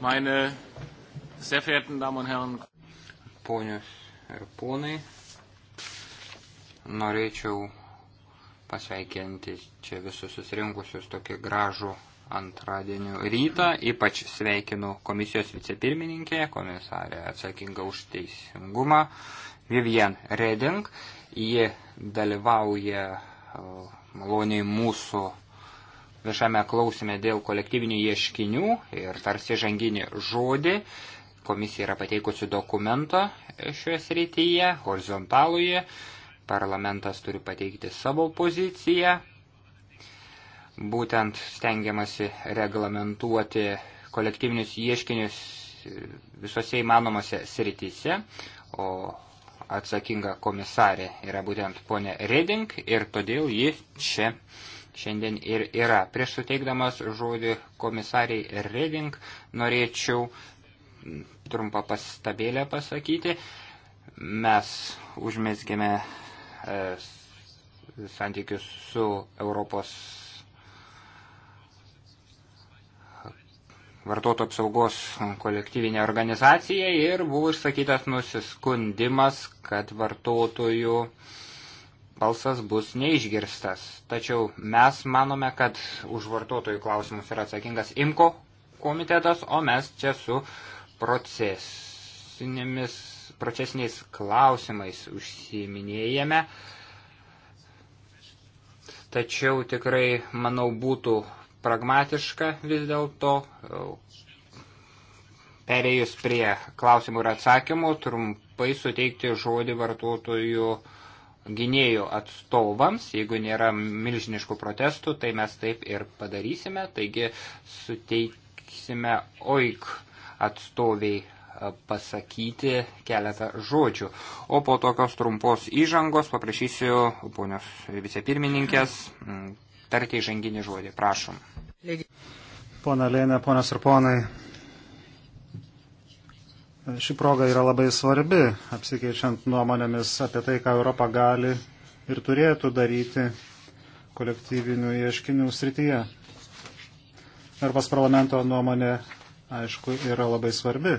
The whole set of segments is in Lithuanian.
meine sehr verehrten Damen und Herren. Ponios ir ponai, norėčiau pasveikinti čia visus susirinkusius tokį gražų antradienio rytą. Ypač sveikinu komisijos vicepirmininkė, komisarė atsakinga už teisingumą, Vivien Reding. Ji dalyvauja maloniai mūsų viešame klausime dėl kolektyvinių ieškinių ir tarsi žanginį žodį. Komisija yra pateikusi dokumento šioje srityje, horizontaluje. Parlamentas turi pateikti savo poziciją. Būtent stengiamasi reglamentuoti kolektyvinius ieškinius visose įmanomose srityse, o atsakinga komisarė yra būtent ponė Reding ir todėl ji čia šiandien ir yra. Prieš suteikdamas žodį komisariai Reding norėčiau trumpą pastabėlę pasakyti. Mes užmėsgėme e, santykius su Europos vartotojų apsaugos kolektyvinė organizacija ir buvo išsakytas nusiskundimas, kad vartotojų e, balsas bus neišgirstas. Tačiau mes manome, kad už vartotojų klausimus yra atsakingas IMKO komitetas, o mes čia su procesinėmis, procesiniais klausimais užsiminėjame. Tačiau tikrai, manau, būtų pragmatiška vis dėlto. Perėjus prie klausimų ir atsakymų, trumpai suteikti žodį vartotojų uh, gynėjų atstovams, jeigu nėra milžiniškų protestų, tai mes taip ir padarysime, taigi suteiksime OIK atstoviai e, pasakyti keletą žodžių. O po tokios trumpos įžangos paprašysiu ponios vicepirmininkės tarti įžanginį žodį. Prašom. Pona Lėne, ponios ir ponai, Ši proga yra labai svarbi, apsikeičiant nuomonėmis apie tai, ką Europa gali ir turėtų daryti kolektyvinių ieškinių srityje. Europos parlamento nuomonė, aišku, yra labai svarbi.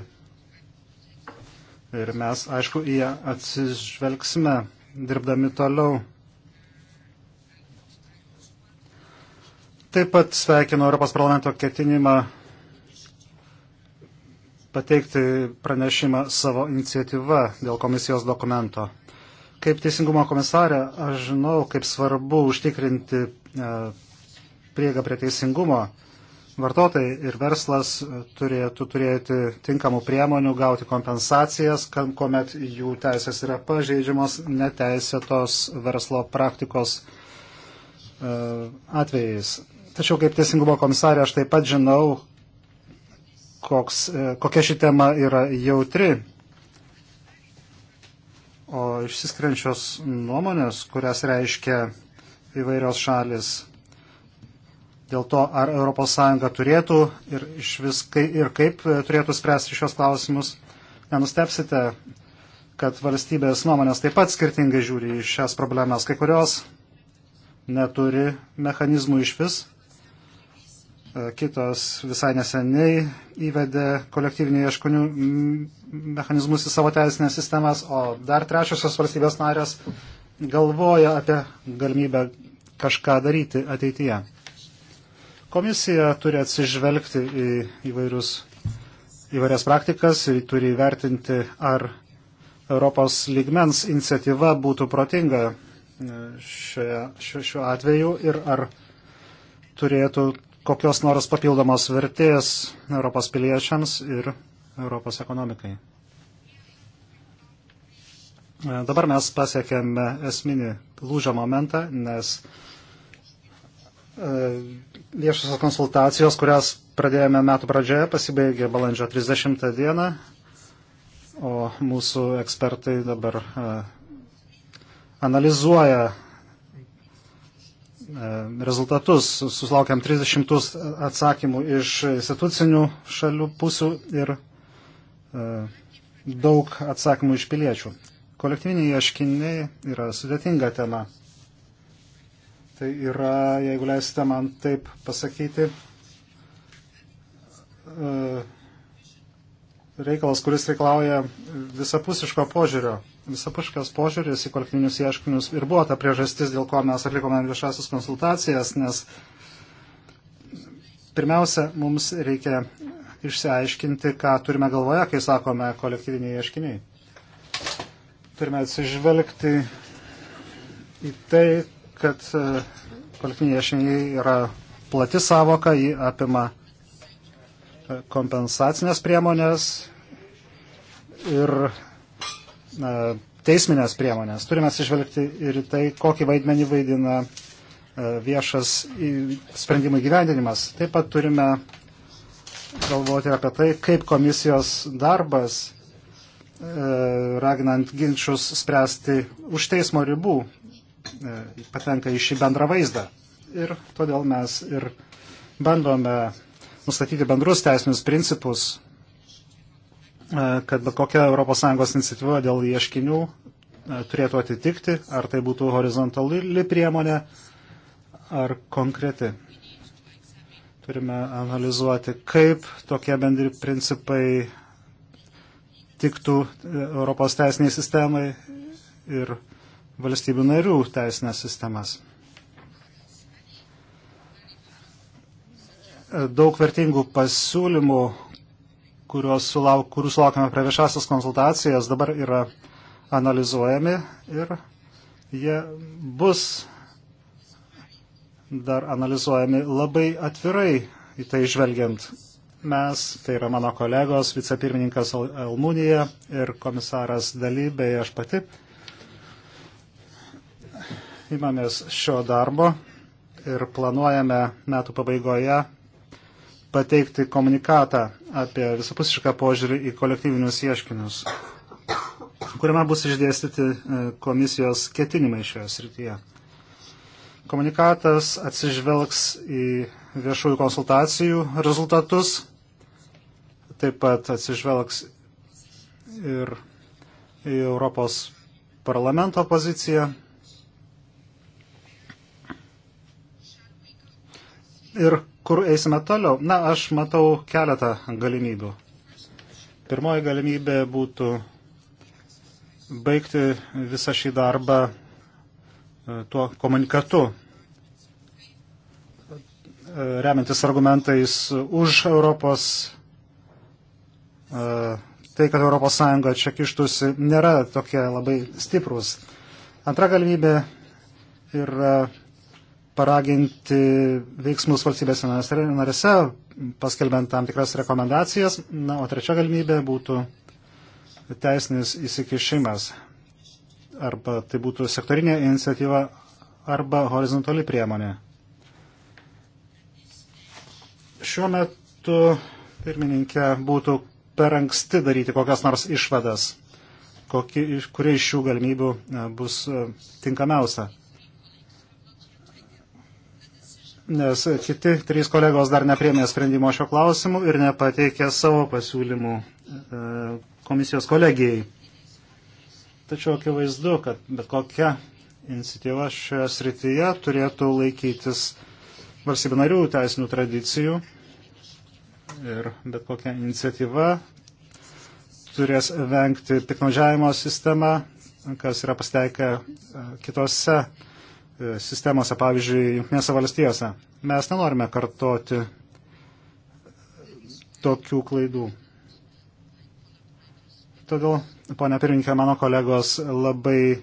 Ir mes, aišku, į ją atsižvelgsime, dirbdami toliau. Taip pat sveikinu Europos parlamento ketinimą pateikti pranešimą savo iniciatyvą dėl komisijos dokumento. Kaip teisingumo komisarė, aš žinau, kaip svarbu užtikrinti e, prieigą prie teisingumo. Vartotojai ir verslas turėtų turėti tinkamų priemonių, gauti kompensacijas, kuomet jų teisės yra pažeidžiamos neteisėtos verslo praktikos e, atvejais. Tačiau kaip teisingumo komisarė aš taip pat žinau, koks, e, kokia ši tema yra jautri. O išsiskrenčios nuomonės, kurias reiškia įvairios šalis dėl to, ar ES turėtų ir, viskai, ir kaip e, turėtų spręsti šios klausimus, nenustepsite, kad valstybės nuomonės taip pat skirtingai žiūri į šias problemas. Kai kurios neturi mechanizmų iš vis E, kitos visai neseniai įvedė kolektyvinių ieškonių mechanizmus į savo teisinės sistemas, o dar trečiosios valstybės narės galvoja apie galimybę kažką daryti ateityje. Komisija turi atsižvelgti į įvairius, įvairias praktikas ir turi vertinti, ar Europos lygmens iniciatyva būtų protinga e, šioje, šiuo atveju ir ar turėtų kokios nors papildomos vertės Europos piliečiams ir Europos ekonomikai. E, dabar mes pasiekėme esminį lūžio momentą, nes e, viešosios konsultacijos, kurias pradėjome metų pradžioje, pasibaigė balandžio 30 dieną, o mūsų ekspertai dabar e, analizuoja E, rezultatus. Susilaukiam 30 atsakymų iš institucinių šalių pusių ir e, daug atsakymų iš piliečių. Kolektyviniai ieškiniai yra sudėtinga tema. Tai yra, jeigu leisite man taip pasakyti, e, reikalas, kuris reikalauja visapusiško požiūrio visapuškas požiūris į kolektyvinius ieškinius ir buvo ta priežastis, dėl ko mes atlikome viešasias konsultacijas, nes pirmiausia, mums reikia išsiaiškinti, ką turime galvoje, kai sakome kolektyviniai ieškiniai. Turime atsižvelgti į tai, kad e, kolektyviniai ieškiniai yra plati savoka, jį apima e, kompensacinės priemonės ir E, teisminės priemonės. Turime atsižvelgti ir tai, kokį vaidmenį vaidina e, viešas sprendimų gyvendinimas. Taip pat turime galvoti apie tai, kaip komisijos darbas, e, raginant ginčius spręsti už teismo ribų, patenka į šį bendrą vaizdą. Ir todėl mes ir bandome nustatyti bendrus teisinius principus E, kad bet kokia ES iniciatyva dėl ieškinių e, turėtų atitikti, ar tai būtų horizontali priemonė ar konkreti. Turime analizuoti, kaip tokie bendri principai tiktų e, Europos teisiniai sistemai ir valstybių narių teisinės sistemas. Daug vertingų pasiūlymų sulauk, kurių sulaukime prie viešasias konsultacijas, dabar yra analizuojami ir jie bus dar analizuojami labai atvirai į tai žvelgiant. Mes, tai yra mano kolegos, vicepirmininkas Almunija ir komisaras Dalybė, aš pati, imamės šio darbo ir planuojame metų pabaigoje pateikti komunikatą apie visapusišką požiūrį į kolektyvinius ieškinius, kuriame bus išdėstyti e, komisijos ketinimai šioje srityje. Komunikatas atsižvelgs į viešųjų konsultacijų rezultatus, taip pat atsižvelgs ir į Europos parlamento poziciją. Ir kur eisime toliau? Na, aš matau keletą galimybių. Pirmoji galimybė būtų baigti visą šį darbą e, tuo komunikatu, e, remiantis argumentais už Europos, e, tai, kad ES čia kištusi, nėra tokie labai stiprus. Antra galimybė yra paraginti veiksmus valstybės narėse, paskelbent tam tikras rekomendacijas. Na, o trečia galimybė būtų teisinis įsikišimas. Arba tai būtų sektorinė iniciatyva arba horizontali priemonė. Šiuo metu, pirmininkė, būtų per anksti daryti kokias nors išvadas, kokie, kurie iš šių galimybių e, bus e, tinkamiausia. nes kiti trys kolegos dar nepriemė sprendimo šio klausimu ir nepateikė savo pasiūlymų e, komisijos kolegijai. Tačiau akivaizdu, kad bet kokia iniciatyva šioje srityje turėtų laikytis valstybių narių teisinių tradicijų ir bet kokia iniciatyva turės vengti piknaudžiavimo sistemą, kas yra pasteikę e, kitose E, sistemose, pavyzdžiui, Junktinėse valstijose. Mes nenorime kartoti tokių klaidų. Todėl, ponia pirmininkė, mano kolegos labai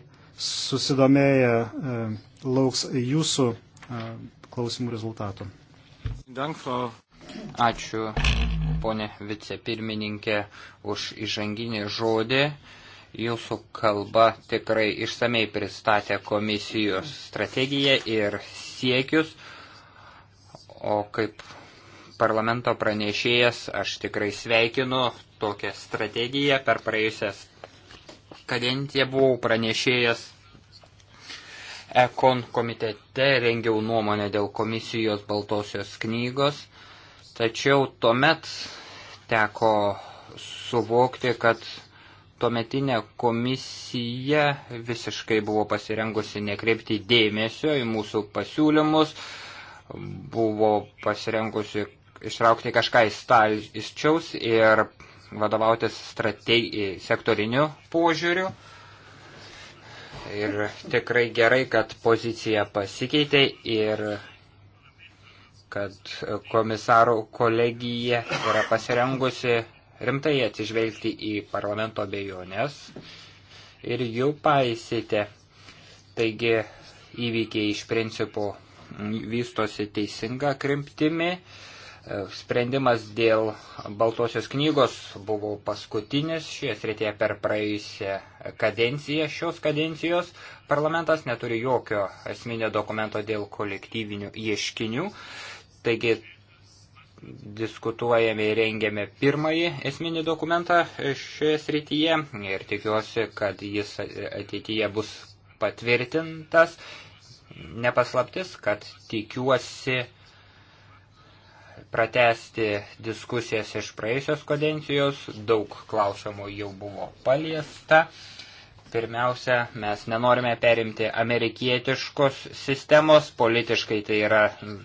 susidomėję e, lauks jūsų e, klausimų rezultatų. Ačiū, ponė vicepirmininkė, už įžanginį žodį. Jūsų kalba tikrai išsamei pristatė komisijos strategiją ir siekius, o kaip parlamento pranešėjas aš tikrai sveikinu tokią strategiją. Per praėjusias kadenciją buvau pranešėjas Ekon komitete, rengiau nuomonę dėl komisijos baltosios knygos, tačiau tuomet teko suvokti, kad tuometinė komisija visiškai buvo pasirengusi nekreipti dėmesio į mūsų pasiūlymus, buvo pasirengusi išraukti kažką iš stalčiaus ir vadovautis strategi, sektoriniu požiūriu. Ir tikrai gerai, kad pozicija pasikeitė ir kad komisarų kolegija yra pasirengusi rimtai atsižvelgti į parlamento abejonės ir jų paisyti. Taigi įvykiai iš principo vystosi teisinga krimtimi. Sprendimas dėl Baltosios knygos buvo paskutinis šioje srityje per praėjusią kadenciją. Šios kadencijos parlamentas neturi jokio asminio dokumento dėl kolektyvinių ieškinių. Taigi diskutuojame ir rengiame pirmąjį esminį dokumentą šioje srityje ir tikiuosi, kad jis ateityje bus patvirtintas. Nepaslaptis, kad tikiuosi pratesti diskusijas iš praėjusios kadencijos, daug klausimų jau buvo paliesta. Pirmiausia, mes nenorime perimti amerikietiškos sistemos, politiškai tai yra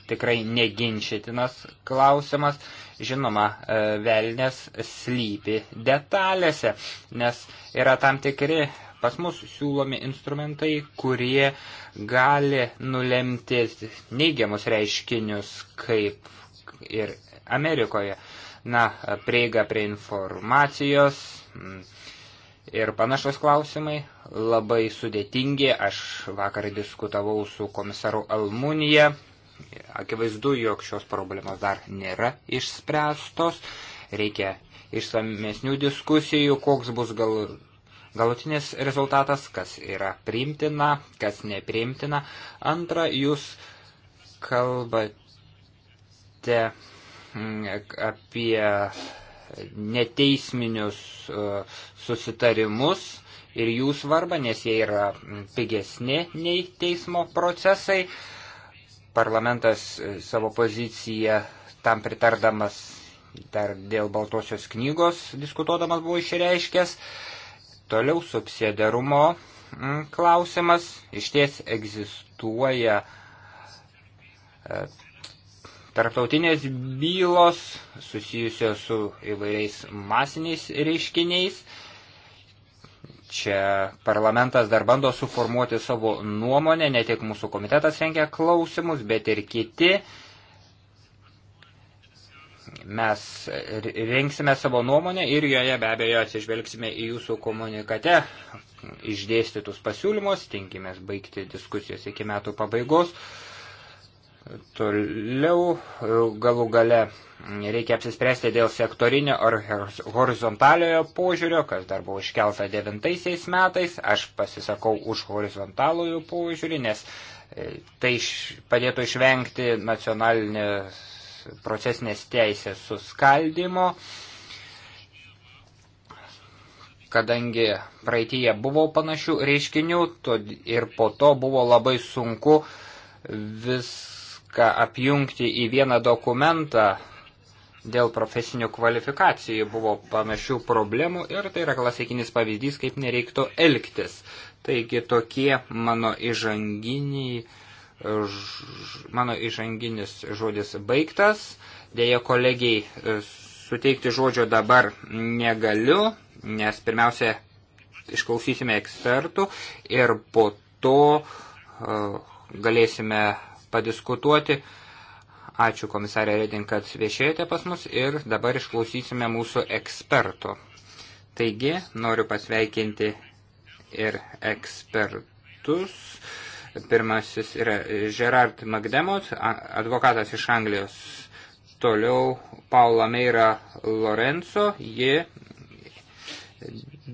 tikrai neginčytinas klausimas. Žinoma, e, velnės slypi detalėse, nes yra tam tikri pas mus siūlomi instrumentai, kurie gali nulemti neigiamus reiškinius, kaip ir Amerikoje. Na, prieiga prie informacijos, ir panašus klausimai labai sudėtingi. Aš vakar diskutavau su komisaru Almunija. Akivaizdu, jog šios problemos dar nėra išspręstos. Reikia išsamesnių diskusijų, koks bus gal, galutinis rezultatas, kas yra priimtina, kas nepriimtina. Antra, jūs kalbate mm, apie neteisminius e, susitarimus ir jų svarbą, nes jie yra pigesni nei teismo procesai. Parlamentas e, savo poziciją tam pritardamas dar dėl Baltosios knygos diskutuodamas buvo išreiškęs. Toliau subsidiarumo klausimas iš ties egzistuoja e, Tarptautinės bylos susijusios su įvairiais masiniais reiškiniais. Čia parlamentas dar bando suformuoti savo nuomonę, ne tik mūsų komitetas rengia klausimus, bet ir kiti. Mes rinksime savo nuomonę ir joje be abejo atsižvelgsime į jūsų komunikate išdėstytus pasiūlymus, tinkimės baigti diskusijos iki metų pabaigos. Toliau galų gale reikia apsispręsti dėl sektorinio ar horizontaliojo požiūrio, kas dar buvo iškelta devintaisiais metais. Aš pasisakau už horizontalųjų požiūrį, nes e, tai padėtų išvengti nacionalinės procesinės teisės suskaldimo, kadangi praeitįje buvo panašių reiškinių ir po to buvo labai sunku vis viską apjungti į vieną dokumentą dėl profesinių kvalifikacijų buvo panašių problemų ir tai yra klasikinis pavyzdys, kaip nereiktų elgtis. Taigi tokie mano įžanginiai, ž, mano įžanginis žodis baigtas. Dėja kolegiai e, suteikti žodžio dabar negaliu, nes pirmiausia išklausysime ekspertų ir po to uh, galėsime padiskutuoti. Ačiū komisarė Redin, kad viešėjote pas mus ir dabar išklausysime mūsų ekspertų. Taigi, noriu pasveikinti ir ekspertus. Pirmasis yra Gerard McDemott, advokatas iš Anglijos. Toliau Paula Meira Lorenzo, ji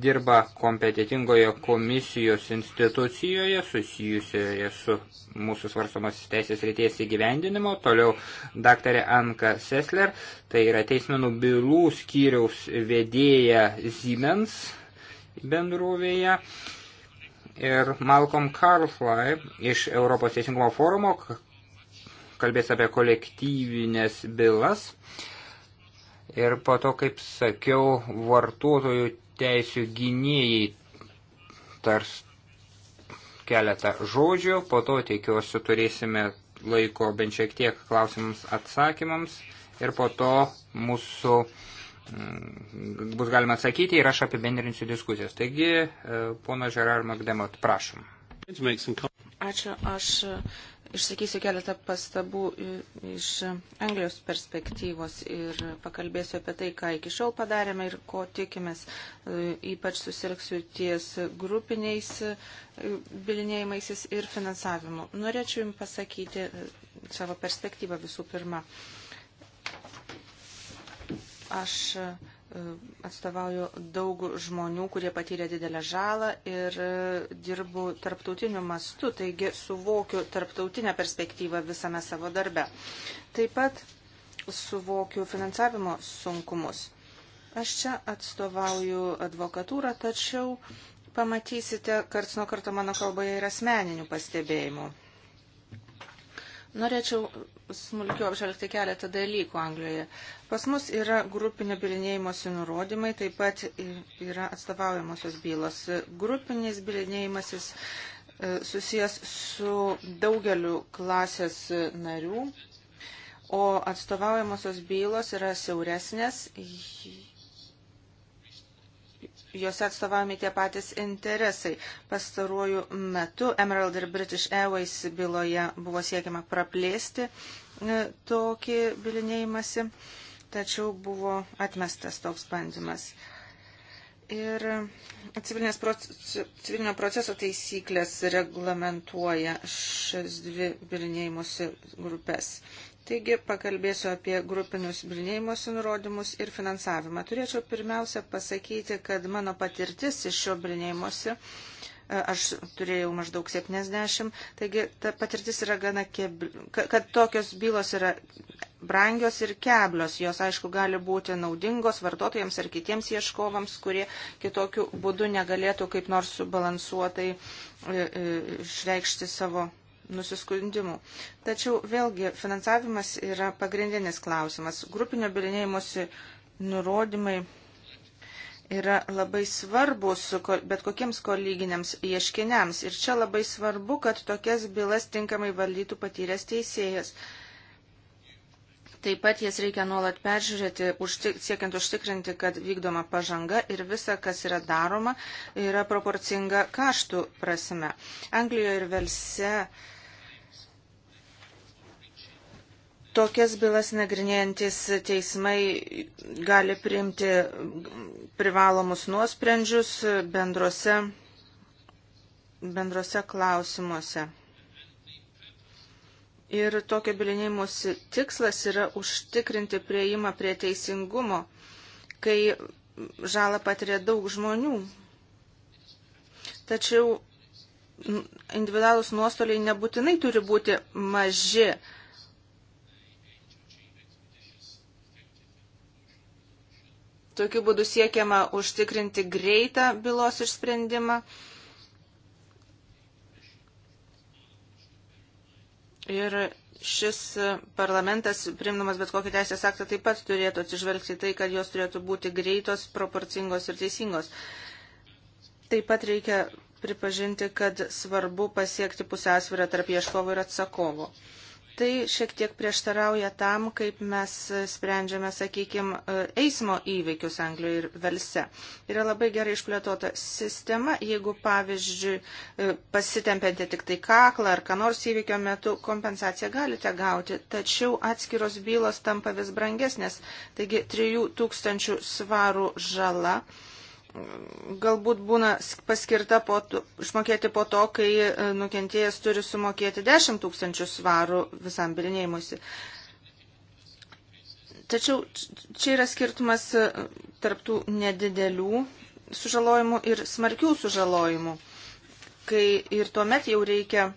dirba kompetitingoje komisijos institucijoje susijusioje su mūsų svarstomas teisės ryties įgyvendinimo. Toliau daktarė Anka Sesler, tai yra teisminų bylų skyriaus vedėja Siemens bendrovėje. Ir Malcolm Carfly iš Europos Teisingumo forumo kalbės apie kolektyvinės bylas. Ir po to, kaip sakiau, vartotojų teisių gynėjai tars keletą žodžių, po to tikiuosi turėsime laiko bent šiek tiek klausimams atsakymams ir po to mūsų mm, bus galima atsakyti ir aš apibendrinsiu diskusijas. Taigi, e, pono Žerar Magdemot, prašom. Ačiū, aš Išsakysiu keletą pastabų iš Anglijos perspektyvos ir pakalbėsiu apie tai, ką iki šiol padarėme ir ko tikimės. E, ypač susirksiu ties grupiniais e, bilinėjimaisis ir finansavimu. Norėčiau Jums pasakyti e, savo perspektyvą visų pirma. Aš atstovauju daug žmonių, kurie patyrė didelę žalą ir e, dirbu tarptautiniu mastu, taigi suvokiu tarptautinę perspektyvą visame savo darbe. Taip pat suvokiu finansavimo sunkumus. Aš čia atstovauju advokatūrą, tačiau pamatysite, karts nuo karto mano kalboje yra asmeninių pastebėjimų. Norėčiau smulkiau apžvelgti keletą dalykų Anglijoje. Pas mus yra grupinio bilinėjimosi nurodymai, taip pat yra atstovaujamosios bylos. Grupinis bilinėjimasis e, susijęs su daugeliu klasės narių, o atstovaujamosios bylos yra siauresnės, juose atstovavami tie patys interesai. Pastaruoju metu Emerald ir British Airways byloje buvo siekiama praplėsti e, tokį bilinėjimąsi, tačiau buvo atmestas toks bandymas. Ir proceso, civilinio proceso taisyklės reglamentuoja šias dvi bilinėjimuose grupės. Taigi pakalbėsiu apie grupinius brinėjimuose nurodymus ir finansavimą. Turėčiau pirmiausia pasakyti, kad mano patirtis iš šio brinėjimuose, aš turėjau maždaug 70, taigi ta patirtis yra gana kebli, kad tokios bylos yra brangios ir keblios. Jos, aišku, gali būti naudingos vartotojams ar kitiems ieškovams, kurie kitokiu būdu negalėtų kaip nors subalansuotai e, e, išreikšti savo nusiskundimų. Tačiau vėlgi finansavimas yra pagrindinis klausimas. Grupinio bilinėjimosi nurodymai yra labai svarbus bet kokiems koleginiams ieškiniams. Ir čia labai svarbu, kad tokias bylas tinkamai valdytų patyręs teisėjas. Taip pat jas reikia nuolat peržiūrėti, užtik, siekiant užtikrinti, kad vykdoma pažanga ir visa, kas yra daroma, yra proporcinga kaštų prasme. Anglijoje ir Velse Tokias bylas nagrinėjantis teismai gali priimti privalomus nuosprendžius bendrose, bendrose klausimuose. Ir tokio bilinėjimuose tikslas yra užtikrinti prieimą prie teisingumo, kai žalą patiria daug žmonių. Tačiau individualus nuostoliai nebūtinai turi būti maži Tokiu būdu siekiama užtikrinti greitą bylos išsprendimą. Ir šis parlamentas, primdamas bet kokį teisės aktą, taip pat turėtų atsižvelgti tai, kad jos turėtų būti greitos, proporcingos ir teisingos. Taip pat reikia pripažinti, kad svarbu pasiekti pusiausvyrą tarp ieškovo ir atsakovo tai šiek tiek prieštarauja tam, kaip mes sprendžiame, sakykime, eismo įveikius Anglijoje ir Velse. Yra labai gerai išplėtota sistema, jeigu, pavyzdžiui, e, pasitempiate tik tai kaklą ar kanors įvykio metu, kompensaciją galite gauti, tačiau atskiros bylos tampa vis brangesnės, taigi 3000 svarų žala galbūt būna paskirta po, išmokėti po to, kai e, nukentėjęs turi sumokėti 10 tūkstančių svarų visam bilinėjimuisi. Tačiau čia yra skirtumas e, tarptų nedidelių sužalojimų ir smarkių sužalojimų, kai ir tuomet jau reikia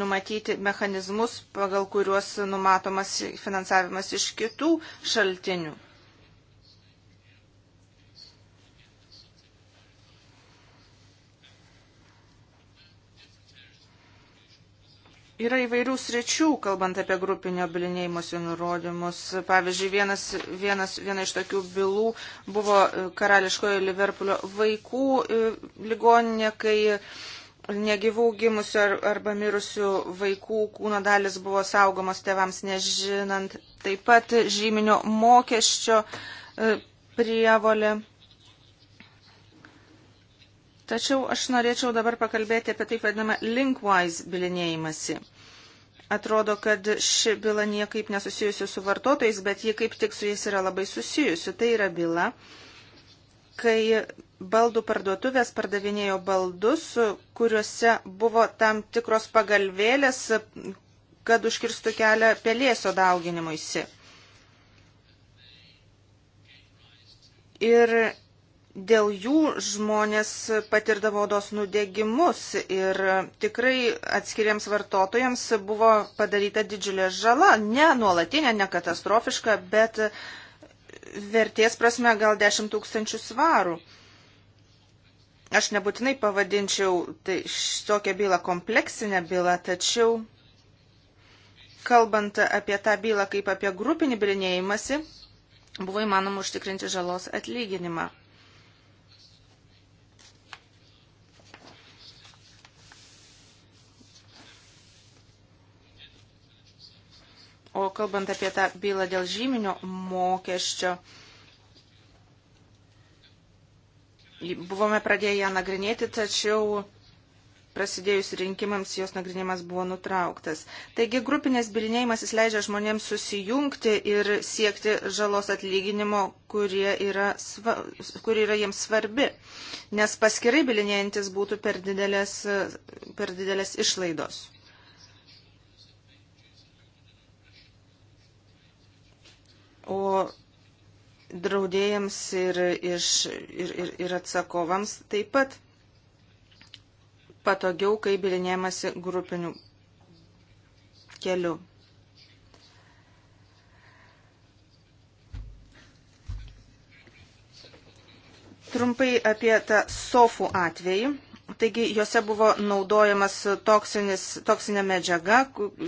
numatyti mechanizmus, pagal kuriuos numatomas finansavimas iš kitų šaltinių. Yra įvairių sričių, kalbant apie grupinio bilinėjimuose nurodymus. Pavyzdžiui, vienas, vienas, viena iš tokių bylų buvo karališkojo Liverpoolio vaikų e, ligoninė, kai negyvų gimusių ar, arba mirusių vaikų kūno dalis buvo saugomos tevams nežinant. Taip pat žyminio mokesčio e, prievolė Tačiau aš norėčiau dabar pakalbėti apie taip vadinamą linkwise bilinėjimąsi. Atrodo, kad ši byla niekaip nesusijusi su vartotojais, bet ji kaip tik su jais yra labai susijusi. Tai yra byla, kai baldų parduotuvės pardavinėjo baldus, kuriuose buvo tam tikros pagalvėlės, kad užkirstų kelią pelėsio dauginimuisi. Ir dėl jų žmonės patirdavo odos nudegimus ir tikrai atskiriems vartotojams buvo padaryta didžiulė žala, ne nuolatinė, ne katastrofiška, bet vertės prasme gal 10 tūkstančių svarų. Aš nebūtinai pavadinčiau tai tokią bylą kompleksinę bylą, tačiau kalbant apie tą bylą kaip apie grupinį bilinėjimąsi, buvo įmanoma užtikrinti žalos atlyginimą. O kalbant apie tą bylą dėl žyminio mokesčio, buvome pradėję ją nagrinėti, tačiau prasidėjus rinkimams jos nagrinimas buvo nutrauktas. Taigi grupinės bilinėjimasis leidžia žmonėms susijungti ir siekti žalos atlyginimo, kuri yra, sva, kuri yra jiems svarbi, nes paskirai bilinėjantis būtų per didelės, per didelės išlaidos. O draudėjams ir, iš, ir, ir, ir atsakovams taip pat patogiau, kai bilinėjamasi grupiniu keliu. Trumpai apie tą sofų atvejį. Taigi juose buvo naudojamas toksinis, toksinė medžiaga,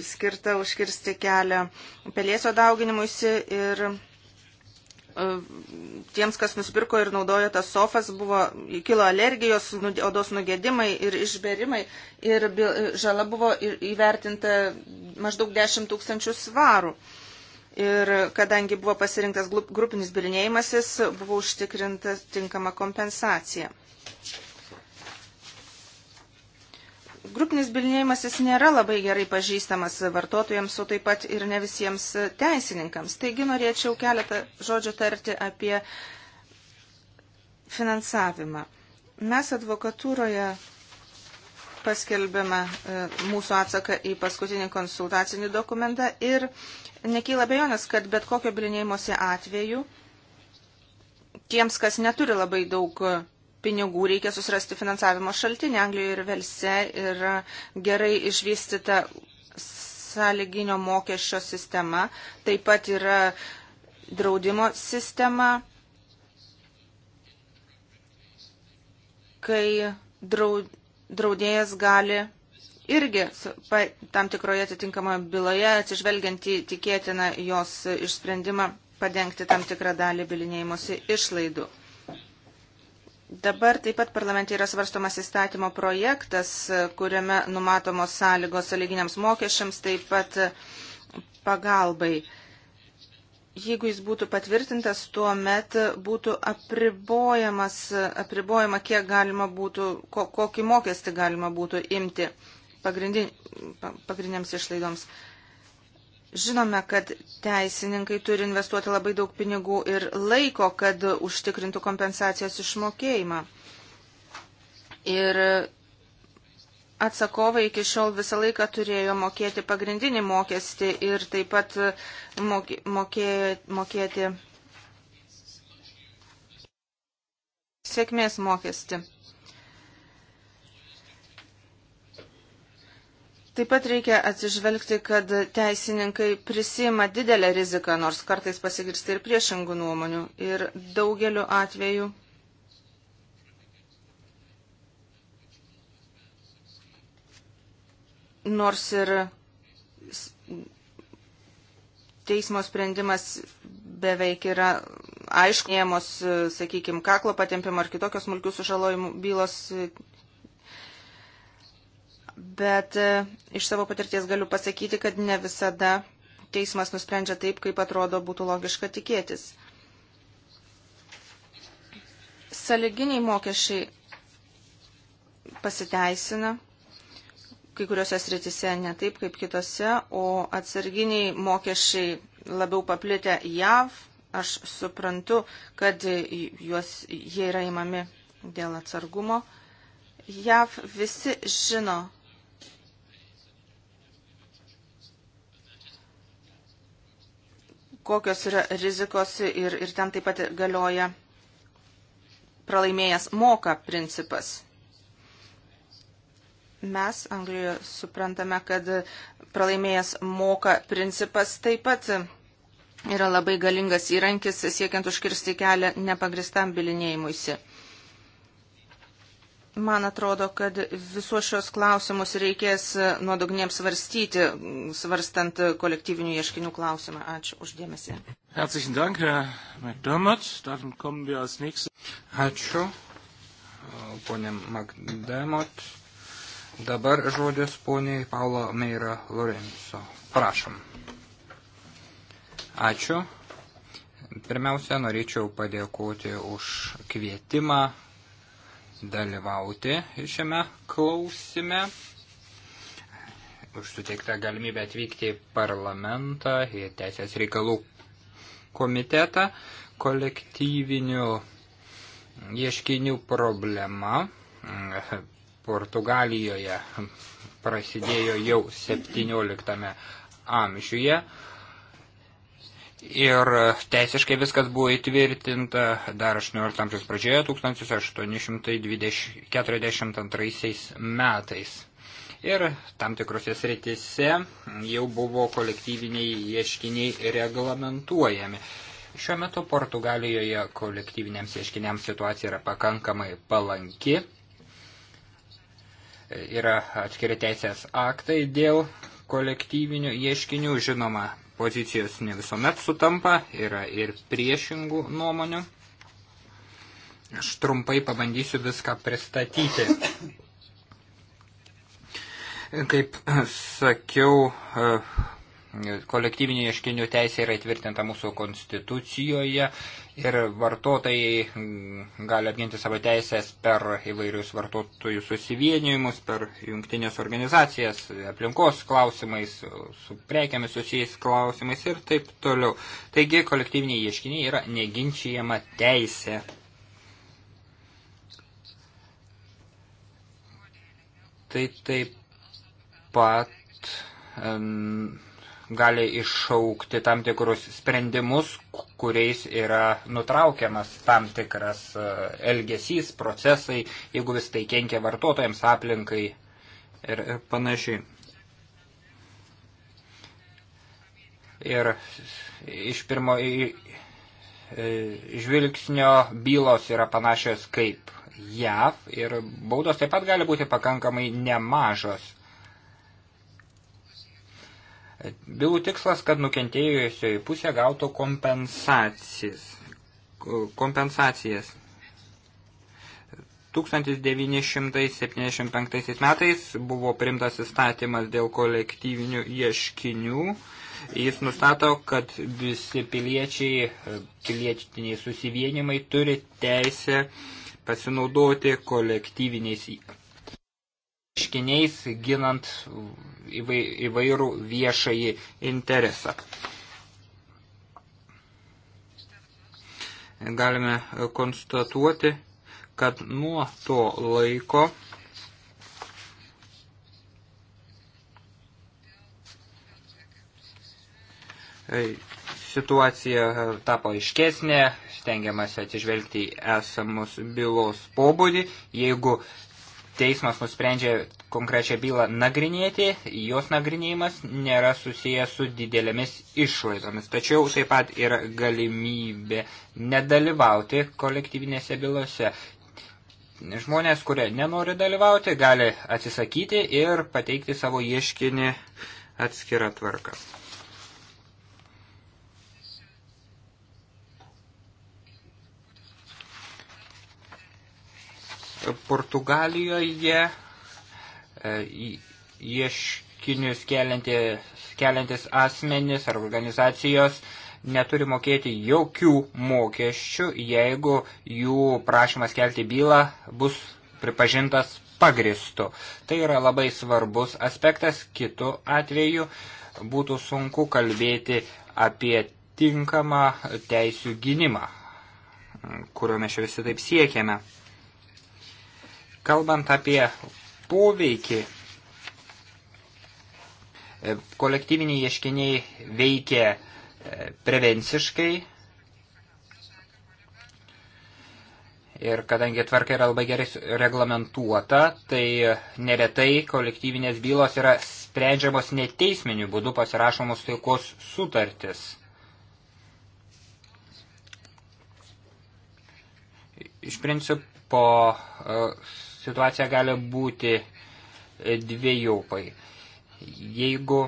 skirta užkirsti kelią pelėsio dauginimuisi ir e, tiems, kas nusipirko ir naudojo tas sofas, buvo, kilo alergijos, nu, odos nugėdimai ir išberimai ir žala buvo įvertinta maždaug 10 tūkstančių svarų. Ir kadangi buvo pasirinktas grupinis bilinėjimasis, buvo užtikrinta tinkama kompensacija. Grupinis bilinėjimasis nėra labai gerai pažįstamas vartotojams, o taip pat ir ne visiems teisininkams. Taigi norėčiau keletą žodžių tarti apie finansavimą. Mes advokatūroje paskelbėme e, mūsų atsaką į paskutinį konsultacinį dokumentą ir nekyla bejonės, kad bet kokio bilinėjimuose atveju tiems, kas neturi labai daug pinigų reikia susirasti finansavimo šaltinį. Anglijoje ir Velse yra gerai išvystyta sąlyginio mokesčio sistema, taip pat yra draudimo sistema, kai draudėjas gali irgi tam tikroje atitinkamoje byloje, atsižvelgiant į tikėtiną jos išsprendimą, padengti tam tikrą dalį bilinėjimosi išlaidų. Dabar taip pat parlamente yra svarstomas įstatymo projektas, kuriame numatomos sąlygos aliginiams mokesčiams, taip pat pagalbai. Jeigu jis būtų patvirtintas, tuo met būtų apribojamas, apribojama, kiek galima būtų, ko, kokį mokestį galima būtų imti pagrindiniams išlaidoms. Žinome, kad teisininkai turi investuoti labai daug pinigų ir laiko, kad užtikrintų kompensacijos išmokėjimą. Ir atsakovai iki šiol visą laiką turėjo mokėti pagrindinį mokestį ir taip pat mokėjo, mokėti sėkmės mokestį. Taip pat reikia atsižvelgti, kad teisininkai prisima didelę riziką, nors kartais pasigirsti ir priešingų nuomonių. Ir daugeliu atveju nors ir teismo sprendimas beveik yra aiškinėjamos, sakykime, kaklo patempimo ar kitokios smulkių sužalojimų bylos bet e, iš savo patirties galiu pasakyti, kad ne visada teismas nusprendžia taip, kaip atrodo būtų logiška tikėtis. Saliginiai mokesčiai pasiteisina, kai kuriuose sritise ne taip kaip kitose, o atsarginiai mokesčiai labiau paplitę JAV, aš suprantu, kad juos, jie yra įmami dėl atsargumo. JAV visi žino, kokios yra rizikos ir, ir ten taip pat galioja pralaimėjęs moka principas. Mes Anglijoje suprantame, kad pralaimėjęs moka principas taip pat yra labai galingas įrankis siekiant užkirsti kelią nepagristam bilinėjimuisi. Man atrodo, kad visos šios klausimus reikės nuodugniems svarstyti, svarstant kolektyvinių ieškinių klausimą. Ačiū uždėmesi. Ačiū, ponė Makdemot. Dabar žodis poniai Paulo Meira Lorenzo. Prašom. Ačiū. Pirmiausia, norėčiau padėkoti už kvietimą dalyvauti šiame klausime. Už suteiktą galimybę atvykti į parlamentą, į Teisės reikalų komitetą kolektyvinių ieškinių problema Portugalijoje prasidėjo jau 17 amžiuje. Ir teisiškai viskas buvo įtvirtinta dar 18 amžiaus pradžioje 1842 metais. Ir tam tikrose sritise jau buvo kolektyviniai ieškiniai reglamentuojami. Šiuo metu Portugalijoje kolektyviniams ieškiniams situacija yra pakankamai palanki. Yra atskiri teisės aktai dėl kolektyvinių ieškinių, žinoma, pozicijos ne visuomet sutampa, yra ir priešingų nuomonių. Aš trumpai pabandysiu viską pristatyti. Kaip sakiau, kolektyvinių ieškinių teisė yra įtvirtinta mūsų konstitucijoje ir vartotojai mm, gali apginti savo teisės per įvairius vartotojų susivienijimus, per jungtinės organizacijas, aplinkos klausimais, su prekiamis susijęs klausimais ir taip toliau. Taigi kolektyviniai ieškiniai yra neginčiama teisė. Tai taip pat gali iššaukti tam tikrus sprendimus, kuriais yra nutraukiamas tam tikras e, elgesys, procesai, jeigu vis tai kenkia vartotojams, aplinkai ir, ir panašiai. Ir iš pirmo žvilgsnio bylos yra panašios kaip JAV ir baudos taip pat gali būti pakankamai nemažos. Bylų tikslas, kad nukentėjusioji pusė gautų kompensacijas. kompensacijas. 1975 metais buvo primtas įstatymas dėl kolektyvinių ieškinių. Jis nustato, kad visi piliečiai, pilietiniai susivienimai turi teisę pasinaudoti kolektyviniais iškiniais, ginant įvairų viešąjį interesą. Galime konstatuoti, kad nuo to laiko situacija tapo aiškesnė, stengiamasi atsižvelgti į esamus bylos pobūdį. Jeigu teismas nusprendžia konkrečią bylą nagrinėti, jos nagrinėjimas nėra susijęs su didelėmis išlaidomis. Tačiau taip pat yra galimybė nedalyvauti kolektyvinėse bylose. Žmonės, kurie nenori dalyvauti, gali atsisakyti ir pateikti savo ieškinį atskirą tvarką. Portugalijoje e, ieškinius keliantis asmenis ar organizacijos neturi mokėti jokių mokesčių, jeigu jų prašymas kelti bylą bus pripažintas pagristu. Tai yra labai svarbus aspektas, kitu atveju būtų sunku kalbėti apie tinkamą teisių gynimą, kurio mes visi taip siekiame. Kalbant apie poveikį, e, kolektyviniai ieškiniai veikia e, prevenciškai ir kadangi tvarka yra labai gerai reglamentuota, tai neretai kolektyvinės bylos yra sprendžiamos neteisminiu būdu pasirašomos taikos sutartis. Iš principo e, situacija gali būti dviejopai. Jeigu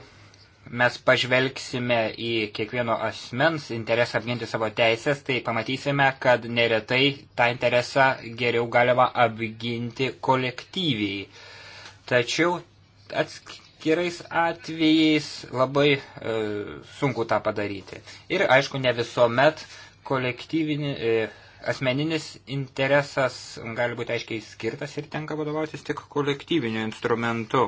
mes pažvelgsime į kiekvieno asmens interesą apginti savo teisės, tai pamatysime, kad neretai tą interesą geriau galima apginti kolektyviai. Tačiau atskirais atvejais labai e, sunku tą padaryti. Ir aišku, ne visuomet kolektyvinį. E, asmeninis interesas gali būti aiškiai skirtas ir tenka vadovautis tik kolektyviniu instrumentu.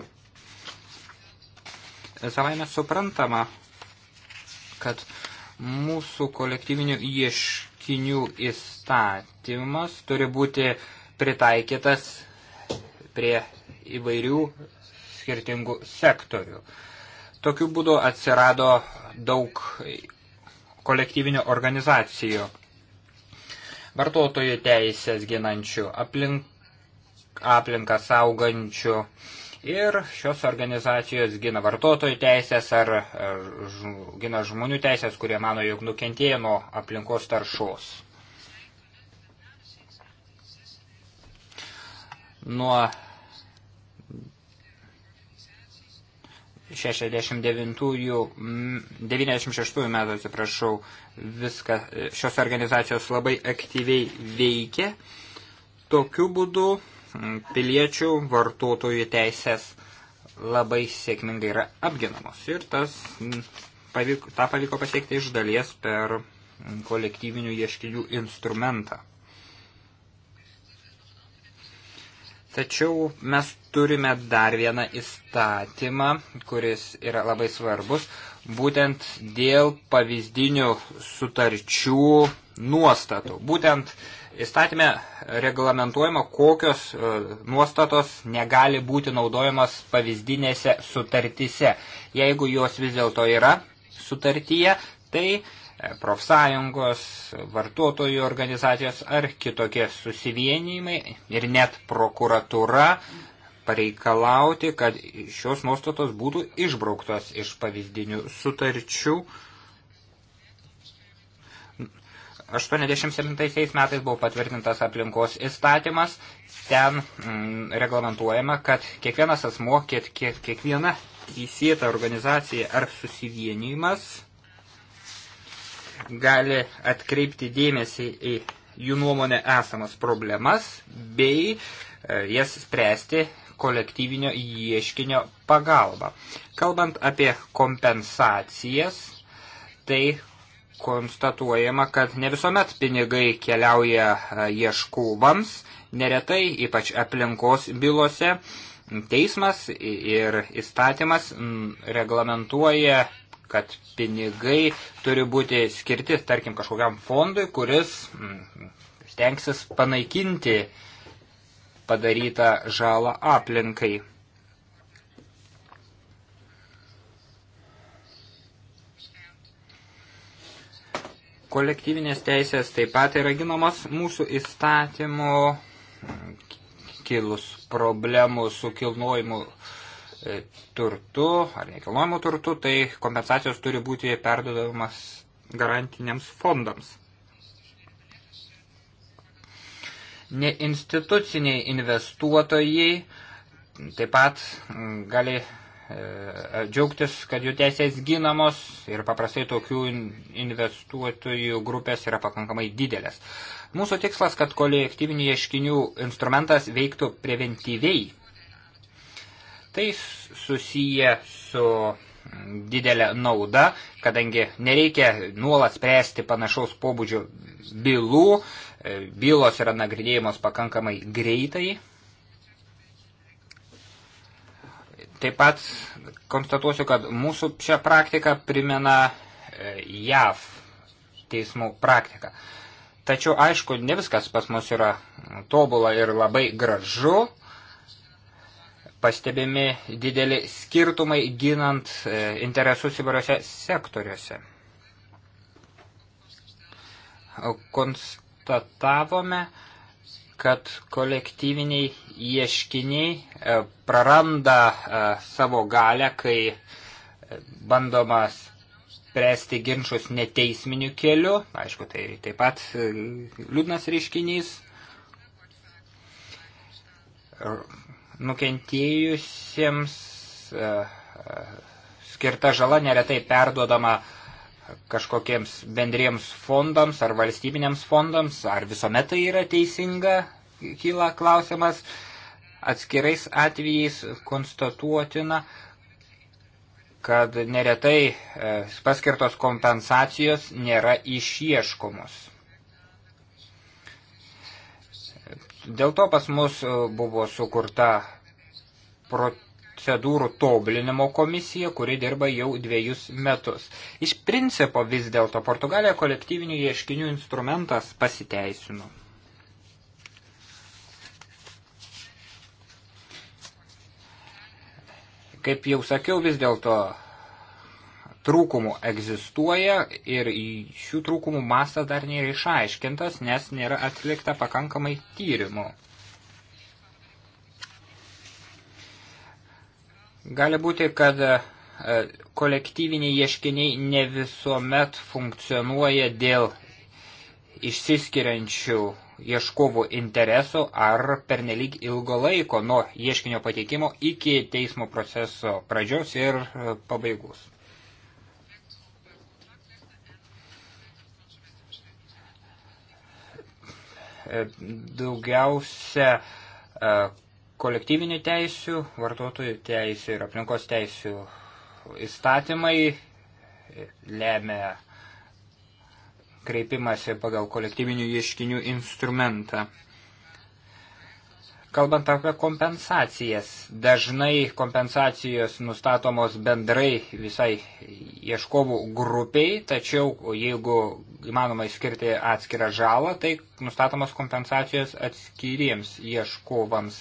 Savaime suprantama, kad mūsų kolektyvinių ieškinių įstatymas turi būti pritaikytas prie įvairių skirtingų sektorių. Tokiu būdu atsirado daug kolektyvinių organizacijų vartotojų teisės ginančių, aplink, aplinką saugančių. Ir šios organizacijos gina vartotojų teisės ar, ar ž, gina žmonių teisės, kurie mano, jog nukentėjo nuo aplinkos taršos. Nuo 96 metų, atsiprašau, viską e, šios organizacijos labai aktyviai veikė. Tokiu būdu piliečių vartotojų teisės labai sėkmingai yra apginamos. Ir tas, pavyko, tą pavyko pasiekti iš dalies per kolektyvinių ieškinių instrumentą. Tačiau mes turime dar vieną įstatymą, kuris yra labai svarbus, būtent dėl pavyzdinių sutarčių nuostatų. Būtent įstatymė reglamentuojama, kokios e, nuostatos negali būti naudojamas pavyzdinėse sutartyse. Jeigu jos vis dėlto yra sutartyje, tai E, profsąjungos, vartotojų organizacijos ar kitokie susivienijimai ir net prokuratūra pareikalauti, kad šios nuostatos būtų išbrauktos iš pavyzdinių sutarčių. 87 metais buvo patvirtintas aplinkos įstatymas, ten mm, reglamentuojama, kad kiekvienas asmo, kiek, kiek, kiekviena teisėta organizacija ar susivienimas – gali atkreipti dėmesį į jų nuomonę esamas problemas bei e, jas spręsti kolektyvinio ieškinio pagalba. Kalbant apie kompensacijas, tai konstatuojama, kad ne visuomet pinigai keliauja e, ieškovams, neretai, ypač aplinkos bylose, teismas ir įstatymas reglamentuoja kad pinigai turi būti skirti, tarkim, kažkokiam fondui, kuris mm, stengsis panaikinti padarytą žalą aplinkai. kolektyvinės teisės taip pat yra ginamas mūsų įstatymu mm, kilus problemų su kilnojimu E, turtu ar nekilnojimu turtu, tai kompensacijos turi būti perdodamas garantiniams fondams. Neinstituciniai investuotojai taip pat mm, gali e, džiaugtis, kad jų teisės ginamos ir paprastai tokių investuotojų grupės yra pakankamai didelės. Mūsų tikslas, kad kolektyvinių ieškinių instrumentas veiktų preventyviai Tai susiję su didelė nauda, kadangi nereikia nuolat spręsti panašaus pobūdžio bylų, e, bylos yra nagrinėjimos pakankamai greitai. Taip pat konstatuosiu, kad mūsų šią praktiką primena e, JAV teismų praktiką. Tačiau, aišku, ne viskas pas mus yra tobula ir labai gražu pastebimi dideli skirtumai ginant e, interesus įvairiose sektoriuose. Konstatavome, kad kolektyviniai ieškiniai e, praranda e, savo galę, kai bandomas spręsti ginčius neteisminiu keliu. Aišku, tai taip pat liūdnas reiškinys Nukentėjusiems e, e, skirta žala neretai perduodama kažkokiems bendriems fondams ar valstybiniams fondams, ar visuomet tai yra teisinga, kyla klausimas atskirais atvejais konstatuotina, kad neretai e, paskirtos kompensacijos nėra išieškomos. Dėl to pas mus e, buvo sukurta procedūrų tobulinimo komisija, kuri dirba jau dviejus metus. Iš principo vis dėlto Portugalija kolektyvinių ieškinių instrumentas pasiteisino. Kaip jau sakiau, vis dėlto trūkumų egzistuoja ir šių trūkumų mastas dar nėra išaiškintas, nes nėra atlikta pakankamai tyrimų. Gali būti, kad e, kolektyviniai ieškiniai ne visuomet funkcionuoja dėl išsiskiriančių ieškovų interesų ar pernelyg ilgo laiko nuo ieškinio pateikimo iki teismo proceso pradžios ir e, pabaigos. E, daugiausia e, kolektyvinių teisių, vartotojų teisių ir aplinkos teisių įstatymai lemia kreipimąsi pagal kolektyvinių ieškinių instrumentą. Kalbant apie kompensacijas, dažnai kompensacijos nustatomos bendrai visai ieškovų grupiai, tačiau jeigu įmanoma išskirti atskirą žalą, tai nustatomos kompensacijos atskiriems ieškovams.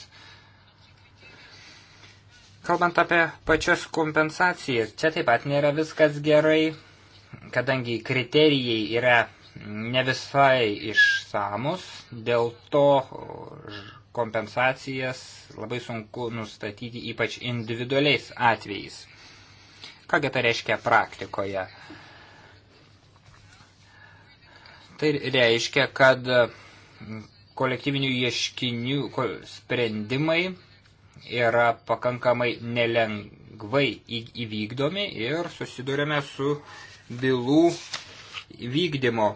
Kalbant apie pačias kompensacijas, čia taip pat nėra viskas gerai, kadangi kriterijai yra ne visai išsamus, dėl to kompensacijas labai sunku nustatyti ypač individualiais atvejais. Kągi tai reiškia praktikoje? Tai reiškia, kad kolektyvinių ieškinių sprendimai yra pakankamai nelengvai įvykdomi ir susidurime su bylų vykdymo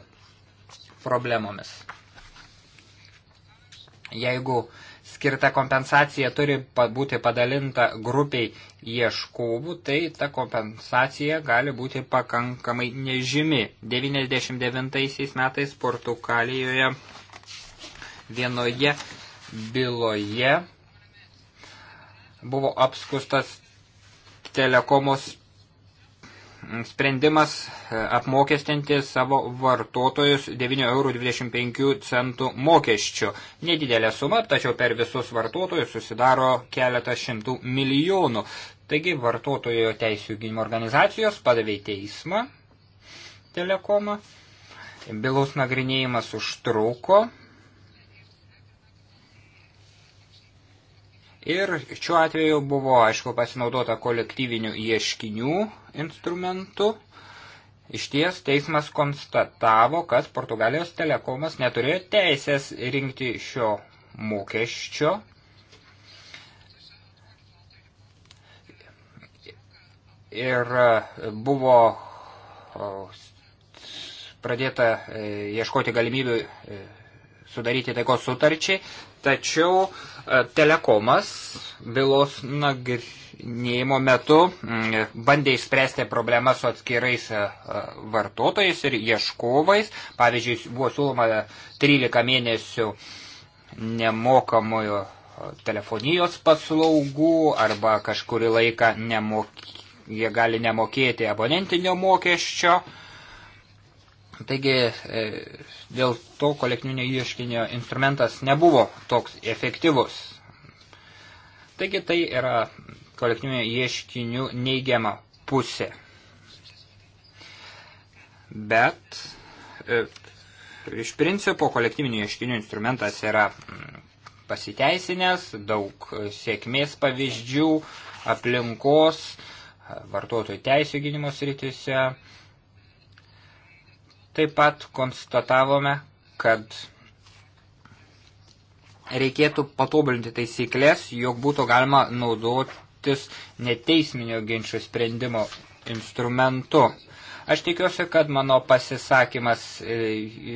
problemomis. Jeigu skirta kompensacija turi būti padalinta grupiai ieškovų, tai ta kompensacija gali būti pakankamai nežymi. 99 metais Portugalijoje vienoje byloje buvo apskustas telekomos sprendimas e, apmokestinti savo vartotojus 9,25 eurų mokesčių. Nedidelė suma, tačiau per visus vartotojus susidaro keletą šimtų milijonų. Taigi vartotojo teisų gynimo organizacijos padavė į teismą telekomą. Bilaus nagrinėjimas užtruko, Ir šiuo atveju buvo, aišku, pasinaudota kolektyvinių ieškinių instrumentu. Iš ties teismas konstatavo, kad Portugalijos telekomas neturėjo teisės rinkti šio mokesčio. Ir e, buvo pradėta e, ieškoti galimybių e, sudaryti taikos sutarčiai, Tačiau e, telekomas bylos nagrinėjimo metu mm, bandė išspręsti problemą su atskirais e, e, vartotojais ir ieškovais. Pavyzdžiui, buvo siūloma 13 mėnesių nemokamojo telefonijos paslaugų arba kažkurį laiką nemok... jie gali nemokėti abonentinio mokesčio. Uh, Taigi e, dėl to kolektyvinio ieškinio instrumentas nebuvo toks efektyvus. Taigi tai yra kolektyvinio ieškinių neigiama pusė. Bet e, iš principo kolektyvinio ieškinių instrumentas yra mm, pasiteisinęs, daug sėkmės pavyzdžių, aplinkos, vartotojų teisų gynimo srityse Taip pat konstatavome, kad reikėtų patobulinti taisyklės, jog būtų galima naudotis neteisminio ginčio sprendimo instrumentu. Aš tikiuosi, kad mano pasisakymas e,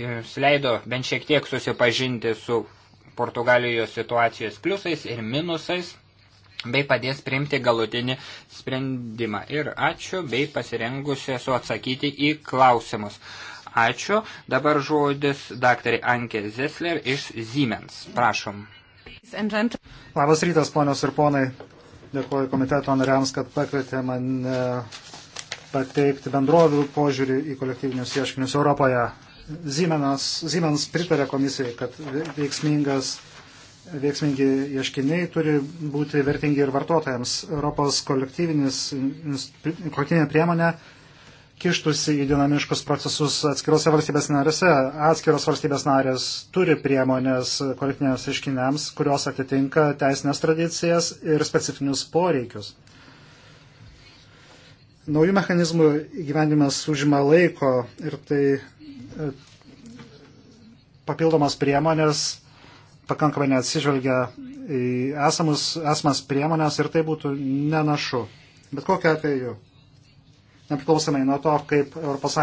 jums leido bent šiek tiek susipažinti su Portugalijos situacijos pliusais ir minusais, bei padės priimti galutinį sprendimą. Ir ačiū, bei pasirengusi esu atsakyti į klausimus. Ačiū. Dabar žodis daktarė Anke Zesler iš Siemens. Prašom. Labas rytas, ponios ir ponai. Dėkuoju komiteto nariams, kad pakvietė mane pateikti bendrovių požiūrį į kolektyvinius ieškinius Europoje. Siemens, Siemens pritarė komisijai, kad veiksmingas, veiksmingi ieškiniai turi būti vertingi ir vartotojams. Europos kolektyvinė priemonė kištusi į dinamiškus procesus atskirose valstybės narėse. Atskiros valstybės narės turi priemonės kolektyviniams iškiniams, kurios atitinka teisinės tradicijas ir specifinius poreikius. Naujų mechanizmų įgyvendimas užima laiko ir tai e, papildomas priemonės pakankamai neatsižvelgia į esamus, esamas priemonės ir tai būtų nenašu. Bet kokiu atveju nepriklausomai nuo to, kaip ES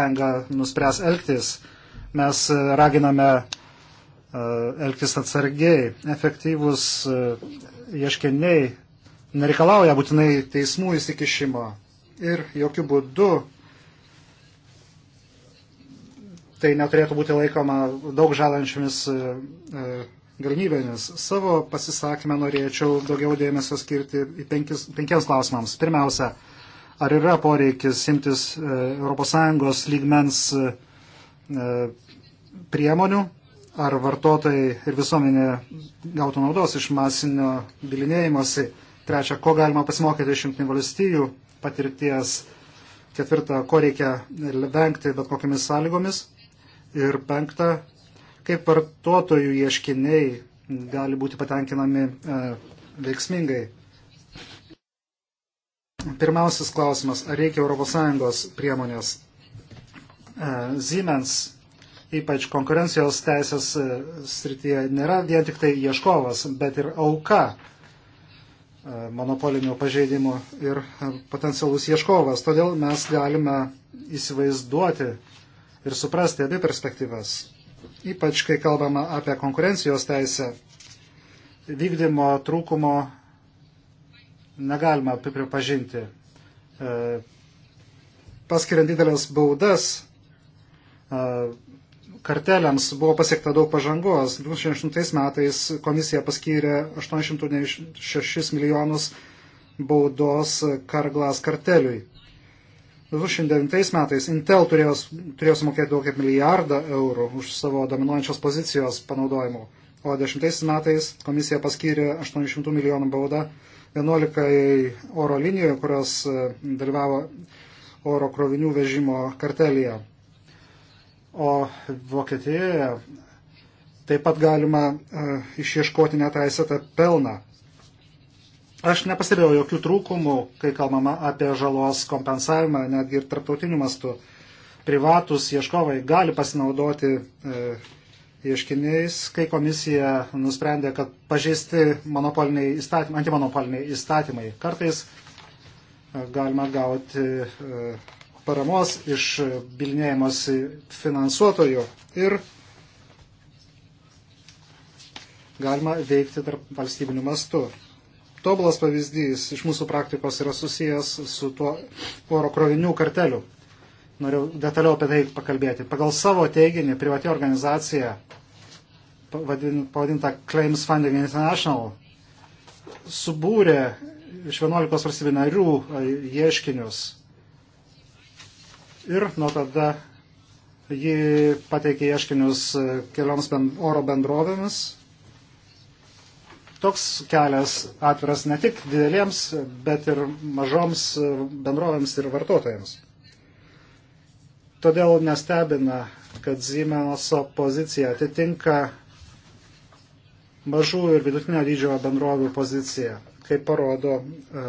nuspręs elgtis, mes e, raginame e, elgtis atsargiai. Efektyvus e, ieškiniai nereikalauja būtinai teismų įsikišimo ir jokių būdų tai neturėtų būti laikoma daug žalančiomis galimybėmis. Savo pasisakymę norėčiau daugiau dėmesio skirti penkis, penkiems klausimams. Pirmiausia, ar yra poreikis imtis ES lygmens e, e, priemonių, ar vartotojai ir visuomenė gautų naudos iš masinio bilinėjimosi. Trečia, ko galima pasimokyti iš jungtinių valstybių patirties. Ketvirta, ko reikia vengti bet kokiamis sąlygomis. Ir penkta, kaip vartotojų ieškiniai gali būti patenkinami e, veiksmingai. Pirmiausias klausimas, ar reikia ES priemonės? E, Siemens, ypač konkurencijos teisės e, srityje, nėra vien tik tai ieškovas, bet ir auka e, monopolinių pažeidimų ir potencialus ieškovas. Todėl mes galime įsivaizduoti ir suprasti abi perspektyvas. Ypač, kai kalbama apie konkurencijos teisę, vykdymo trūkumo negalima pripažinti. E, paskiriant didelės baudas e, karteliams buvo pasiekta daug pažangos. 2008 metais komisija paskyrė 896 milijonus baudos karglas karteliui. 2009 metais Intel turėjo, turėjo sumokėti daug kaip milijardą eurų už savo dominuojančios pozicijos panaudojimą, o 10 metais komisija paskyrė 800 milijonų baudą 11 oro linijų, kurios e, dalyvavo oro krovinių vežimo kartelėje. O Vokietijoje taip pat galima uh, išieškoti neteisėtą pelną. Aš nepastebėjau jokių trūkumų, kai kalbama apie žalos kompensavimą, netgi ir tarptautiniu mastu. Privatus ieškovai gali pasinaudoti uh, ieškiniais, kai komisija nusprendė, kad pažeisti įstatymai, antimonopoliniai įstatymai. Kartais e, galima gauti e, paramos iš bilinėjimos finansuotojų ir galima veikti tarp valstybinių mastų. Tobulas pavyzdys iš mūsų praktikos yra susijęs su tuo oro krovinių karteliu noriu detaliau apie tai pakalbėti. Pagal savo teiginį privati organizacija, pavadinta Claims Funding International, subūrė iš 11 valstybių narių ieškinius ir nuo tada ji pateikė ieškinius kelioms oro bendrovėmis. Toks kelias atviras ne tik didelėms, bet ir mažoms bendrovėms ir vartotojams. Todėl nestebina, kad Siemens'o pozicija atitinka mažų ir vidutinio dydžio bendrovių poziciją, kaip parodo e,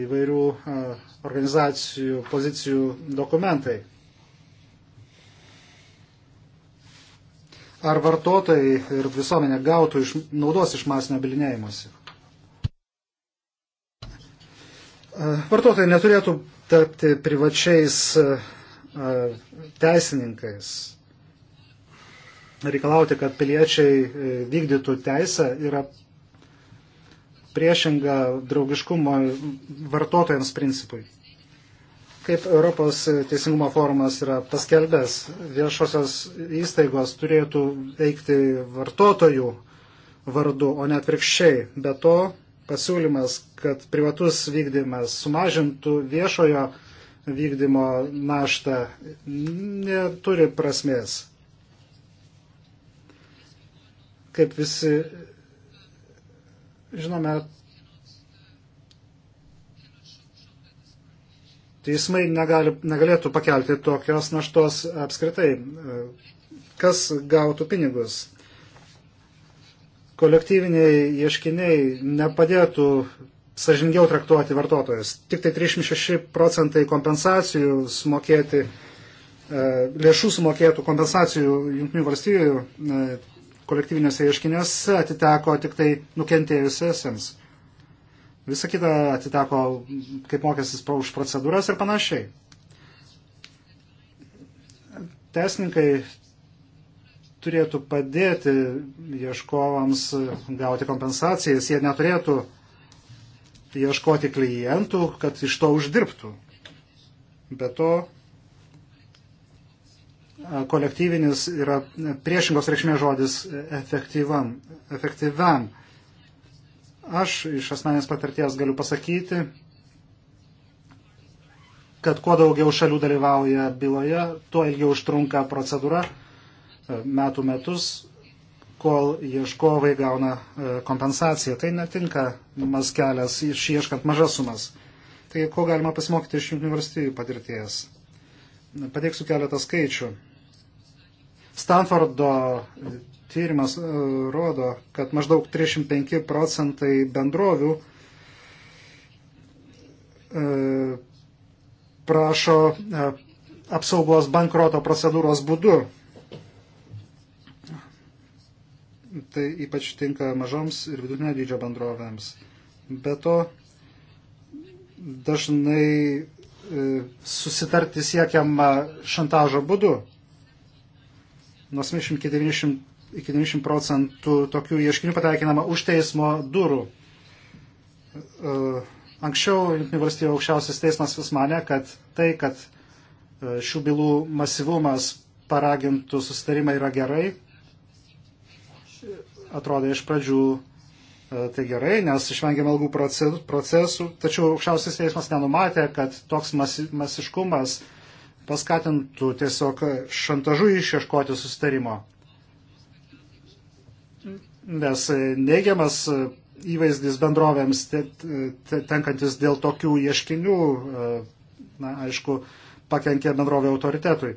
įvairių e, organizacijų pozicijų dokumentai. Ar vartotojai ir visuomenė gautų iš, naudos iš masinio bilinėjimuose? Vartotojai neturėtų tapti privačiais e, teisininkais. Reikalauti, kad piliečiai e, vykdytų teisę yra priešinga draugiškumo vartotojams principui. Kaip Europos teisingumo forumas yra paskelbęs, viešosios įstaigos turėtų veikti vartotojų vardu, o net virkščiai. Be to, pasiūlymas, kad privatus vykdymas sumažintų viešojo vykdymo naštą neturi prasmės. Kaip visi žinome, teismai negali, negalėtų pakelti tokios naštos apskritai. Kas gautų pinigus? Kolektyviniai ieškiniai nepadėtų sažingiau traktuoti vartotojas. Tik tai 36 procentai kompensacijų sumokėti, e, lėšų sumokėtų kompensacijų Junktinių valstybių e, kolektyvinėse ieškiniuose atiteko tik tai nukentėjusiesiems. Visa kita atiteko kaip mokestis už procedūras ir panašiai. Teisininkai turėtų padėti ieškovams gauti kompensacijas, jie neturėtų ieškoti klientų, kad iš to uždirbtų. Be to, kolektyvinis yra priešingos reikšmės žodis efektyvam. efektyvam. Aš iš asmenės patirties galiu pasakyti, kad kuo daugiau šalių dalyvauja byloje, tuo ilgiau užtrunka procedūra e, metų metus kol ieškovai gauna e, kompensaciją. Tai netinkamas kelias išieškant mažas sumas. Tai ko galima pasimokyti iš Junktinių valstybių patirties? Pateiksiu keletą skaičių. Stanfordo tyrimas e, rodo, kad maždaug 35 procentai bendrovių e, prašo apsaugos bankroto procedūros būdu tai ypač tinka mažoms ir vidutinio dydžio bendrovėms. Be to, dažnai e, susitarti siekiama šantažo būdu. Nuo 70 iki 90, iki 90 procentų tokių ieškinių pateikinama už teismo durų. E, anksčiau Junktinių valstybių aukščiausias teismas vis mane, kad tai, kad e, šių bylų masyvumas paragintų susitarimą yra gerai, atrodė iš pradžių e, tai gerai, nes išvengėme ilgų procesų, tačiau aukščiausias teismas nenumatė, kad toks masiškumas paskatintų tiesiog šantažu išieškoti susitarimo. Nes neigiamas įvaizdis bendrovėms tenkantis dėl tokių ieškinių, e, na, aišku, pakenkė bendrovė autoritetui.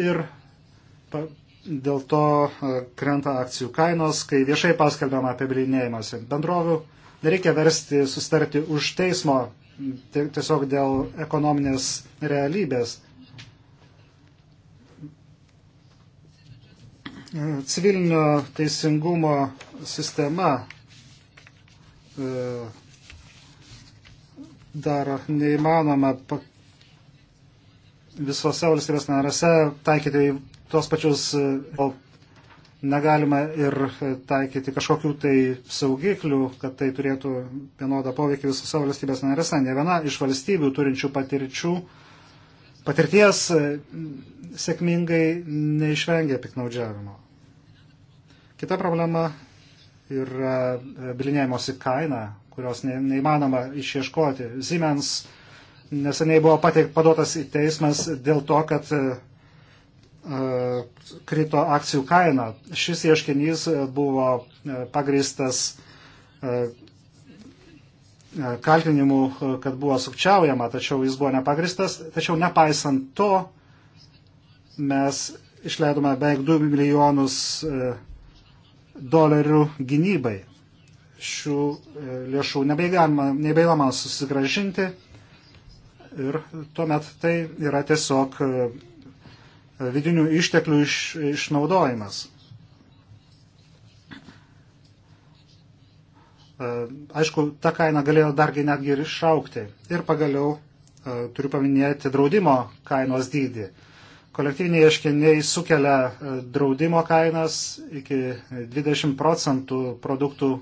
Ir dėl to e, krenta akcijų kainos, kai viešai paskelbiama apie bilinėjimąsi. Bendrovių nereikia versti sustarti už teismo tai tiesiog dėl ekonominės realybės. E, civilinio teisingumo sistema e, dar neįmanoma visose valstybės narėse taikyti tos pačius e, negalima ir e, taikyti kažkokių tai saugiklių, kad tai turėtų vienodą poveikį visose valstybės narėse. Ne viena iš valstybių turinčių patirčių, patirties e, sėkmingai neišvengia piknaudžiavimo. Kita problema yra bilinėjimosi kaina, kurios neįmanoma išieškoti. Siemens neseniai buvo pateik, padotas į teismas dėl to, kad E, krito akcijų kaina. Šis ieškinys buvo e, pagristas e, kaltinimų, kad buvo sukčiaujama, tačiau jis buvo nepagristas. Tačiau nepaisant to, mes išleidome beveik 2 milijonus dolerių gynybai. Šių lėšų nebeįmanoma susigražinti ir tuomet tai yra tiesiog vidinių išteklių iš, išnaudojimas. E, aišku, ta kaina galėjo dargi netgi ir išaukti. Ir pagaliau e, turiu paminėti draudimo kainos dydį. Kolektyviniai ieškiniai sukelia e, draudimo kainas iki 20 procentų produktų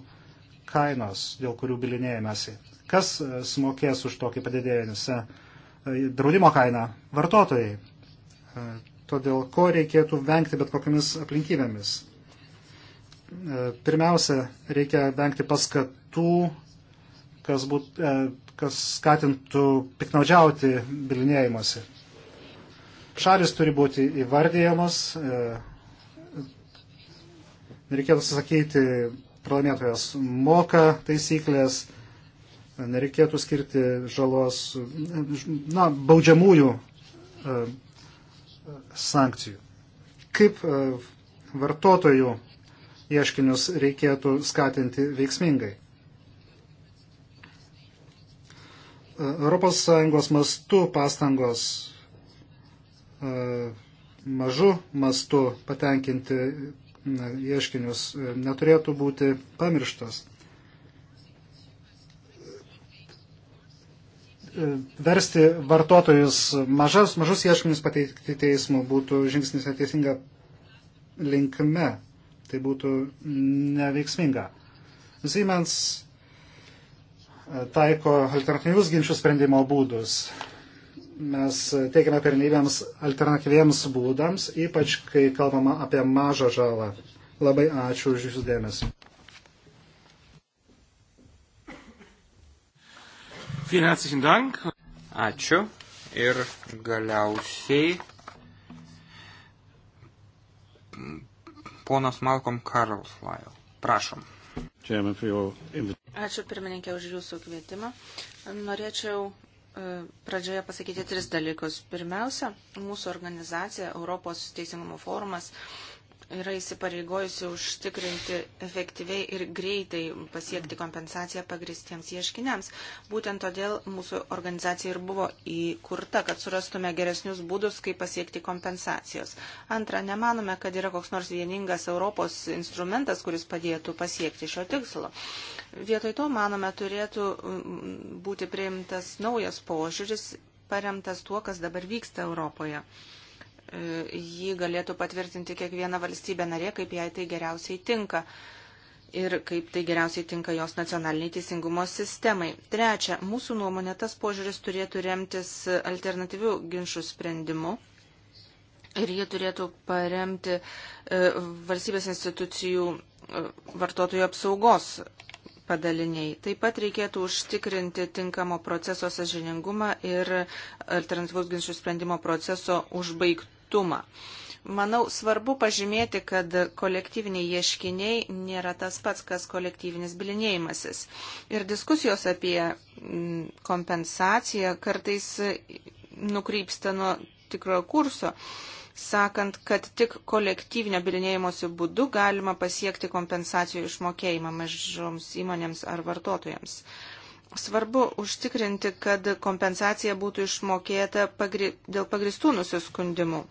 kainos, dėl kurių bilinėjimasi. Kas sumokės už tokį padidėjusią draudimo kainą? Vartotojai. Todėl ko reikėtų vengti bet kokiamis aplinkybėmis. E, pirmiausia, reikia vengti paskatų, kas, būt, e, kas skatintų piknaudžiauti bilinėjimuose. Šalis turi būti įvardyjamos, e, nereikėtų sakyti, pralaimėtojas moka taisyklės, nereikėtų skirti žalos, na, baudžiamųjų sankcijų. Kaip e, vartotojų ieškinius reikėtų skatinti veiksmingai? ES mastu pastangos e, mažu mastu patenkinti e, ieškinius neturėtų būti pamirštas. versti vartotojus mažas, mažus ieškinius pateikti teismų būtų žingsnis neteisinga linkme. Tai būtų neveiksminga. Siemens e, taiko alternatyvius ginčių sprendimo būdus. Mes teikiame pernybėms alternatyviems būdams, ypač kai kalbama apie mažą žalą. Labai ačiū už Jūsų dėmesį. Ačiū. Ir galiausiai ponas Malcolm Carlswell. Prašom. Ačiū pirmininkė už jūsų kvietimą. Norėčiau e, pradžioje pasakyti tris dalykus. Pirmiausia, mūsų organizacija Europos teisingumo forumas yra įsipareigojusi užtikrinti efektyviai ir greitai pasiekti kompensaciją pagristiems ieškiniams. Būtent todėl mūsų organizacija ir buvo įkurta, kad surastume geresnius būdus, kaip pasiekti kompensacijos. Antra, nemanome, kad yra koks nors vieningas Europos instrumentas, kuris padėtų pasiekti šio tikslo. Vietoj to, manome, turėtų mm, būti priimtas naujas požiūris, paremtas tuo, kas dabar vyksta Europoje. E, jį galėtų patvirtinti kiekviena valstybė narė, kaip jai tai geriausiai tinka ir kaip tai geriausiai tinka jos nacionaliniai teisingumo sistemai. Trečia, mūsų nuomonė tas požiūris turėtų remtis alternatyvių ginčių sprendimu. Ir jie turėtų paremti e, valstybės institucijų e, vartotojų apsaugos padaliniai. Taip pat reikėtų užtikrinti tinkamo proceso sažiningumą ir alternatyvus ginčių sprendimo proceso užbaigt, tvirtumą. Manau, svarbu pažymėti, kad kolektyviniai ieškiniai nėra tas pats, kas kolektyvinis bilinėjimasis. Ir diskusijos apie mm, kompensaciją kartais nukrypsta nuo tikrojo kurso, sakant, kad tik kolektyvinio bilinėjimosi būdu galima pasiekti kompensacijų išmokėjimą mažoms įmonėms ar vartotojams. Svarbu užtikrinti, kad kompensacija būtų išmokėta pagri... dėl pagristų nusiskundimų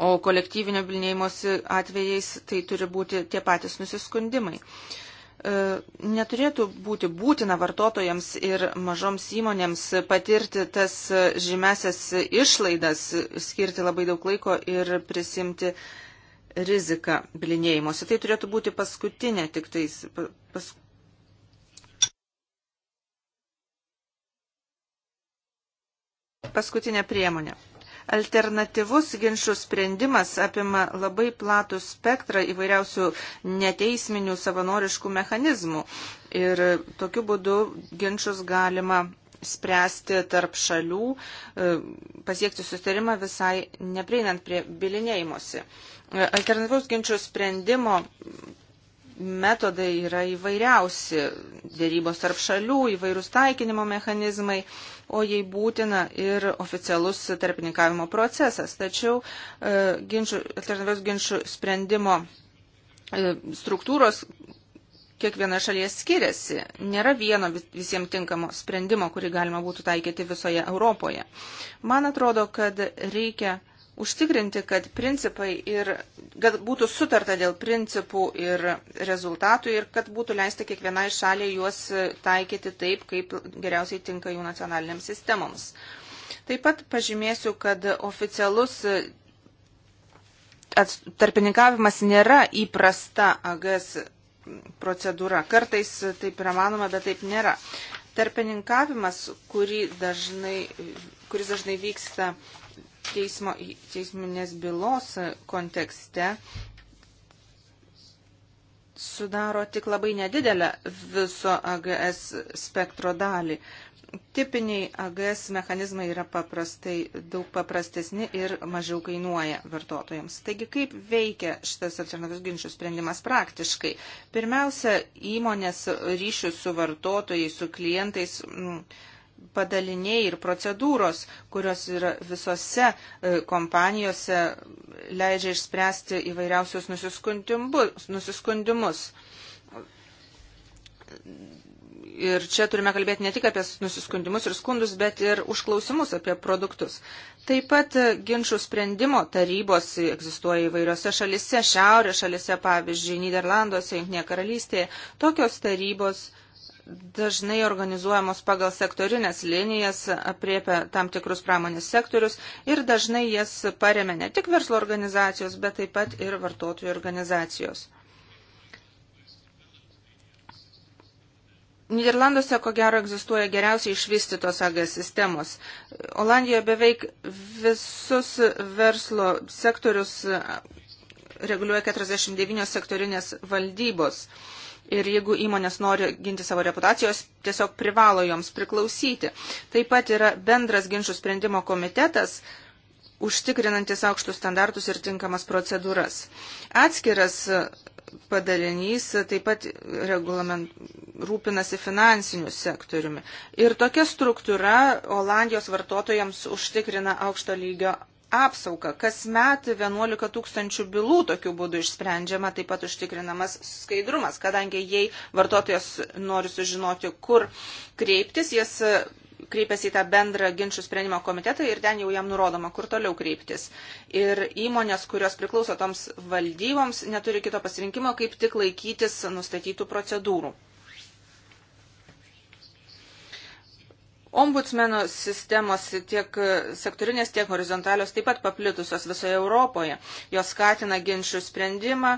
o kolektyvinio bilinėjimosi atvejais tai turi būti tie patys nusiskundimai. E, neturėtų būti būtina vartotojams ir mažoms įmonėms patirti tas žymesias išlaidas, skirti labai daug laiko ir prisimti riziką bilinėjimuose. Tai turėtų būti paskutinė tik tais. Pas... Paskutinė priemonė. Alternatyvus ginčių sprendimas apima labai platų spektrą įvairiausių neteisminių savanoriškų mechanizmų. Ir tokiu būdu ginčius galima spręsti tarp šalių, e, pasiekti sustarimą visai neprieinant prie bilinėjimosi. E, alternatyvus ginčių sprendimo metodai yra įvairiausi - dėrybos tarp šalių, įvairūs taikinimo mechanizmai o jei būtina ir oficialus tarpininkavimo procesas. Tačiau e, ginčių, alternatyvios ginčių sprendimo e, struktūros kiekviena šalies skiriasi. Nėra vieno visiems tinkamo sprendimo, kurį galima būtų taikyti visoje Europoje. Man atrodo, kad reikia užtikrinti, kad principai ir, kad būtų sutarta dėl principų ir rezultatų ir kad būtų leista kiekvienai šaliai juos taikyti taip, kaip geriausiai tinka jų nacionaliniams sistemoms. Taip pat pažymėsiu, kad oficialus tarpininkavimas nėra įprasta AGS procedūra. Kartais taip yra manoma, bet taip nėra. Tarpininkavimas, kuri dažnai, kuris dažnai vyksta teismo, teisminės bylos kontekste sudaro tik labai nedidelę viso AGS spektro dalį. Tipiniai AGS mechanizmai yra paprastai daug paprastesni ir mažiau kainuoja vartotojams. Taigi, kaip veikia šitas alternatyvus ginčių sprendimas praktiškai? Pirmiausia, įmonės ryšių su vartotojais, su klientais. M, mm, padaliniai ir procedūros, kurios yra visose e, kompanijose, leidžia išspręsti įvairiausius nusiskundimus. Ir čia turime kalbėti ne tik apie nusiskundimus ir skundus, bet ir užklausimus apie produktus. Taip pat e, ginčių sprendimo tarybos egzistuoja įvairiose šalise, šiaurės šalise, pavyzdžiui, Niderlanduose, Junktinėje karalystėje. Tokios tarybos uh, dažnai organizuojamos pagal sektorinės linijas, apriepia tam tikrus pramonės sektorius ir dažnai jas paremia ne tik verslo organizacijos, bet taip pat ir vartotojų organizacijos. Niderlanduose, ko gero, egzistuoja geriausiai išvystytos AG sistemos. Olandijoje beveik visus verslo sektorius reguliuoja 49 sektorinės valdybos ir jeigu įmonės nori ginti savo reputacijos, tiesiog privalo joms priklausyti. Taip pat yra bendras ginčių sprendimo komitetas, užtikrinantis aukštus standartus ir tinkamas procedūras. Atskiras e, padalinys e, taip pat reglament, rūpinasi finansiniu sektoriumi. Ir tokia struktūra Olandijos vartotojams užtikrina aukšto lygio apsaugą. Kasmet 11 tūkstančių bylų tokiu būdu išsprendžiama, taip pat užtikrinamas skaidrumas, kadangi jei vartotojas nori sužinoti, kur kreiptis, jis kreipiasi į tą bendrą ginčių sprendimo komitetą ir ten jau jam nurodoma, kur toliau kreiptis. Ir įmonės, kurios priklauso toms valdyboms, neturi kito pasirinkimo, kaip tik laikytis nustatytų procedūrų. Ombudsmenų sistemos tiek sektorinės, tiek horizontalios taip pat paplitusios visoje Europoje. Jos skatina ginčių sprendimą,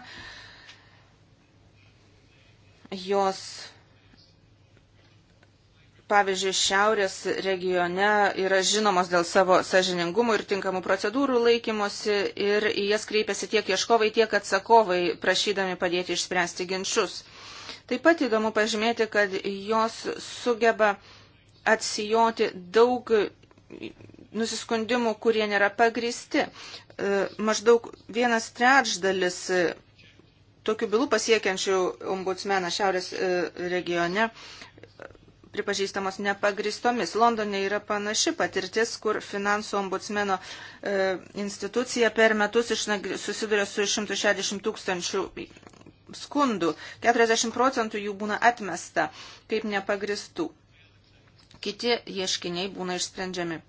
jos, pavyzdžiui, šiaurės regione yra žinomos dėl savo sažiningumų ir tinkamų procedūrų laikymosi ir į jas kreipiasi tiek ieškovai, tiek atsakovai, prašydami padėti išspręsti ginčius. Taip pat įdomu pažymėti, kad jos sugeba atsijoti daug nusiskundimų, kurie nėra pagristi. E, maždaug vienas trečdalis e, tokių bylų pasiekiančių ombudsmeną Šiaurės e, regione pripažįstamos nepagristomis. Londone yra panaši patirtis, kur finansų ombudsmeno e, institucija per metus išnagri, susiduria su 160 tūkstančių skundų. 40 procentų jų būna atmesta kaip nepagristų kiti ieškiniai būna išsprendžiami.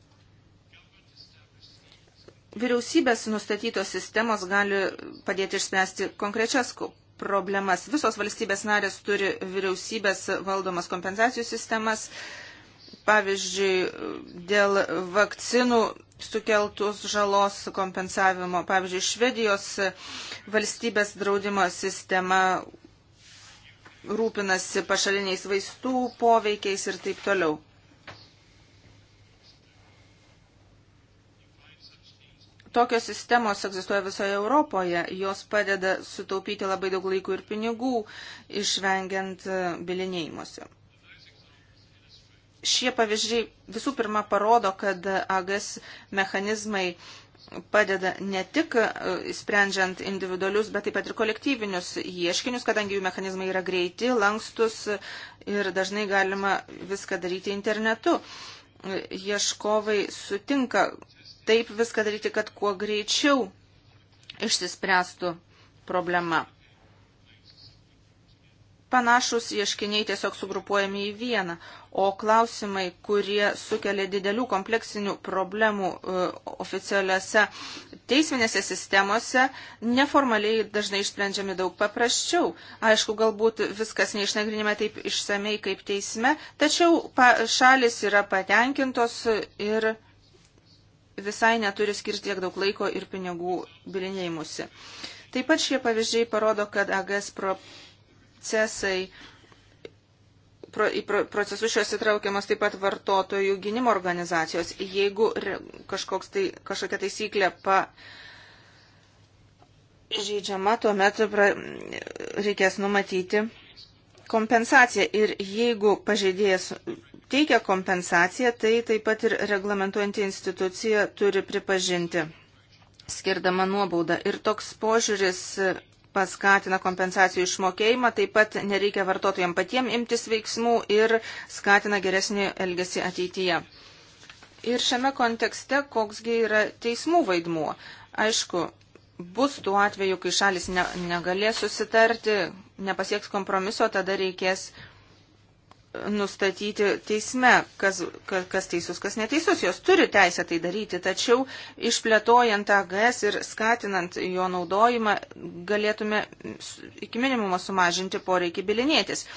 Vyriausybės nustatytos sistemos gali padėti išspręsti konkrečias problemas. Visos valstybės narės turi vyriausybės valdomas kompensacijų sistemas. Pavyzdžiui, dėl vakcinų sukeltus žalos kompensavimo. Pavyzdžiui, Švedijos valstybės draudimo sistema rūpinasi pašaliniais vaistų poveikiais ir taip toliau. Tokios sistemos egzistuoja visoje Europoje, jos padeda sutaupyti labai daug laiko ir pinigų, išvengiant e, bilinėjimuose. Šie pavyzdžiai visų pirma parodo, kad AGS mechanizmai padeda ne tik e, sprendžiant individualius, bet taip pat ir kolektyvinius ieškinius, kadangi jų mechanizmai yra greiti, lankstus ir dažnai galima viską daryti internetu. E, ieškovai sutinka taip viską daryti, kad kuo greičiau išsispręstų problema. Panašus ieškiniai tiesiog sugrupuojami į vieną, o klausimai, kurie sukelia didelių kompleksinių problemų e, oficialiuose teisminėse sistemose, neformaliai dažnai išsprendžiami daug paprasčiau. Aišku, galbūt viskas neišnagrinime taip išsamei kaip teisme, tačiau šalis yra patenkintos ir visai neturi skirti tiek daug laiko ir pinigų bilinėjimusi. Taip pat šie pavyzdžiai parodo, kad AGS procesai, pro, į pro, procesus šios įtraukiamas taip pat vartotojų gynimo organizacijos. Jeigu tai, kažkokia taisyklė pa, žydžiama, tuomet pra, reikės numatyti kompensaciją. Ir jeigu pažeidėjas teikia kompensaciją, tai taip pat ir reglamentuojanti institucija turi pripažinti skirdama nuobaudą. Ir toks požiūris paskatina kompensacijų išmokėjimą, taip pat nereikia vartotojams patiems imtis veiksmų ir skatina geresnį elgesį ateityje. Ir šiame kontekste, koksgi yra teismų vaidmuo. Aišku, bus tuo atveju, kai šalis ne, negalės susitarti, nepasieks kompromiso, tada reikės nustatyti teisme, kas, kas teisus, kas neteisus. Jos turi teisę tai daryti, tačiau išplėtojant AGS ir skatinant jo naudojimą galėtume iki minimumo sumažinti poreikį bilinėtis.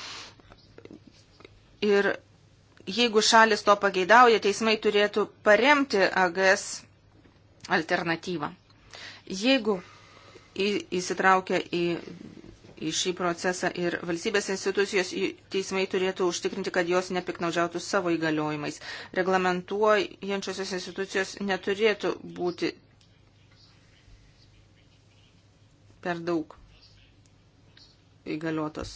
Ir jeigu šalis to pageidauja, teismai turėtų paremti AGS alternatyvą. Jeigu įsitraukia į į šį procesą ir valstybės institucijos teismai turėtų užtikrinti, kad jos nepiknaudžiautų savo įgaliojimais. Reglamentuojančiosios institucijos neturėtų būti per daug įgaliotos.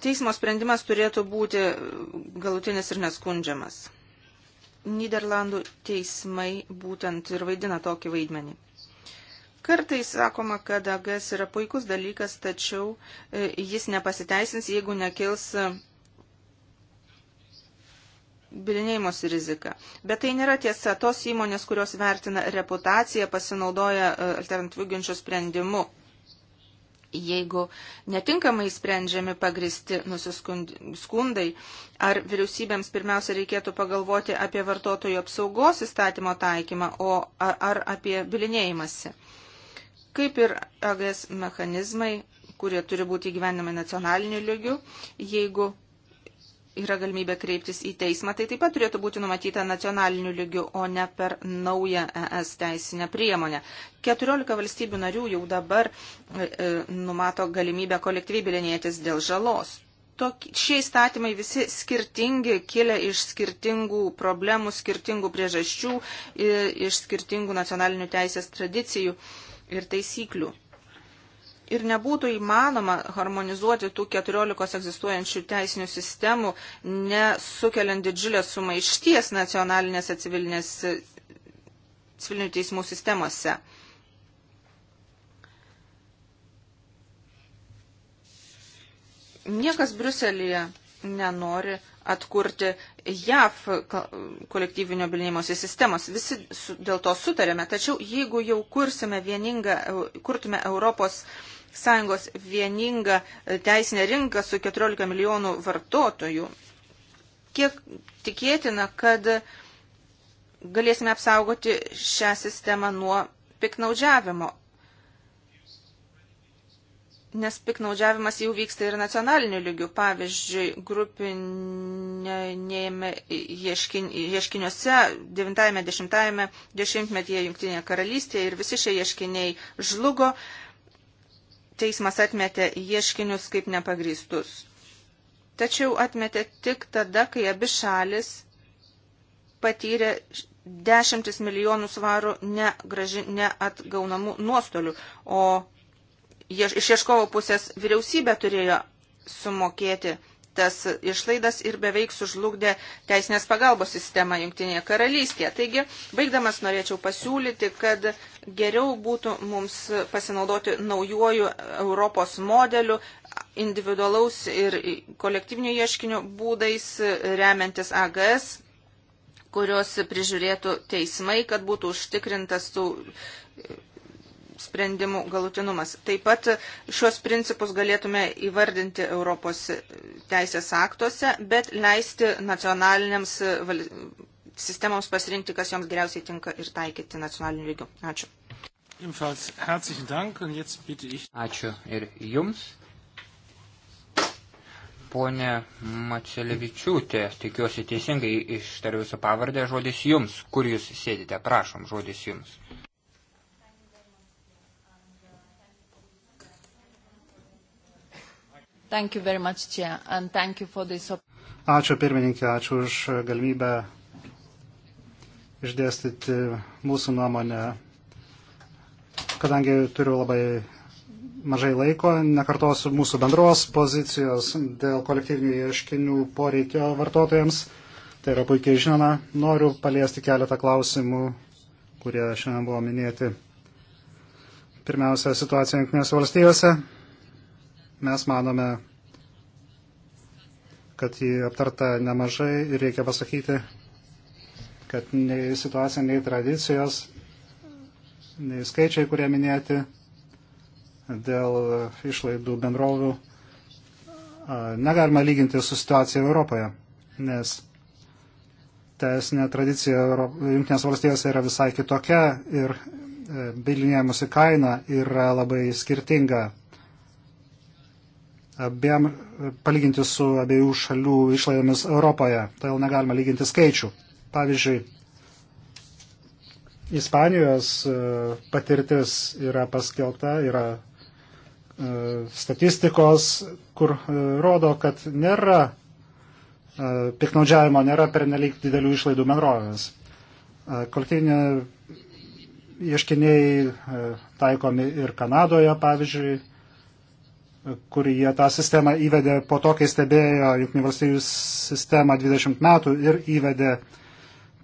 Teismo sprendimas turėtų būti galutinis ir neskundžiamas. Niderlandų teismai būtent ir vaidina tokį vaidmenį. Kartais sakoma, kad AGS yra puikus dalykas, tačiau e, jis nepasiteisins, jeigu nekils e, bilinėjimosi rizika. Bet tai nėra tiesa. Tos įmonės, kurios vertina reputaciją, pasinaudoja e, alternatyvių ginčių sprendimu. Jeigu netinkamai sprendžiami pagristi nusiskundai, ar vyriausybėms pirmiausia reikėtų pagalvoti apie vartotojų apsaugos įstatymo taikymą, o ar apie bilinėjimąsi. Kaip ir AGS mechanizmai, kurie turi būti gyvenami nacionaliniu lygiu, jeigu yra galimybė kreiptis į teismą, tai taip pat turėtų būti numatyta nacionaliniu lygiu, o ne per naują ES teisinę priemonę. 14 valstybių narių jau dabar e, e numato galimybę kolektyviai bilinėtis dėl žalos. Tok, šie įstatymai visi skirtingi, kilia iš skirtingų problemų, skirtingų priežasčių, iš skirtingų nacionalinių teisės tradicijų. E, ir taisyklių. Ir nebūtų įmanoma harmonizuoti tų 14 egzistuojančių teisinių sistemų, nesukeliant didžiulės sumaišties nacionalinėse civilinės, civilinių teismų sistemose. Niekas Bruselėje nenori atkurti JAV kolektyvinio bilinimosi sistemos. Visi dėl to sutarėme. Tačiau jeigu jau kursime vieningą, kurtume Europos Sąjungos vieningą e, teisinę rinką su 14 milijonų vartotojų, kiek tikėtina, kad galėsime apsaugoti šią sistemą nuo piknaudžiavimo. Nes piknaudžiavimas jau vyksta ir nacionaliniu lygiu. Pavyzdžiui, grupinėme ieškin, ieškiniuose 90-metyje Junktinėje karalystėje ir visi šie ieškiniai žlugo. Teismas atmetė ieškinius kaip nepagristus. Tačiau atmetė tik tada, kai abi šalis patyrė dešimtis milijonų svarų negraži, neatgaunamų nuostolių, o iš ieškovo pusės vyriausybė turėjo sumokėti tas išlaidas ir beveik sužlugdė teisinės pagalbos sistemą Junktinėje karalystėje. Taigi, baigdamas norėčiau pasiūlyti, kad geriau būtų mums pasinaudoti naujuoju Europos modeliu, individualaus ir kolektyvinių ieškinių būdais, remiantis AGS kurios prižiūrėtų teismai, kad būtų užtikrintas tų sprendimų galutinumas. Taip pat šios principus galėtume įvardinti Europos teisės aktuose, bet leisti nacionaliniams val... sistemoms pasirinkti, kas joms geriausiai tinka ir taikyti nacionaliniu lygiu. Ačiū. Ačiū ir jums. Pone Macelevičiūtė, tikiuosi teisingai ištariu jūsų pavardę, žodis jums, kur jūs sėdite, prašom, žodis jums. Thank you very much, Chair, and thank you for this Ačiū pirmininkė, ačiū už galimybę išdėstyti mūsų nuomonę. Kadangi turiu labai mažai laiko, nekartosiu mūsų bendros pozicijos dėl kolektyvinių ieškinių poreikio vartotojams. Tai yra puikiai žinoma. Noriu paliesti keletą klausimų, kurie šiandien buvo minėti. Pirmiausia, situacija Junktinėse valstijose mes manome, kad jį aptarta nemažai ir reikia pasakyti, kad nei situacija, nei tradicijos, nei skaičiai, kurie minėti dėl išlaidų bendrovių, negalima lyginti su situacija Europoje, nes teisinė tradicija Junktinės valstijos yra visai kitokia ir e, bilinėjimusi kaina yra labai skirtinga abiem, palyginti su abiejų šalių išlaidomis Europoje. Todėl negalima lyginti skaičių. Pavyzdžiui, Ispanijos e, patirtis yra paskelta, yra e, statistikos, kur e, rodo, kad nėra piknaudžiavimo, nėra pernelyg didelių išlaidų bendrovės. Koltinė ieškiniai taikomi ir Kanadoje, pavyzdžiui, kur jie tą sistemą įvedė po to, kai stebėjo Junktinių valstybių sistemą 20 metų ir įvedė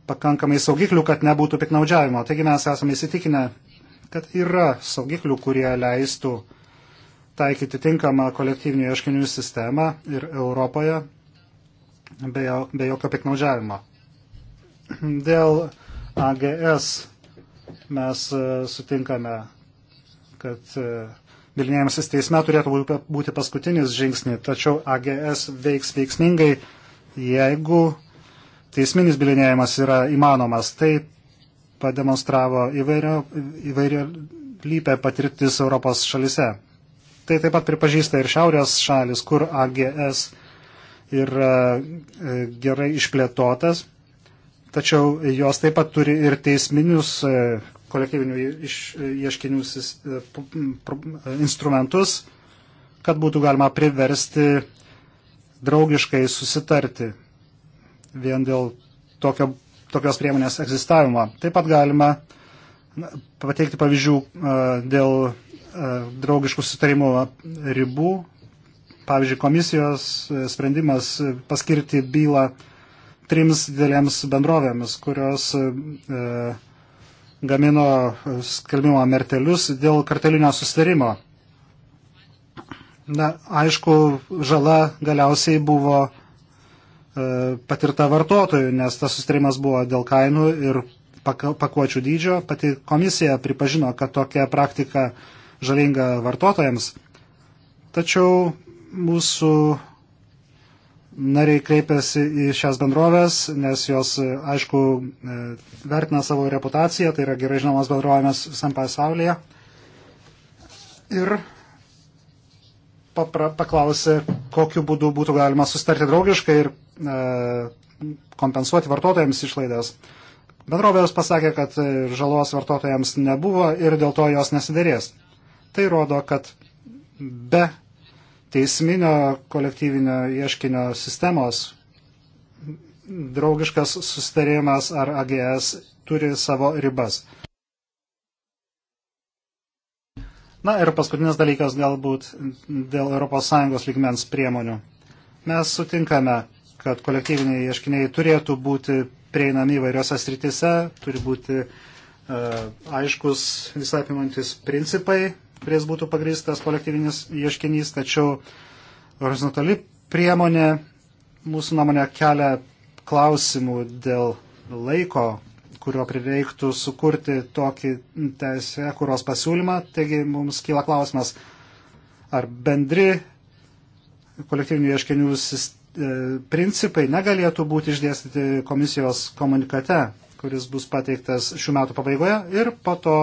pakankamai saugiklių, kad nebūtų piknaudžiavimo. Taigi mes esame įsitikinę, kad yra saugiklių, kurie leistų taikyti tinkamą kolektyvinių ieškinių sistemą ir Europoje be, jo, be jokio piknaudžiavimo. Dėl AGS mes e, sutinkame, kad e, bilinėjimasis teisme turėtų būti paskutinis žingsnis, tačiau AGS veiks veiksmingai, jeigu teisminis bilinėjimas yra įmanomas. Tai pademonstravo įvairio, įvairio lypė patirtis Europos šalise. Tai taip pat pripažįsta ir šiaurės šalis, kur AGS yra e, gerai išplėtotas, tačiau jos taip pat turi ir teisminius e, kolektyvinių ieškinių e, instrumentus, kad būtų galima priversti draugiškai susitarti vien dėl tokio, tokios priemonės egzistavimo. Taip pat galima pateikti pavyzdžių e, dėl e, draugiškų sutarimų ribų. Pavyzdžiui, komisijos sprendimas paskirti bylą trims didelėms bendrovėmis, kurios e, gamino e, skalbimo mertelius dėl kartelinio susitarimo. Na, aišku, žala galiausiai buvo e, patirta vartotojų, nes tas sustarimas buvo dėl kainų ir pakuočių dydžio. Pati komisija pripažino, kad tokia praktika žalinga vartotojams. Tačiau mūsų nariai kreipiasi į šias bendrovės, nes jos, e, aišku, e, vertina savo reputaciją, tai yra gerai žinomas bendrovėmis visam pasaulyje. Ir papra, paklausė, kokiu būdu būtų galima sustarti draugiškai ir e, kompensuoti vartotojams išlaidas. Bendrovės pasakė, kad e, žalos vartotojams nebuvo ir dėl to jos nesiderės. Tai rodo, kad be teisminio kolektyvinio ieškinio sistemos draugiškas susitarimas ar AGS turi savo ribas. Na ir paskutinis dalykas galbūt dėl ES lygmens priemonių. Mes sutinkame, kad kolektyviniai ieškiniai turėtų būti prieinami įvairiose sritise, turi būti uh, aiškus visapimantis principai, kuriais būtų pagristas kolektyvinis ieškinys, tačiau horizontali priemonė mūsų nuomonė kelia klausimų dėl laiko, kurio prireiktų sukurti tokį teisę, kurios pasiūlymą. Taigi mums kyla klausimas, ar bendri kolektyvinių ieškinių e, principai negalėtų būti išdėstyti komisijos komunikate, kuris bus pateiktas šių metų pabaigoje ir po to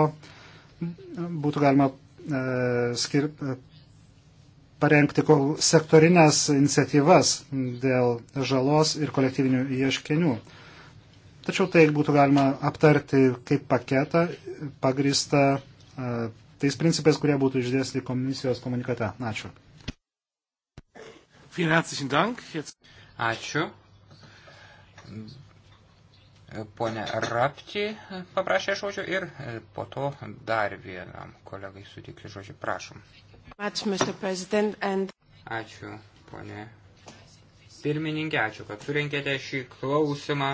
būtų galima E, skir, e, parengti sektorinės iniciatyvas dėl žalos ir kolektyvinių ieškinių. Tačiau tai būtų galima aptarti kaip paketą pagrįstą e, tais principais, kurie būtų išdėsti komisijos komunikate. Ačiū. Ačiū. Pone Rapti paprašė žodžio ir e, po to dar vienam kolegai sutiksiu žodžiu. Prašom. Ačiū, ponė pirmininkė, ačiū, kad surinkėte šį klausimą.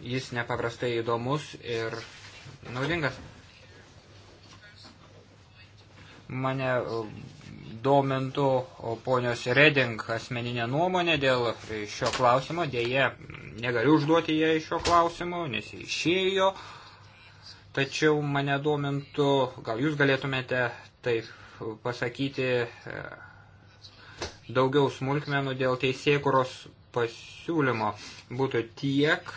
Jis nepaprastai įdomus ir naudingas. Mane domintų ponios Reding asmeninė nuomonė dėl šio klausimo. Dėje negaliu užduoti ją iš šio klausimo, nes jis išėjo. Tačiau mane domintų, gal jūs galėtumėte taip pasakyti daugiau smulkmenų dėl teisėkuros pasiūlymo. Būtų tiek,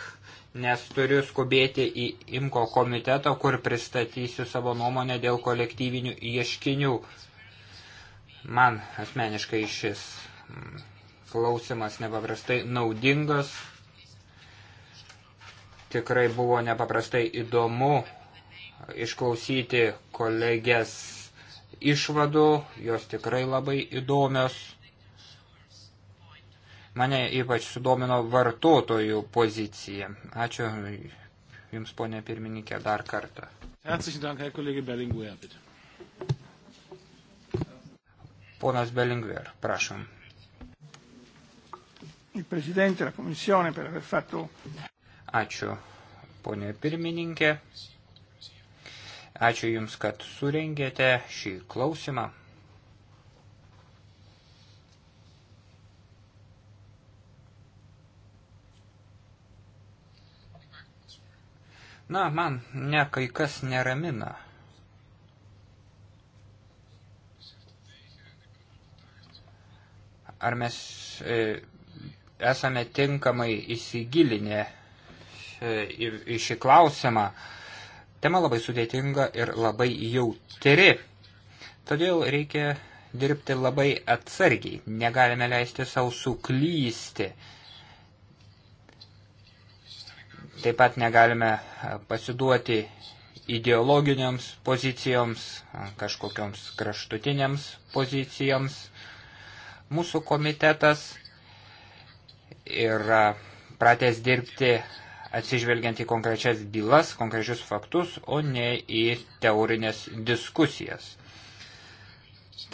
nes turiu skubėti į IMKO komitetą, kur pristatysiu savo nuomonę dėl kolektyvinių ieškinių. Man asmeniškai šis mm, klausimas nepaprastai naudingas. Tikrai buvo nepaprastai įdomu išklausyti kolegės išvadų, jos tikrai labai įdomios. Mane ypač sudomino vartotojų pozicija. Ačiū Jums, ponė pirmininkė, dar kartą. Herzlichen Dank, Herr Kollege Berlinguer, bitte. Ponas Belingver, prašom. Ačiū, ponė pirmininkė. Ačiū Jums, kad surengėte šį klausimą. Na, man ne kai kas neramina. ar mes e, esame tinkamai įsigilinę į, e, į šį klausimą. Tema labai sudėtinga ir labai jautri. Todėl reikia dirbti labai atsargiai. Negalime leisti savo suklysti. Taip pat negalime e, pasiduoti ideologiniams pozicijoms, kažkokioms kraštutiniams pozicijoms. Mūsų komitetas yra pratęs dirbti atsižvelgiant į konkrečias bylas, konkrečius faktus, o ne į teorinės diskusijas.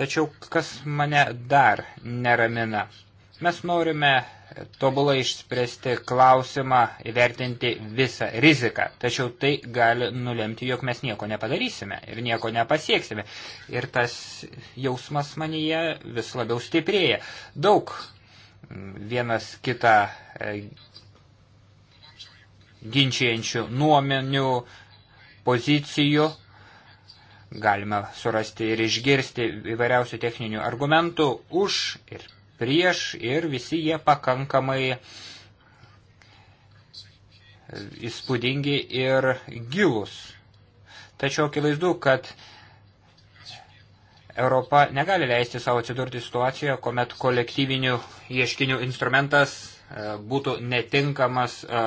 Tačiau kas mane dar neramina? Mes norime tobulai išspręsti klausimą, įvertinti visą riziką. Tačiau tai gali nulemti, jog mes nieko nepadarysime ir nieko nepasieksime. Ir tas jausmas manyje vis labiau stiprėja. Daug vienas kitą e, ginčiančių nuomenių, pozicijų. Galime surasti ir išgirsti įvairiausių techninių argumentų už ir prieš ir visi jie pakankamai įspūdingi ir gilus. Tačiau akivaizdu, kad Europa negali leisti savo atsidurti situacijoje, kuomet kolektyvinių ieškinių instrumentas e, būtų netinkamas, e,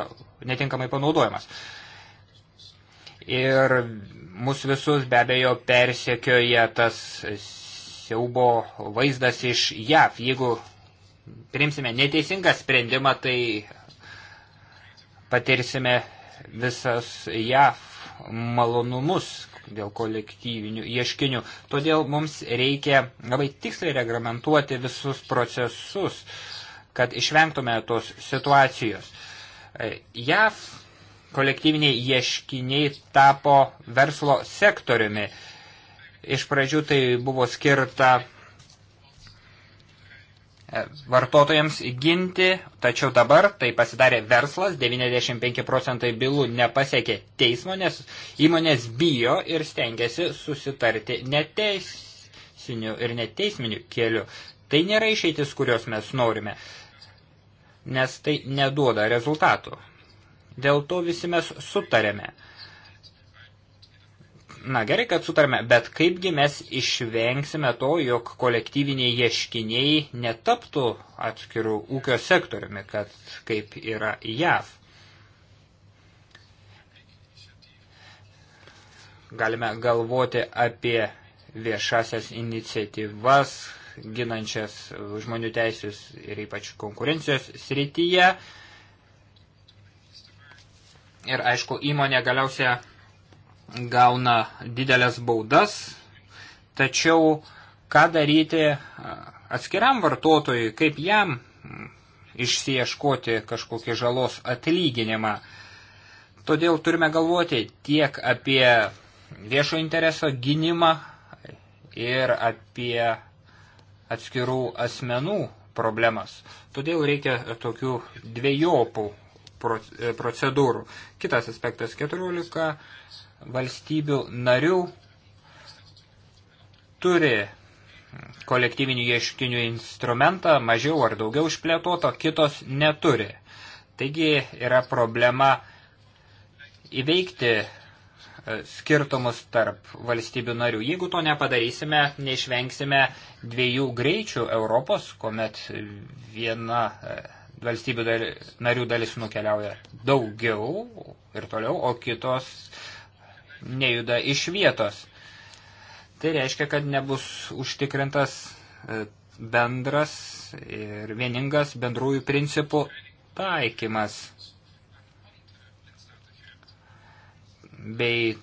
netinkamai panaudojamas. Ir mus visus be abejo persekioja tas siaubo vaizdas iš JAV. Jeigu priimsime neteisingą sprendimą, tai patirsime visas JAV malonumus dėl kolektyvinių ieškinių. Todėl mums reikia labai tiksliai reglamentuoti visus procesus, kad išvengtume tos situacijos. E, JAV kolektyviniai ieškiniai tapo verslo sektoriumi Iš pradžių tai buvo skirta e, vartotojams ginti, tačiau dabar tai pasidarė verslas, 95 procentai bylų nepasiekė teismo, nes įmonės bijo ir stengiasi susitarti neteisiniu ir neteisminiu keliu. Tai nėra išeitis, kurios mes norime, nes tai neduoda rezultatų. Dėl to visi mes sutarėme. Na gerai, kad sutarme, bet kaipgi mes išvengsime to, jog kolektyviniai ieškiniai netaptų atskirų ūkio sektoriumi, kad kaip yra JAV. Galime galvoti apie viešasias iniciatyvas, ginančias žmonių teisės ir ypač konkurencijos srityje. Ir aišku, įmonė galiausiai gauna didelės baudas, tačiau ką daryti e, atskiram vartotojui, kaip jam išsieškoti kažkokį žalos atlyginimą. Todėl turime galvoti tiek apie viešo intereso gynimą ir apie atskirų asmenų problemas. Todėl reikia tokių dviejopų procedūrų. Kitas aspektas 14 valstybių narių turi kolektyvinių ieškinių instrumentą, mažiau ar daugiau išplėtoto, kitos neturi. Taigi yra problema įveikti e, skirtumus tarp valstybių narių. Jeigu to nepadarysime, neišvengsime dviejų greičių Europos, kuomet viena e, valstybių dali, narių dalis nukeliauja daugiau ir toliau, o kitos nejuda iš vietos. Tai reiškia, kad nebus užtikrintas e, bendras ir vieningas bendrųjų principų taikymas. Bei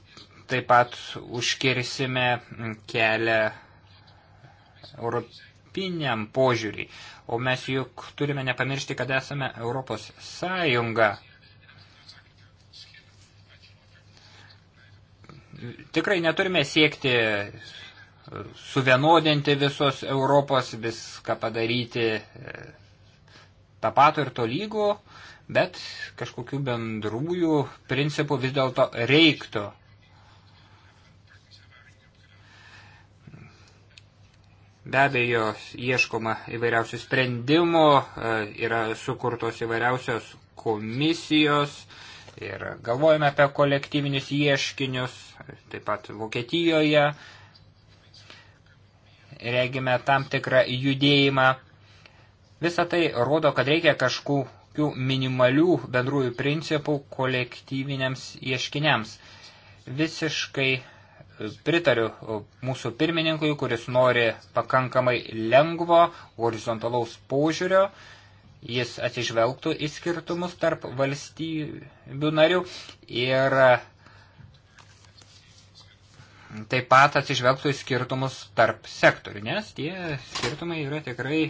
taip pat užkirsime kelią europiniam požiūriui. O mes juk turime nepamiršti, kad esame Europos sąjunga. tikrai neturime siekti e, suvienodinti visos Europos, viską padaryti e, tą patų ir to lygų, bet kažkokių bendrųjų principų vis dėlto reiktų. Be abejo, ieškoma įvairiausių sprendimų, e, yra sukurtos įvairiausios komisijos, ir galvojame apie kolektyvinius ieškinius, taip pat Vokietijoje regime tam tikrą judėjimą. Visą tai rodo, kad reikia kažkokių minimalių bendrųjų principų kolektyviniams ieškiniams. Visiškai pritariu mūsų pirmininkui, kuris nori pakankamai lengvo, horizontalaus požiūrio, jis atsižvelgtų į skirtumus tarp valstybių narių ir taip pat atsižvelgtų į skirtumus tarp sektorių, nes tie skirtumai yra tikrai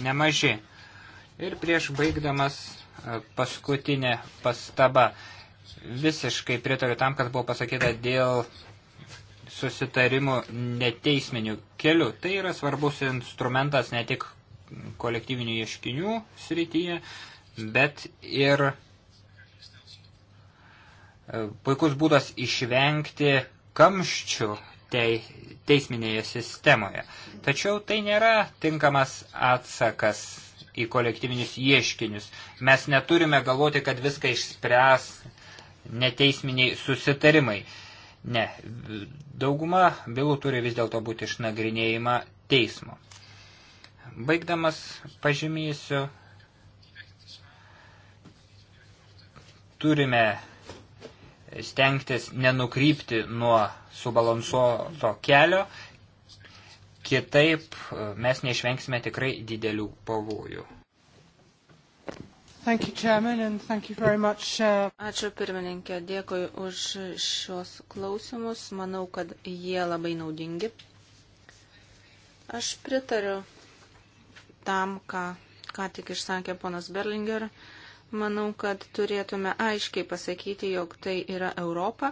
nemaži. Ir prieš baigdamas e, paskutinė pastaba. Visiškai pritariu tam, kas buvo pasakyta dėl susitarimų neteisminių kelių. Tai yra svarbus instrumentas ne tik kolektyvinių ieškinių srityje, bet ir e, puikus būdas išvengti kamščių tei, teisminėje sistemoje. Tačiau tai nėra tinkamas atsakas į kolektyvinius ieškinius. Mes neturime galvoti, kad viską išspręs neteisminiai susitarimai. Ne, dauguma bylų turi vis dėlto būti išnagrinėjama teismo. Baigdamas pažymėsiu, turime stengtis nenukrypti nuo subalansuoto kelio, kitaip e, mes neišvengsime tikrai didelių pavojų. Thank you, Chairman, and thank you very much. Uh... Ačiū pirmininkė, dėkui už šios klausimus. Manau, kad jie labai naudingi. Aš pritariu tam, ką, ką tik išsakė ponas Berlinger. Manau, kad turėtume aiškiai pasakyti, jog tai yra Europa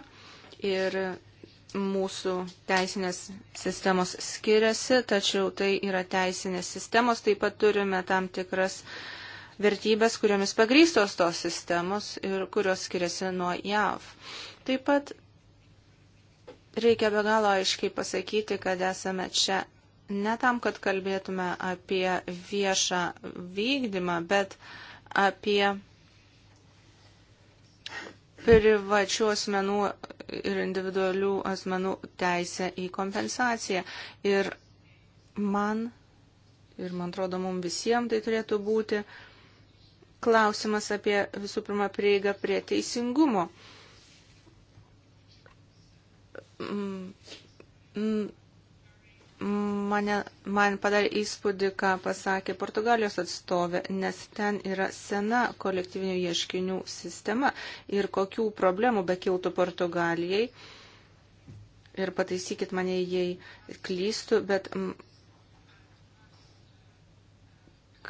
ir mūsų teisinės sistemos skiriasi, tačiau tai yra teisinės sistemos, taip pat turime tam tikras vertybės, kuriomis pagrystos tos sistemos ir kurios skiriasi nuo JAV. Taip pat reikia be galo aiškiai pasakyti, kad esame čia ne tam, kad kalbėtume apie viešą vykdymą, bet apie privačių asmenų ir individualių asmenų teisę į kompensaciją. Ir man, ir man atrodo, mums visiems tai turėtų būti klausimas apie visų pirma prieigą prie teisingumo. Mm, mane, man padarė įspūdį, ką pasakė Portugalijos atstovė, nes ten yra sena kolektyvinių ieškinių sistema ir kokių problemų bekiltų Portugalijai. Ir pataisykit mane, jei klystu, bet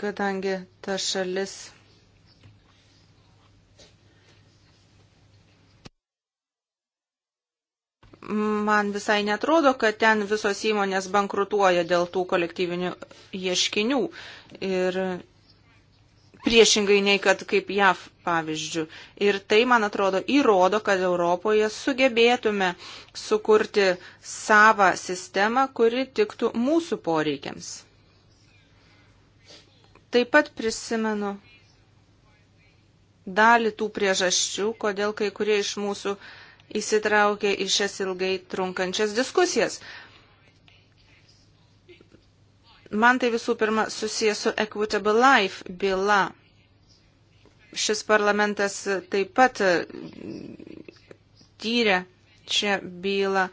kadangi ta šalis man visai netrodo, kad ten visos įmonės bankrutuoja dėl tų kolektyvinių ieškinių. Ir priešingai nei kad kaip JAV pavyzdžių. Ir tai, man atrodo, įrodo, kad Europoje sugebėtume sukurti savą sistemą, kuri tiktų mūsų poreikiams. Taip pat prisimenu dalį tų priežasčių, kodėl kai kurie iš mūsų uh, įsitraukė į šias ilgai trunkančias diskusijas. Man tai visų pirma susijęs su Equitable Life byla. Šis parlamentas taip pat tyrė šią bylą.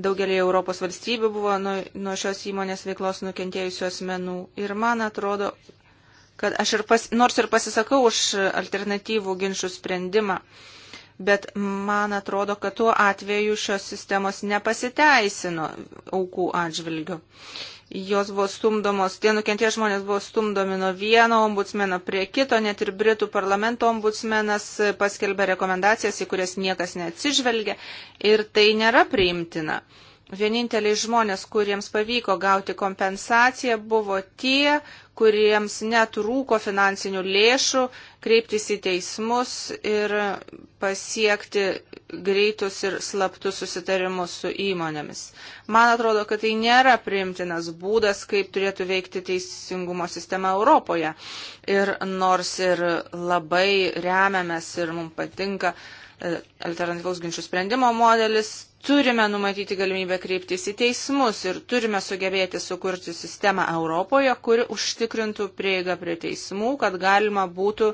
Daugelį Europos valstybių buvo nuo, nuo šios įmonės veiklos nukentėjusių asmenų. Ir man atrodo, kad aš ir pas, nors ir pasisakau už alternatyvų ginčių sprendimą, uh, bet man atrodo, kad tuo atveju šios sistemos nepasiteisino aukų atžvilgiu. Jos buvo stumdomos, tie nukentėję žmonės buvo stumdomi nuo vieno ombudsmeno prie kito, net ir Britų parlamento ombudsmenas paskelbė rekomendacijas, į kurias niekas neatsižvelgia ir tai nėra priimtina. Vieninteliai žmonės, kuriems pavyko gauti kompensaciją, buvo tie, kuriems netrūko finansinių lėšų, kreiptis į teismus ir pasiekti greitus ir slaptus susitarimus su įmonėmis. Man atrodo, kad tai nėra priimtinas būdas, kaip turėtų veikti teisingumo sistema Europoje. Ir nors ir labai remiamės ir mums patinka uh, alternatyvaus ginčių sprendimo modelis, turime numatyti galimybę kreiptis į teismus ir turime sugebėti sukurti sistemą Europoje, kuri užtikrintų prieigą prie teismų, kad galima būtų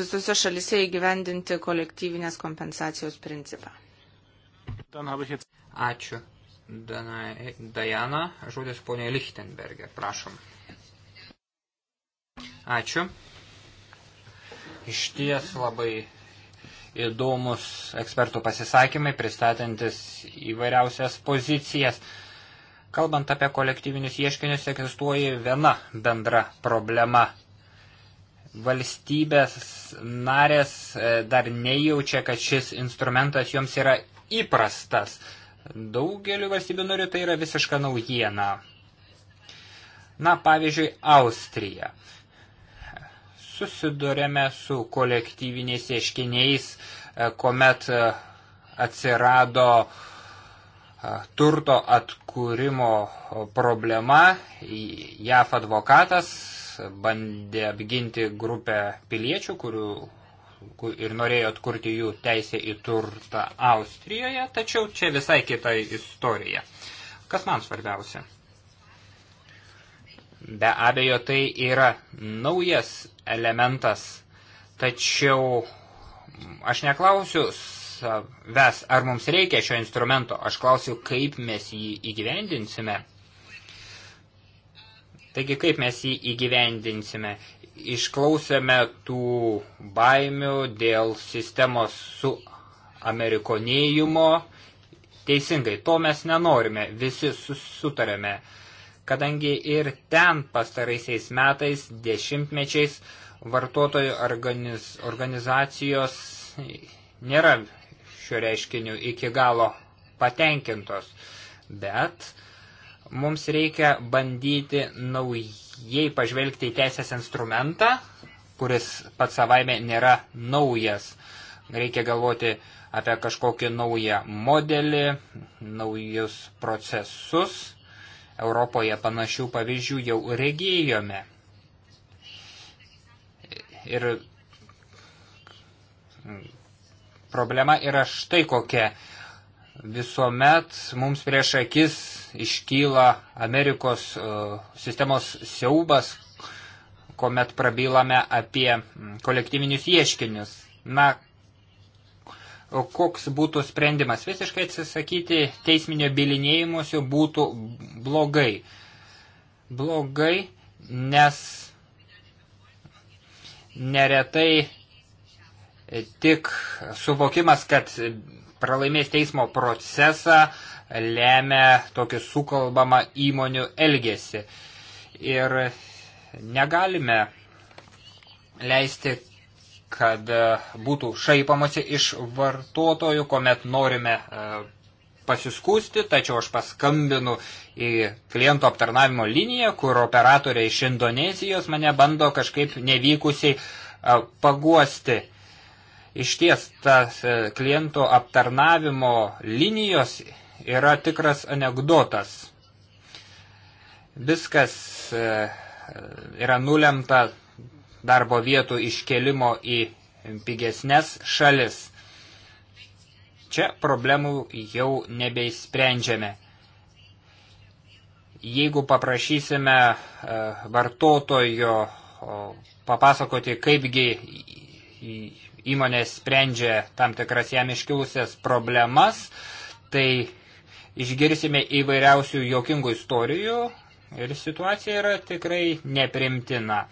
visose šalise įgyvendinti kolektyvinės kompensacijos principą. Ačiū. Dajana, žodis ponė Lichtenberger, prašom. Ačiū. Išties labai įdomus ekspertų pasisakymai, pristatantis įvairiausias pozicijas. Kalbant apie kolektyvinius ieškinius, egzistuoja viena bendra problema. Valstybės narės e, dar nejaučia, kad šis instrumentas joms yra įprastas. Daugeliu valstybių narių tai yra visiška naujiena. Na, pavyzdžiui, Austrija susidurėme su kolektyviniais ieškiniais, e, kuomet e, atsirado e, turto atkūrimo problema. JAF advokatas bandė apginti grupę piliečių, kurių ir norėjo atkurti jų teisę į turtą Austrijoje, tačiau čia visai kita istorija. Kas man svarbiausia? Be abejo, tai yra naujas elementas, tačiau aš neklausiu savęs, ar mums reikia šio instrumento, aš klausiu, kaip mes jį įgyvendinsime. Taigi, kaip mes jį įgyvendinsime? Išklausėme tų baimių dėl sistemos su amerikonėjumo. Teisingai, to mes nenorime, visi susitarėme. Su kadangi ir ten pastaraisiais metais, dešimtmečiais vartotojų organiz, organizacijos nėra šiuo reiškiniu iki galo patenkintos. Bet mums reikia bandyti naujai pažvelgti į teisės instrumentą, kuris pats savaime nėra naujas. Reikia galvoti apie kažkokį naują modelį, naujus procesus Europoje panašių pavyzdžių jau regėjome. Ir problema yra štai kokia. Visuomet mums prieš akis iškyla Amerikos uh, sistemos siaubas, kuomet prabilame apie kolektyvinius ieškinius. Na, O koks būtų sprendimas? Visiškai atsisakyti teisminio bilinėjimuose būtų blogai. Blogai, nes neretai tik suvokimas, kad pralaimės teismo procesą, lemia tokį sukalbamą įmonių elgesį. Ir negalime leisti, kad e, būtų šaipamasi iš vartotojų, kuomet norime e, pasiskūsti, tačiau aš paskambinu į kliento aptarnavimo liniją, kur operatoriai iš Indonezijos mane bando kažkaip nevykusiai e, paguosti. Iš ties, tas kliento aptarnavimo linijos yra tikras anegdotas. Viskas yra nulemta darbo vietų iškelimo į pigesnės šalis. Čia problemų jau nebeisprendžiame. Jeigu paprašysime e, vartotojo papasakoti, kaipgi įmonė sprendžia tam tikras jam iškilusias problemas, tai išgirsime įvairiausių jokingų istorijų ir situacija yra tikrai neprimtina.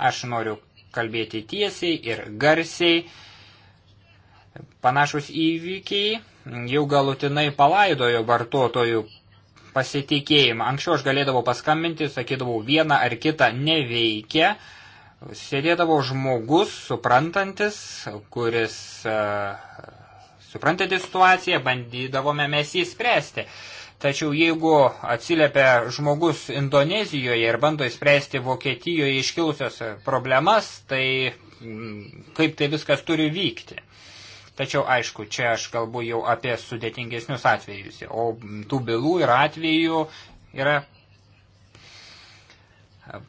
Aš noriu kalbėti tiesiai ir garsiai. Panašus įvykiai jau galutinai palaidojo vartotojų pasitikėjimą. Anksčiau aš galėdavau paskambinti, sakydavau vieną ar kitą neveikia. Sėdėdavo žmogus, suprantantis, kuris uh, suprantantis situaciją, bandydavome mes jį spręsti. Uh, Tačiau jeigu atsiliepia žmogus Indonezijoje ir bando įspręsti Vokietijoje iškilusios problemas, tai mm, kaip tai viskas turi vykti. Tačiau, aišku, čia aš kalbu jau apie sudėtingesnius atvejus, o tų bylų ir atvejų yra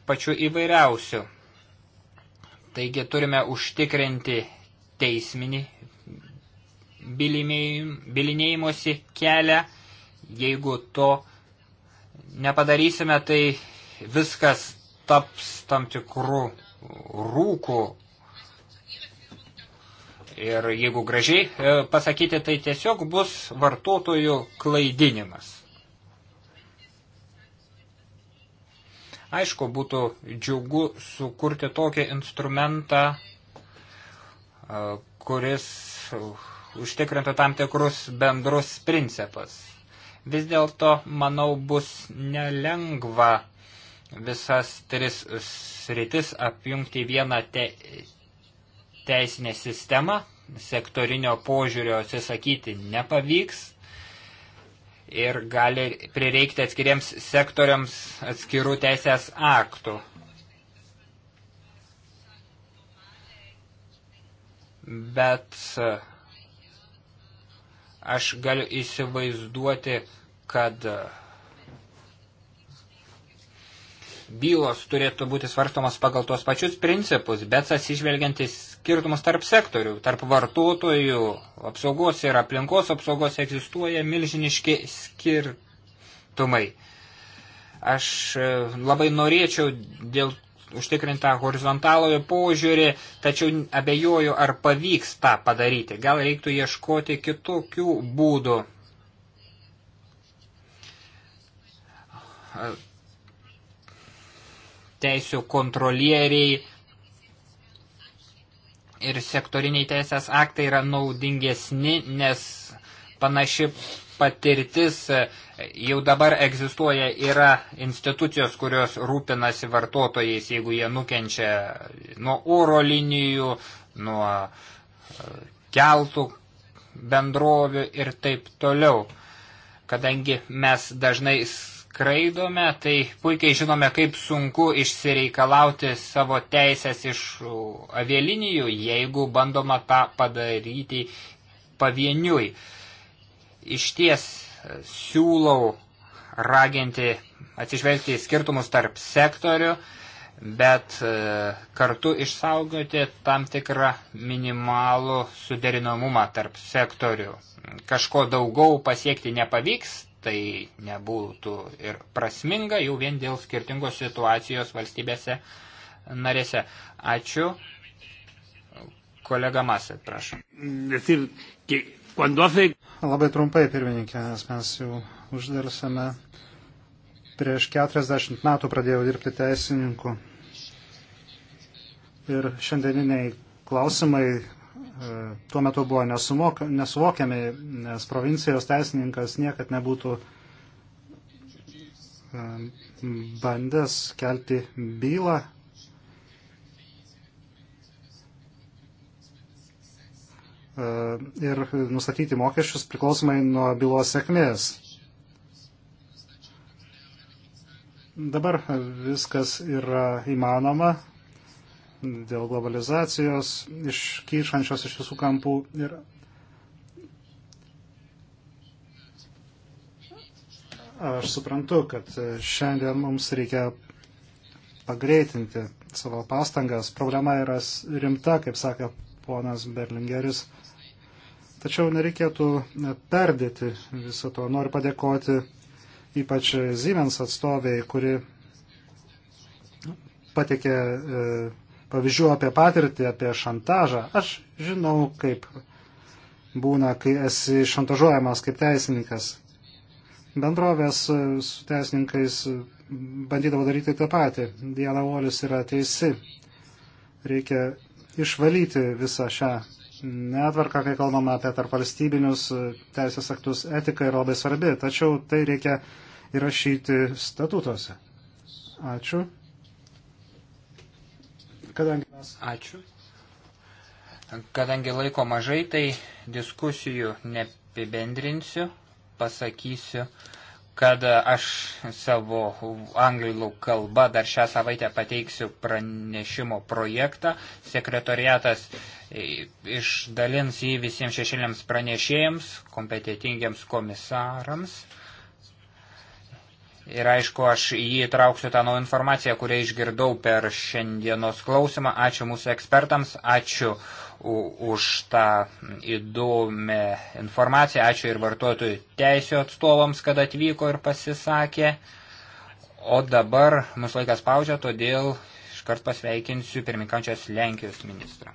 pačių įvairiausių. Taigi turime užtikrinti teisminį bilinėjimosi kelią Jeigu to nepadarysime, tai viskas taps tam tikrų rūkų. Ir jeigu gražiai e, pasakyti, tai tiesiog bus vartotojų klaidinimas. Aišku, būtų džiugu sukurti tokį instrumentą, e, kuris užtikrintų tam tikrus bendrus principus. Vis dėlto, manau, bus nelengva visas tris sritis apjungti vieną te teisinę sistemą, sektorinio požiūrio atsisakyti nepavyks ir gali prireikti atskiriems sektoriams atskirų teisės aktų. Bet Aš galiu įsivaizduoti, kad bylos turėtų būti svarstomas pagal tuos pačius principus, bet atsižvelgiantis skirtumus tarp sektorių, tarp vartotojų, apsaugos ir aplinkos apsaugos egzistuoja milžiniški skirtumai. Aš e, labai norėčiau dėl užtikrintą horizontalųjį požiūrį, tačiau abejoju, ar pavyks tą padaryti. Gal reiktų ieškoti kitokių būdų. Teisių kontrolieriai ir sektoriniai teisės aktai yra naudingesni, nes panaši patirtis e, jau dabar egzistuoja, yra institucijos, kurios rūpinasi vartotojais, jeigu jie nukenčia nuo oro linijų, nuo e, keltų bendrovių ir taip toliau. Kadangi mes dažnai skraidome, tai puikiai žinome, kaip sunku išsireikalauti savo teisės iš avialinijų, jeigu bandoma tą padaryti pavieniui. Uh, iš ties siūlau raginti atsižvelgti į skirtumus tarp sektorių, bet e, kartu išsaugoti tam tikrą minimalų suderinamumą tarp sektorių. Kažko daugiau pasiekti nepavyks, tai nebūtų ir prasminga jau vien dėl skirtingos situacijos valstybėse narėse. Ačiū. Kolega Masė, prašau. Mm, Cuando hace... Labai trumpai, pirmininkė, nes mes jau uždarsame. Prieš 40 metų pradėjau dirbti teisininku. Ir šiandieniniai klausimai e, tuo metu buvo nesumok, nesuvokiami, nes provincijos teisininkas niekad nebūtų e, bandęs kelti bylą E, ir nustatyti mokesčius priklausomai nuo bylos sėkmės. Dabar viskas yra įmanoma dėl globalizacijos iškyšančios iš visų kampų ir aš suprantu, kad šiandien mums reikia pagreitinti savo pastangas. Problema yra rimta, kaip sakė ponas Berlingeris. Tačiau nereikėtų e, perdėti viso to. Noriu padėkoti ypač Siemens atstoviai, kuri patikė e, pavyzdžių apie patirtį, apie šantažą. Aš žinau, kaip būna, kai esi šantažuojamas kaip teisininkas. Bendrovės su teisininkais bandydavo daryti tą patį. Diana Volis yra teisi. Reikia išvalyti visą šią netvarka, kai kalbame apie tarpvalstybinius teisės aktus, etika yra labai svarbi, tačiau tai reikia įrašyti statutuose. Ačiū. Kadangi mes. Ačiū. Kadangi laiko mažai, tai diskusijų nepibendrinsiu, pasakysiu, kad e, aš savo anglų kalbą dar šią savaitę pateiksiu pranešimo projektą. Sekretoriatas e, išdalins jį visiems šešėliams pranešėjams, kompetitingiams komisarams. Ir aišku, aš į jį įtrauksiu tą naują informaciją, kurią išgirdau per šiandienos klausimą. Ačiū mūsų ekspertams, ačiū už tą įdomią informaciją. Ačiū ir vartotojų teisų atstovams, kad atvyko ir pasisakė. O dabar mūsų laikas paužia, todėl iškart pasveikinsiu pirmininkančios Lenkijos ministrą.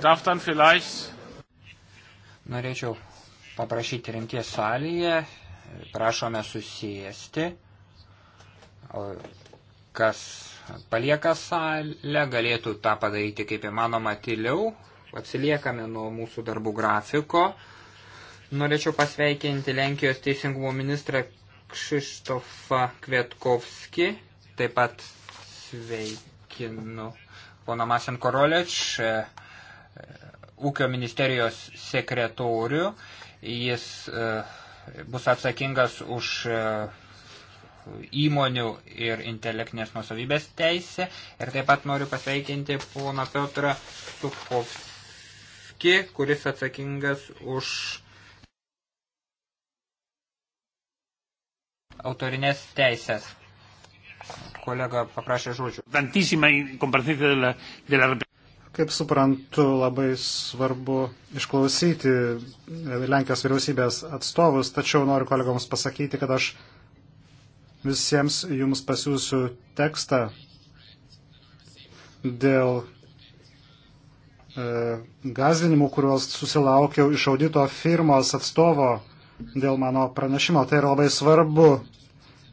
darf dann vielleicht. Norėčiau paprašyti rimties salėje, prašome susijęsti, kas palieka salę, galėtų tą padaryti kaip įmanoma tyliau, atsiliekame nuo mūsų darbų grafiko. Norėčiau pasveikinti Lenkijos teisingumo ministrą Kšištofą Kvietkovskį, taip pat sveikinu poną Masin Koroleč, E, ūkio ministerijos sekretorių. Jis e, bus atsakingas už e, įmonių ir intelektinės nusavybės teisę. Ir taip pat noriu pasveikinti poną Piotrą Sukovskį, kuris atsakingas už autorinės teisės. Kolega paprašė žodžių. Tantísima comparecencia de la, de la Kaip suprantu, labai svarbu išklausyti Lenkijos vyriausybės atstovus, tačiau noriu kolegoms pasakyti, kad aš visiems jums pasiūsiu tekstą dėl e, gazdinimų, kuriuos susilaukiau iš audito firmos atstovo dėl mano pranešimo. Tai yra labai svarbu,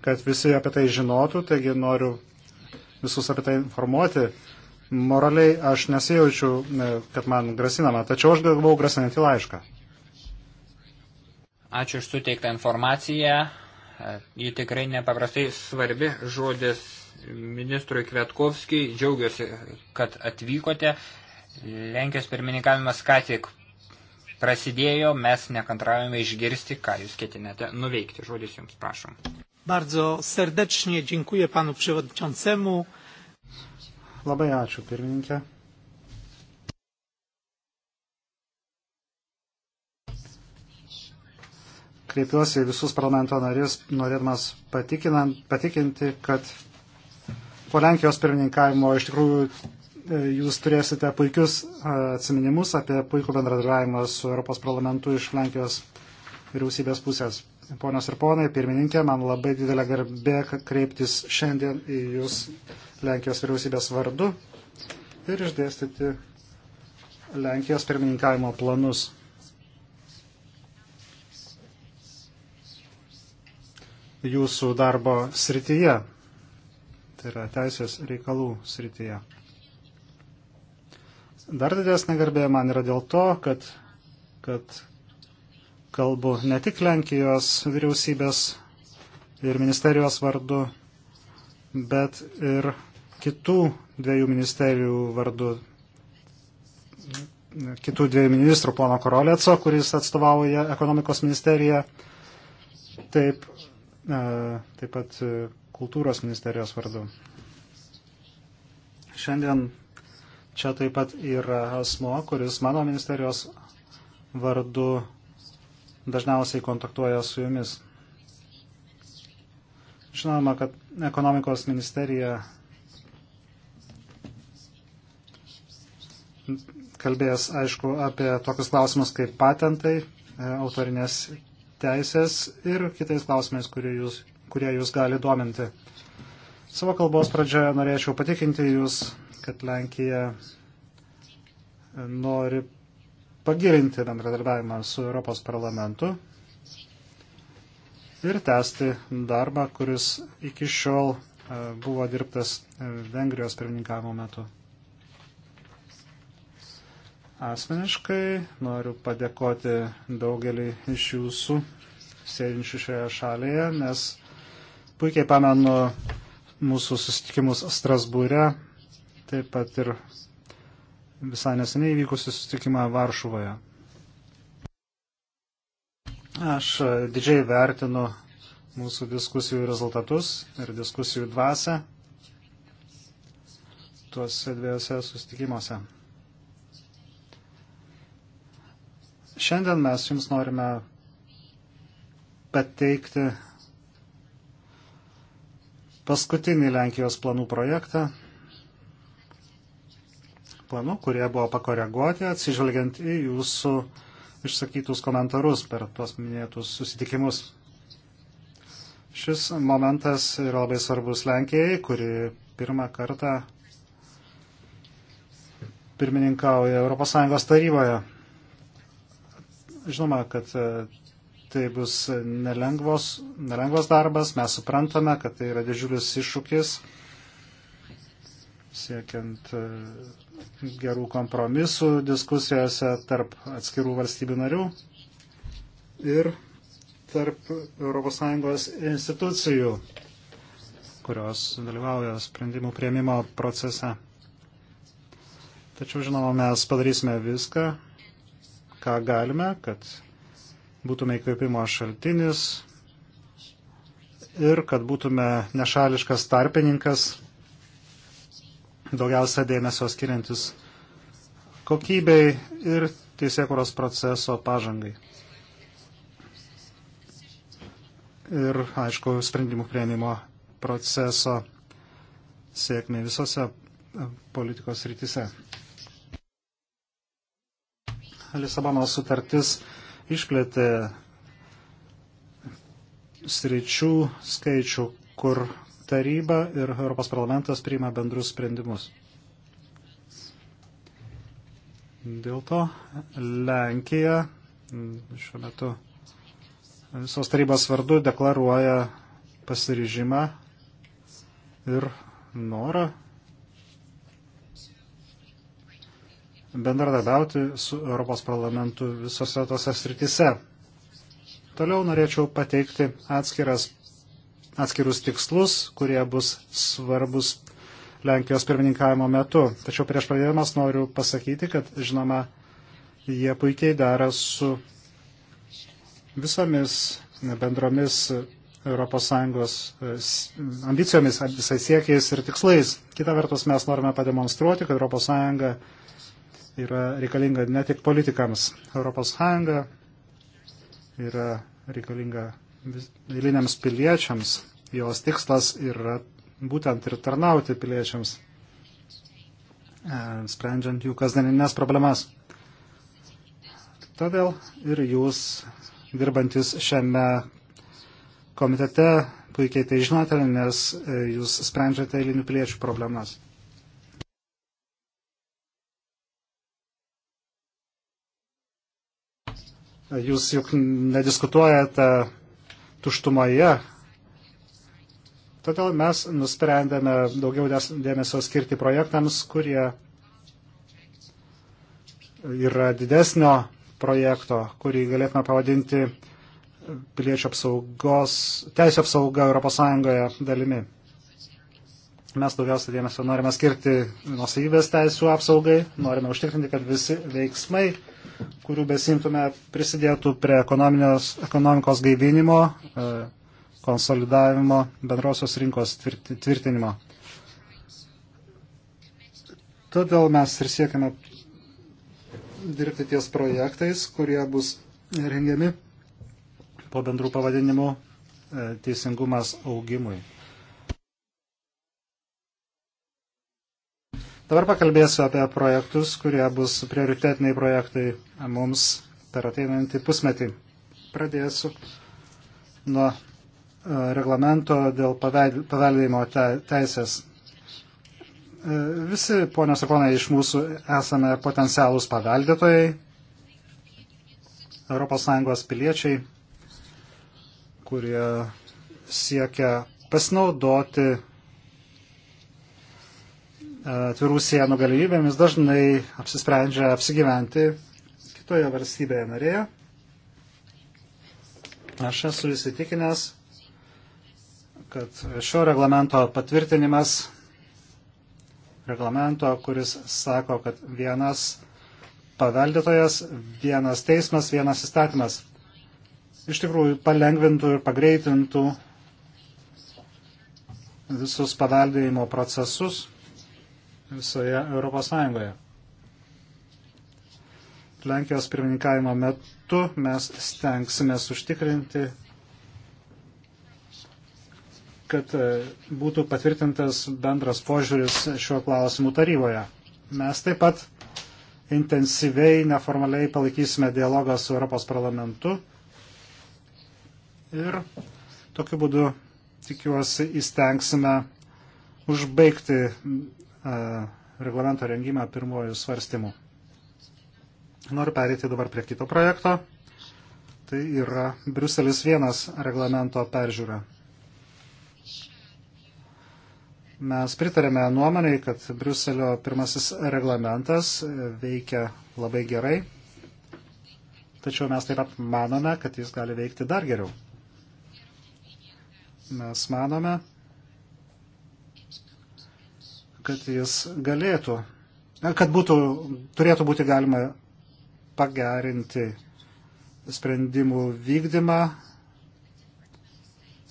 kad visi apie tai žinotų, taigi noriu visus apie tai informuoti moraliai aš nesijaučiu, e, kad man grasinama, tačiau aš gavau grasinantį laišką. Ačiū už suteiktą informaciją. E, ji tikrai nepaprastai svarbi žodis ministrui Kvetkovskijai. Džiaugiuosi, kad atvykote. Lenkijos pirmininkavimas ką tik prasidėjo, mes nekantravome išgirsti, ką jūs ketinate nuveikti. Žodis jums prašom. Bardzo serdecznie dziękuję panu przewodniczącemu. Labai ačiū, pirmininkė. Kreipiuosi visus parlamento narius, norėdamas patikinti, kad po Lenkijos pirmininkavimo iš tikrųjų e, jūs turėsite puikius e, atsiminimus apie puikų bendradarbiavimą su Europos parlamentu iš Lenkijos vyriausybės pusės ponios ir ponai, pirmininkė, man labai didelė garbė kreiptis šiandien į Jūs Lenkijos vyriausybės vardu ir išdėstyti Lenkijos pirmininkavimo planus. Jūsų darbo srityje, tai yra teisės reikalų srityje. Dar didesnė garbė man yra dėl to, kad, kad kalbu ne tik Lenkijos vyriausybės ir ministerijos vardu, bet ir kitų dviejų ministerijų vardu, kitų dviejų ministrų, pono Koroleco, kuris atstovauja ekonomikos ministeriją, taip, e, taip pat e, kultūros ministerijos vardu. Šiandien čia taip pat yra asmo, kuris mano ministerijos vardu dažniausiai kontaktuoja su jumis. Žinoma, kad ekonomikos ministerija kalbės, aišku, apie tokius klausimus kaip patentai, e, autorinės teisės ir kitais klausimais, kurie jūs, kurie jūs gali dominti. Savo kalbos pradžioje norėčiau patikinti jūs, kad Lenkija nori pagilinti bendradarbiavimą su Europos parlamentu ir tęsti darbą, kuris iki šiol e, buvo dirbtas e, Vengrijos pirmininkavimo metu. Asmeniškai noriu padėkoti daugelį iš jūsų sėdinčių šioje šalyje, nes puikiai pamenu mūsų susitikimus Strasbūre, taip pat ir visai neseniai vykusi sustikimą Varšuvoje. Aš e, didžiai vertinu mūsų diskusijų rezultatus ir diskusijų dvasę tuose dviejose sustikimuose. Šiandien mes jums norime pateikti paskutinį Lenkijos planų projektą planų, kurie buvo pakoreguoti atsižvelgiant į jūsų išsakytus komentarus per tuos minėtus susitikimus. Šis momentas yra labai svarbus Lenkijai, kuri pirmą kartą pirmininkauja ES taryboje. Žinoma, kad e, tai bus nelengvos, nelengvas darbas, mes suprantame, kad tai yra didžiulis iššūkis siekiant e, gerų kompromisų diskusijose tarp atskirų valstybių narių ir tarp ES institucijų, kurios dalyvauja sprendimų prieimimo procese. Tačiau, žinoma, mes padarysime viską, ką galime, kad būtume įkvėpimo šaltinis ir kad būtume nešališkas tarpininkas daugiausia dėmesio skiriantis kokybei ir teisėkuros proceso pažangai. Ir, aišku, sprendimų prieimimo proceso sėkmė visose e, politikos rytise. Lisabonos sutartis išplėtė sričių skaičių, kur taryba ir Europos parlamentas priima bendrus sprendimus. Dėl to Lenkija šiuo metu visos tarybos vardu deklaruoja pasiryžimą ir norą bendradarbiauti su Europos parlamentu visose tose sritise. Toliau norėčiau pateikti atskiras atskirus tikslus, kurie bus svarbus Lenkijos pirmininkavimo metu. Tačiau prieš pradėdamas noriu pasakyti, kad žinoma, jie puikiai dera su visomis bendromis ES e, ambicijomis, visais siekiais ir tikslais. Kita vertus, mes norime pademonstruoti, kad ES yra reikalinga ne tik politikams. ES yra reikalinga eiliniams piliečiams. Jos tikslas yra būtent ir tarnauti piliečiams, e, sprendžiant jų kasdieninės problemas. Todėl ir jūs, dirbantis šiame komitete, puikiai tai žinote, nes e, jūs sprendžiate eilinių piliečių problemas. Jūs juk nediskutuojate tuštumoje. Todėl mes nusprendėme daugiau dėmesio skirti projektams, kurie yra didesnio projekto, kurį galėtume pavadinti piliečių apsaugos, teisų apsauga ES dalimi. Mes daugiausia dėmesio norime skirti nusavybės teisų apsaugai, norime užtikrinti, kad visi veiksmai kurių besimtume, prisidėtų prie ekonomikos gaivinimo, e, konsolidavimo, bendrosios rinkos tvirtinimo. Todėl mes ir siekiame dirbti ties projektais, kurie bus rengiami po bendrų pavadinimų e, teisingumas augimui. Dabar pakalbėsiu apie projektus, kurie bus prioritetiniai projektai mums per ateinantį pusmetį. Pradėsiu nuo e, reglamento dėl paveldėjimo teisės. E, visi, ponios ir ponai, iš mūsų esame potencialūs paveldėtojai, ES piliečiai, kurie siekia pasinaudoti atvirų sienų galimybėmis dažnai apsisprendžia apsigyventi kitoje valstybėje narėje. Aš esu įsitikinęs, kad šio reglamento patvirtinimas, reglamento, kuris sako, kad vienas paveldėtojas, vienas teismas, vienas įstatymas, iš tikrųjų palengvintų ir pagreitintų visus paveldėjimo procesus visoje Europos Sąjungoje. Lenkijos pirmininkavimo metu mes stengsime užtikrinti, kad e, būtų patvirtintas bendras požiūris šiuo klausimu taryboje. Mes taip pat intensyviai, neformaliai palaikysime dialogą su Europos parlamentu ir tokiu būdu, tikiuosi, įstengsime užbaigti reglamento rengimą pirmojų svarstymų. Noriu perėti dabar prie kito projekto. Tai yra Bruselis vienas reglamento peržiūra. Mes pritarėme nuomonėj, kad Bruselio pirmasis reglamentas veikia labai gerai, tačiau mes taip pat manome, kad jis gali veikti dar geriau. Mes manome, kad jis galėtų, kad būtų, turėtų būti galima pagerinti sprendimų vykdymą,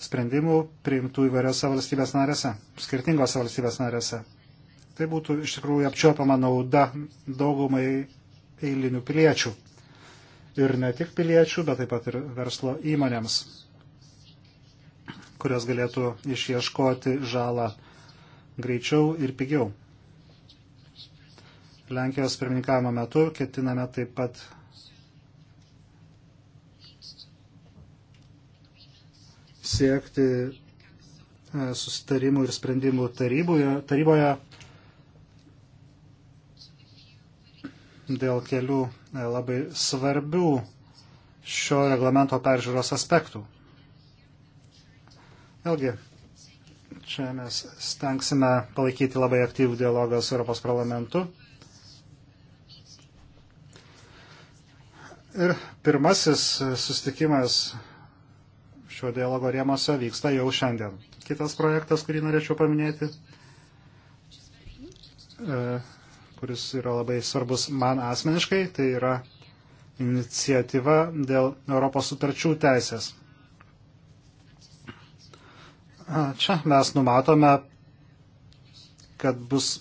sprendimų priimtų įvairiose valstybės narėse, skirtingose valstybės narėse. Tai būtų iš tikrųjų apčiopama nauda daugumai eilinių piliečių. Ir ne tik piliečių, bet taip pat ir verslo įmonėms, kurios galėtų išieškoti žalą greičiau ir pigiau. Lenkijos pirmininkavimo metu ketiname taip pat siekti e, susitarimų ir sprendimų taryboje, taryboje dėl kelių e, labai svarbių šio reglamento peržiūros aspektų. Vėlgi, Čia mes stengsime palaikyti labai aktyvų dialogą su Europos parlamentu. Ir pirmasis susitikimas šio dialogo rėmose vyksta jau šiandien. Kitas projektas, kurį norėčiau paminėti, e, kuris yra labai svarbus man asmeniškai, tai yra iniciatyva dėl Europos sutarčių teisės. Čia mes numatome, kad bus e,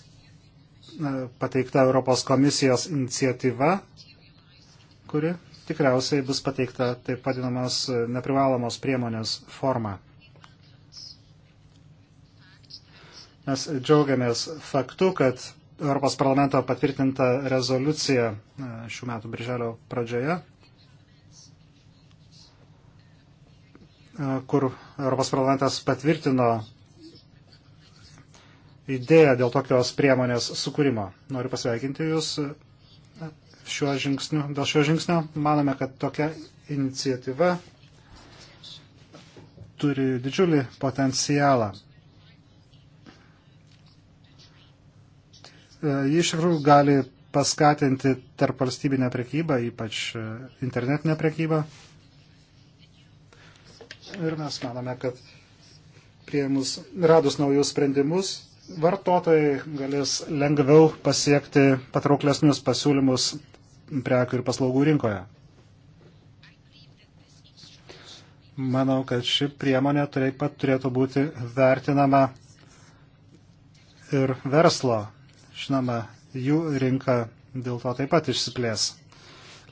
pateikta Europos komisijos iniciatyva, kuri tikriausiai bus pateikta taip vadinamos e, neprivalomos priemonės forma. Mes džiaugiamės faktu, kad Europos parlamento patvirtinta rezoliucija e, šių metų birželio pradžioje kur Europos parlamentas patvirtino idėją dėl tokios priemonės sukūrimo. Noriu pasveikinti Jūs šiuo žingsniu, dėl šio žingsnio. Manome, kad tokia iniciatyva turi didžiulį potencialą. Ji iš tikrųjų gali paskatinti tarp valstybinę prekybą, ypač internetinę prekybą. Ir mes manome, kad prieimus radus naujus sprendimus, vartotojai galės lengviau pasiekti patrauklesnius pasiūlymus prekių ir paslaugų rinkoje. Manau, kad ši priemonė taip pat turėtų būti vertinama ir verslo. Žinoma, jų rinka dėl to taip pat išsiplės.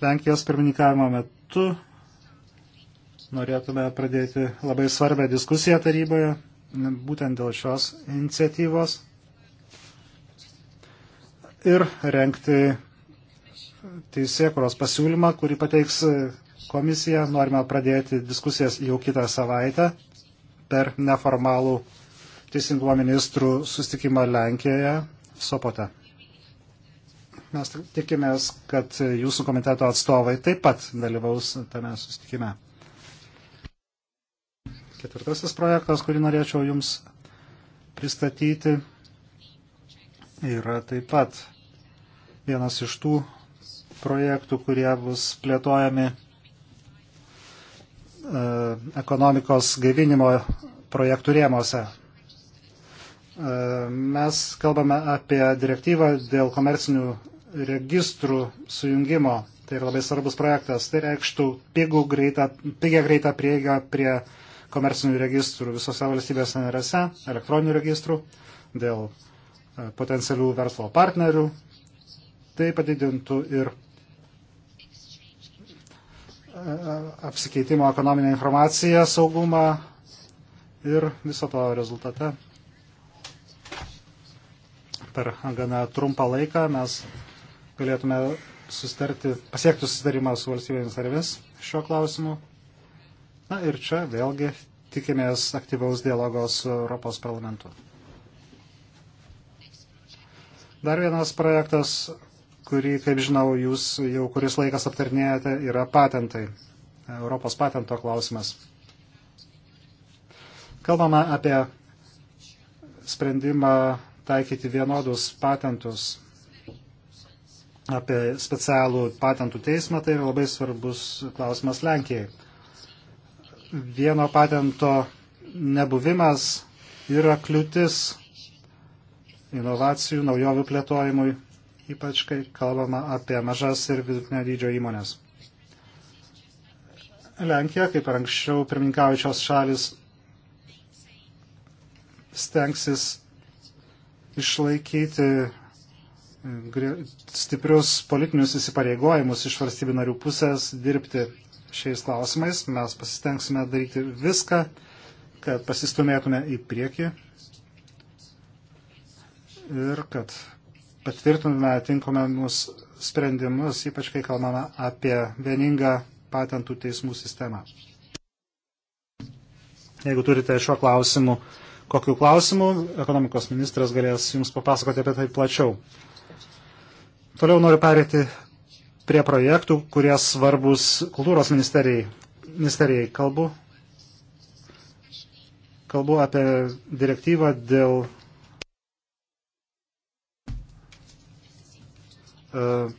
Lenkijos pirmininkavimo metu norėtume pradėti labai svarbę diskusiją taryboje, būtent dėl šios iniciatyvos ir renkti teisėkuros pasiūlymą, kurį pateiks komisija. Norime pradėti diskusijas jau kitą savaitę per neformalų teisingumo ministrų sustikimą Lenkijoje Sopote. Mes tikimės, kad jūsų komiteto atstovai taip pat dalyvaus tame sustikime. Ketvirtasis projektas, kurį norėčiau Jums pristatyti, yra taip pat vienas iš tų projektų, kurie bus plėtojami e, ekonomikos gaivinimo projektų rėmose. E, mes kalbame apie direktyvą dėl komercinių registrų sujungimo. Tai yra labai svarbus projektas. Tai reikštų pigų greitą, pigę greitą prieigą prie, prie komercinių registrų visose valstybės narėse, elektroninių registrų, dėl e, potencialių verslo partnerių. Tai padidintų ir e, apsikeitimo ekonominę informaciją, saugumą ir viso to rezultate. Per gana trumpą laiką mes galėtume susitarti, pasiekti susitarimą su valstybėmis narėmis šiuo klausimu. Na ir čia vėlgi tikimės aktyvaus dialogo su Europos parlamentu. Dar vienas projektas, kurį, kaip žinau, jūs jau kuris laikas aptarnėjate, yra patentai. Europos patento klausimas. Kalbama apie sprendimą taikyti vienodus patentus apie specialų patentų teismą, tai yra labai svarbus klausimas Lenkijai vieno patento nebuvimas yra kliūtis inovacijų, naujovių plėtojimui, ypač kai kalbama apie mažas ir vidutinio dydžio įmonės. Lenkija, kaip ir anksčiau pirmininkaujančios šalis, stengsis išlaikyti stiprius politinius įsipareigojimus iš valstybių narių pusės dirbti šiais klausimais. Mes pasistengsime daryti viską, kad pasistumėtume į priekį ir kad patvirtume tinkamus sprendimus, ypač kai kalbame apie vieningą patentų teismų sistemą. Jeigu turite šiuo klausimu kokiu klausimu, ekonomikos ministras galės jums papasakoti apie tai plačiau. Toliau noriu perėti prie projektų, kurie svarbus kultūros ministerijai. ministerijai. Kalbu, kalbu apie direktyvą dėl e,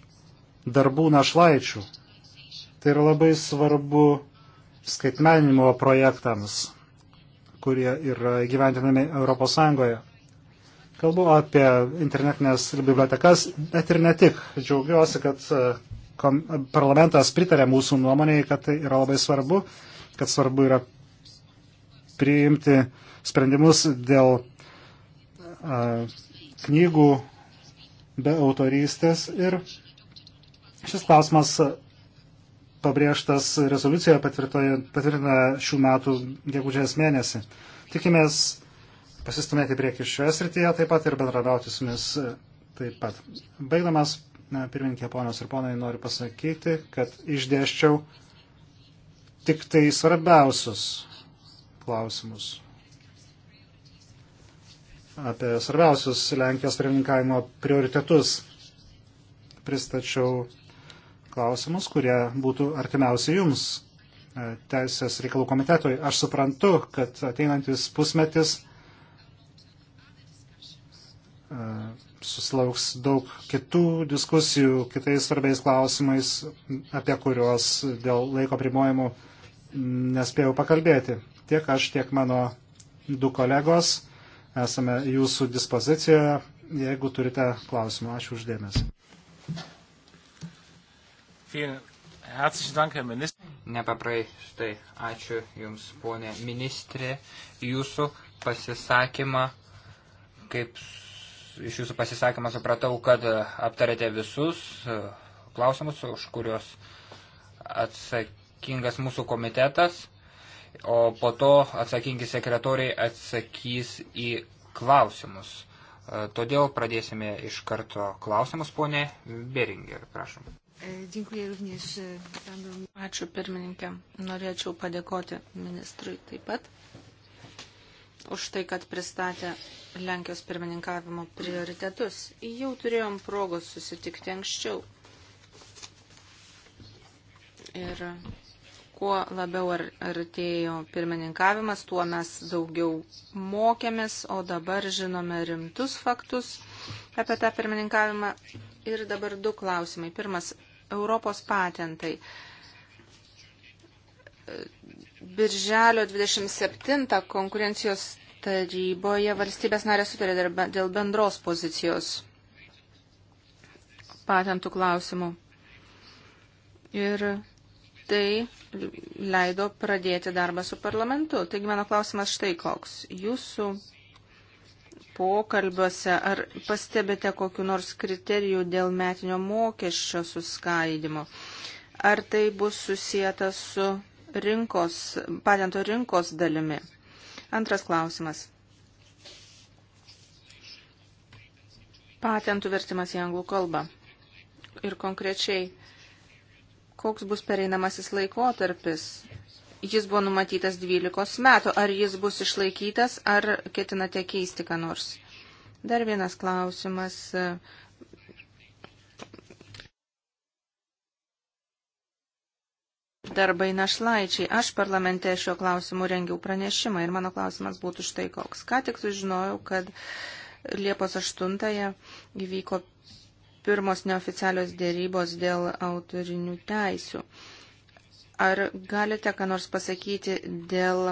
darbų našlaičių. Tai yra labai svarbu skaitmeninimo projektams, kurie yra gyventinami ES. Kalbu apie internetinės bibliotekas, bet ir ne tik. Džiaugiuosi, kad kom, parlamentas pritarė mūsų nuomonėje, kad tai yra labai svarbu, kad svarbu yra priimti sprendimus dėl a, knygų be autorystės ir šis klausimas pabrėžtas rezoliucijoje patvirtina šių metų gegužės mėnesį. Tikimės pasistumėti prieki šioje srityje taip pat ir bendradauti su jumis taip pat. Baigdamas pirmininkė, ponios ir ponai, noriu pasakyti, kad išdėščiau tik tai svarbiausius klausimus apie svarbiausius Lenkijos pirmininkavimo prioritetus. Pristačiau klausimus, kurie būtų artimiausi jums, e, Teisės reikalų komitetui. Aš suprantu, kad ateinantis pusmetis e, susilauks daug kitų diskusijų kitais svarbiais klausimais, apie kuriuos dėl laiko primojimų nespėjau pakalbėti. Tiek aš, tiek mano du kolegos esame jūsų dispozicijoje, jeigu turite klausimų. Ačiū uždėmesi. Nepaprastai ačiū Jums, ponė ministrė, Jūsų pasisakymą kaip iš jūsų pasisakymą supratau, kad e, aptarėte visus e, klausimus, už kuriuos atsakingas mūsų komitetas, o po to atsakingi sekretoriai atsakys į klausimus. E, todėl pradėsime iš karto klausimus, ponė Beringer, prašom. Ačiū pirmininkė. Norėčiau padėkoti ministrui taip pat už tai, kad pristatė Lenkijos pirmininkavimo prioritetus. Jau turėjom progos susitikti anksčiau. Ir kuo labiau ar, artėjo pirmininkavimas, tuo mes daugiau mokėmės, o dabar žinome rimtus faktus apie tą pirmininkavimą. Ir dabar du klausimai. Pirmas - Europos patentai. Birželio 27 konkurencijos taryboje valstybės narės sutarė dėl bendros pozicijos patentų klausimų. Ir tai leido pradėti darbą su parlamentu. Taigi mano klausimas štai koks. Jūsų pokalbiuose ar pastebite kokiu nors kriterijų dėl metinio mokesčio suskaidimo? Ar tai bus susijęta su rinkos, patento rinkos dalimi. Antras klausimas. Patentų vertimas į anglų kalbą. Ir konkrečiai, koks bus pereinamasis laikotarpis? Jis buvo numatytas 12 metų. Ar jis bus išlaikytas, ar ketinate keisti ką nors? Dar vienas klausimas darbai našlaičiai. Aš parlamente šiuo klausimu rengiau pranešimą ir mano klausimas būtų štai koks. Ką tik sužinojau, kad Liepos 8-ąją įvyko pirmos neoficialios dėrybos dėl autorinių teisių. Ar galite ką nors pasakyti dėl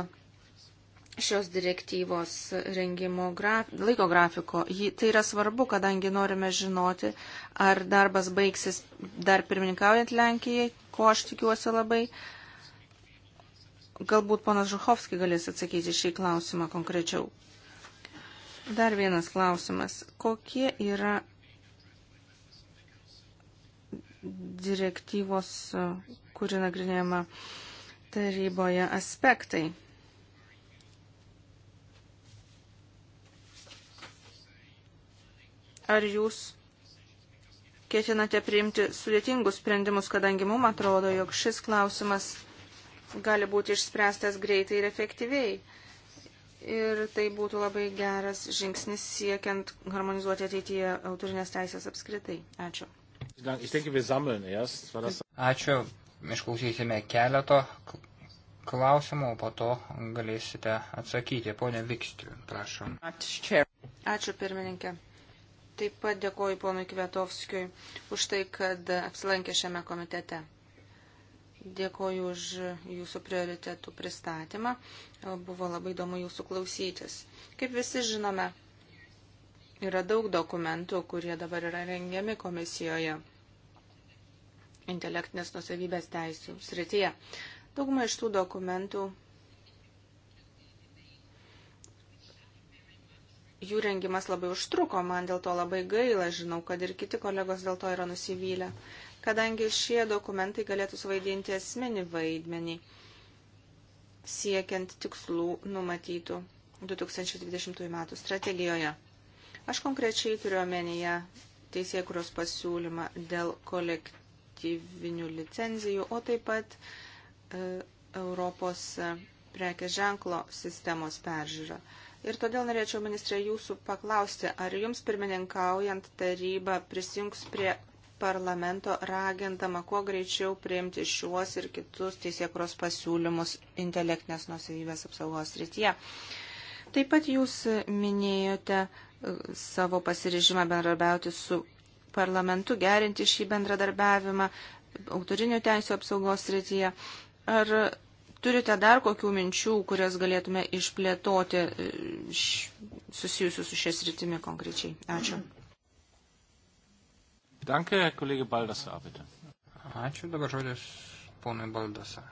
šios direktyvos rengimo graf, laiko grafiko. Jį, tai yra svarbu, kadangi norime žinoti, ar darbas baigsis dar pirmininkaujant Lenkijai, ko aš tikiuosi labai. Galbūt ponas Žuhovski galės atsakyti šį klausimą konkrečiau. Dar vienas klausimas. Kokie yra direktyvos, kuri nagrinėjama taryboje aspektai? Ar jūs ketinate priimti sudėtingus sprendimus, kadangi mums atrodo, jog šis klausimas gali būti išspręstas greitai ir efektyviai. Ir tai būtų labai geras žingsnis siekiant harmonizuoti ateityje autorinės teisės apskritai. Ačiū. Ačiū. Išklausysime keleto klausimų, po to galėsite atsakyti. Pone Vikstriu, prašom. Ačiū, pirmininkė. Taip pat dėkoju ponui Kvetovskijui už tai, kad apsilankė šiame komitete. Dėkoju už jūsų prioritetų pristatymą. Buvo labai įdomu jūsų klausytis. Kaip visi žinome, yra daug dokumentų, kurie dabar yra rengiami komisijoje intelektinės nusavybės teisų srityje. Dauguma iš tų dokumentų jų rengimas labai užtruko, man dėl to labai gaila, žinau, kad ir kiti kolegos dėl to yra nusivylę, kadangi šie dokumentai galėtų suvaidinti esminį vaidmenį siekiant tikslų numatytų 2020 m. strategijoje. Aš konkrečiai turiu omenyje teisėjų, kurios pasiūlymą dėl kolektyvinių licenzijų, o taip pat e, Europos e, prekės ženklo sistemos peržiūrą. Ir todėl norėčiau, ministrė, jūsų paklausti, ar jums pirmininkaujant taryba prisijungs prie parlamento ragintama kuo greičiau priimti šiuos ir kitus teisėkros pasiūlymus intelektinės nusavybės apsaugos rytyje. Taip pat jūs minėjote e, savo pasirežimą bendradarbiauti su parlamentu, gerinti šį bendradarbiavimą autorinių teisų apsaugos srityje. Ar turite dar kokių minčių, kurias galėtume išplėtoti e, susijusių su šias rytimi konkrečiai? Ačiū. Danke, kolegė Baldasa, bitte. Ačiū, dabar žodis ponui Baldasa.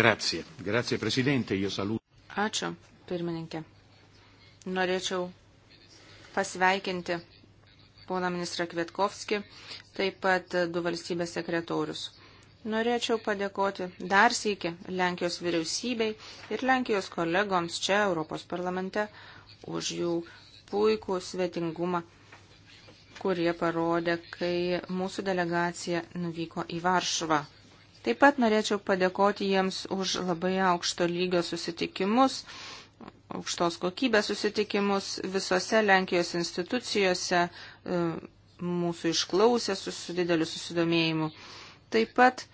Grazie, grazie, prezidentė, jo salut. Ačiū, pirmininkė. Norėčiau pasveikinti poną ministrą Kvietkovskį, taip pat du valstybės sekretorius. Norėčiau padėkoti dar sėki Lenkijos vyriausybei ir Lenkijos kolegoms čia Europos parlamente už jų puikų svetingumą, kurie parodė, kai mūsų delegacija nuvyko į Varšuvą. Taip pat norėčiau padėkoti jiems už labai aukšto lygio susitikimus, aukštos kokybės susitikimus visose Lenkijos institucijose, e, mūsų išklausė su, su dideliu susidomėjimu. Taip pat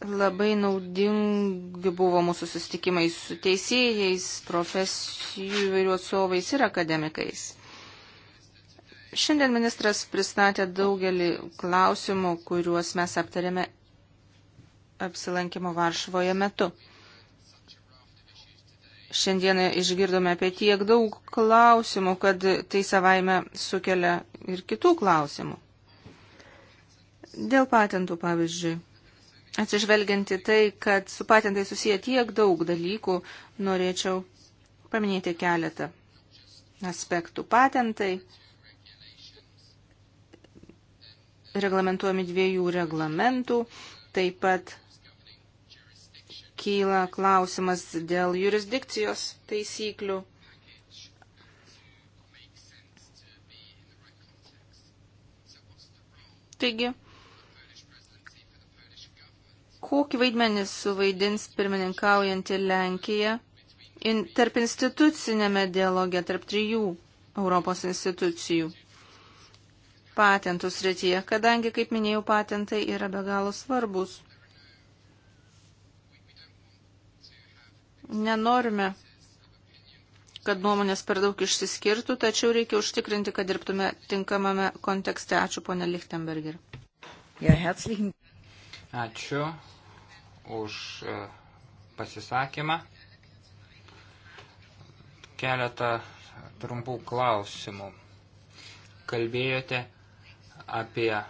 Labai naudingi buvo mūsų susitikimai su teisėjais, profesijų įvairių atstovais ir akademikais. Šiandien ministras pristatė daugelį klausimų, kuriuos mes aptarėme apsilankimo Varšuvoje metu. Šiandieną išgirdome apie tiek daug klausimų, kad tai savaime sukelia ir kitų klausimų. Dėl patentų, pavyzdžiui. Atsižvelgianti tai, kad su patentai susiję tiek daug dalykų, norėčiau paminėti keletą aspektų. Patentai reglamentuojami dviejų reglamentų, taip pat kyla klausimas dėl jurisdikcijos taisyklių. Taigi, kokį vaidmenį suvaidins pirmininkaujantį Lenkiją in, tarp institucinėme dialoge, tarp trijų Europos institucijų patentų srityje, kadangi, kaip minėjau, patentai yra be galo svarbus. Nenorime, kad nuomonės per daug išsiskirtų, tačiau reikia užtikrinti, kad dirbtume tinkamame kontekste. Ačiū, ponė Lichtenberger. Ja, herzlichen. Ačiū už e, pasisakymą. Keletą trumpų klausimų. Kalbėjote apie e,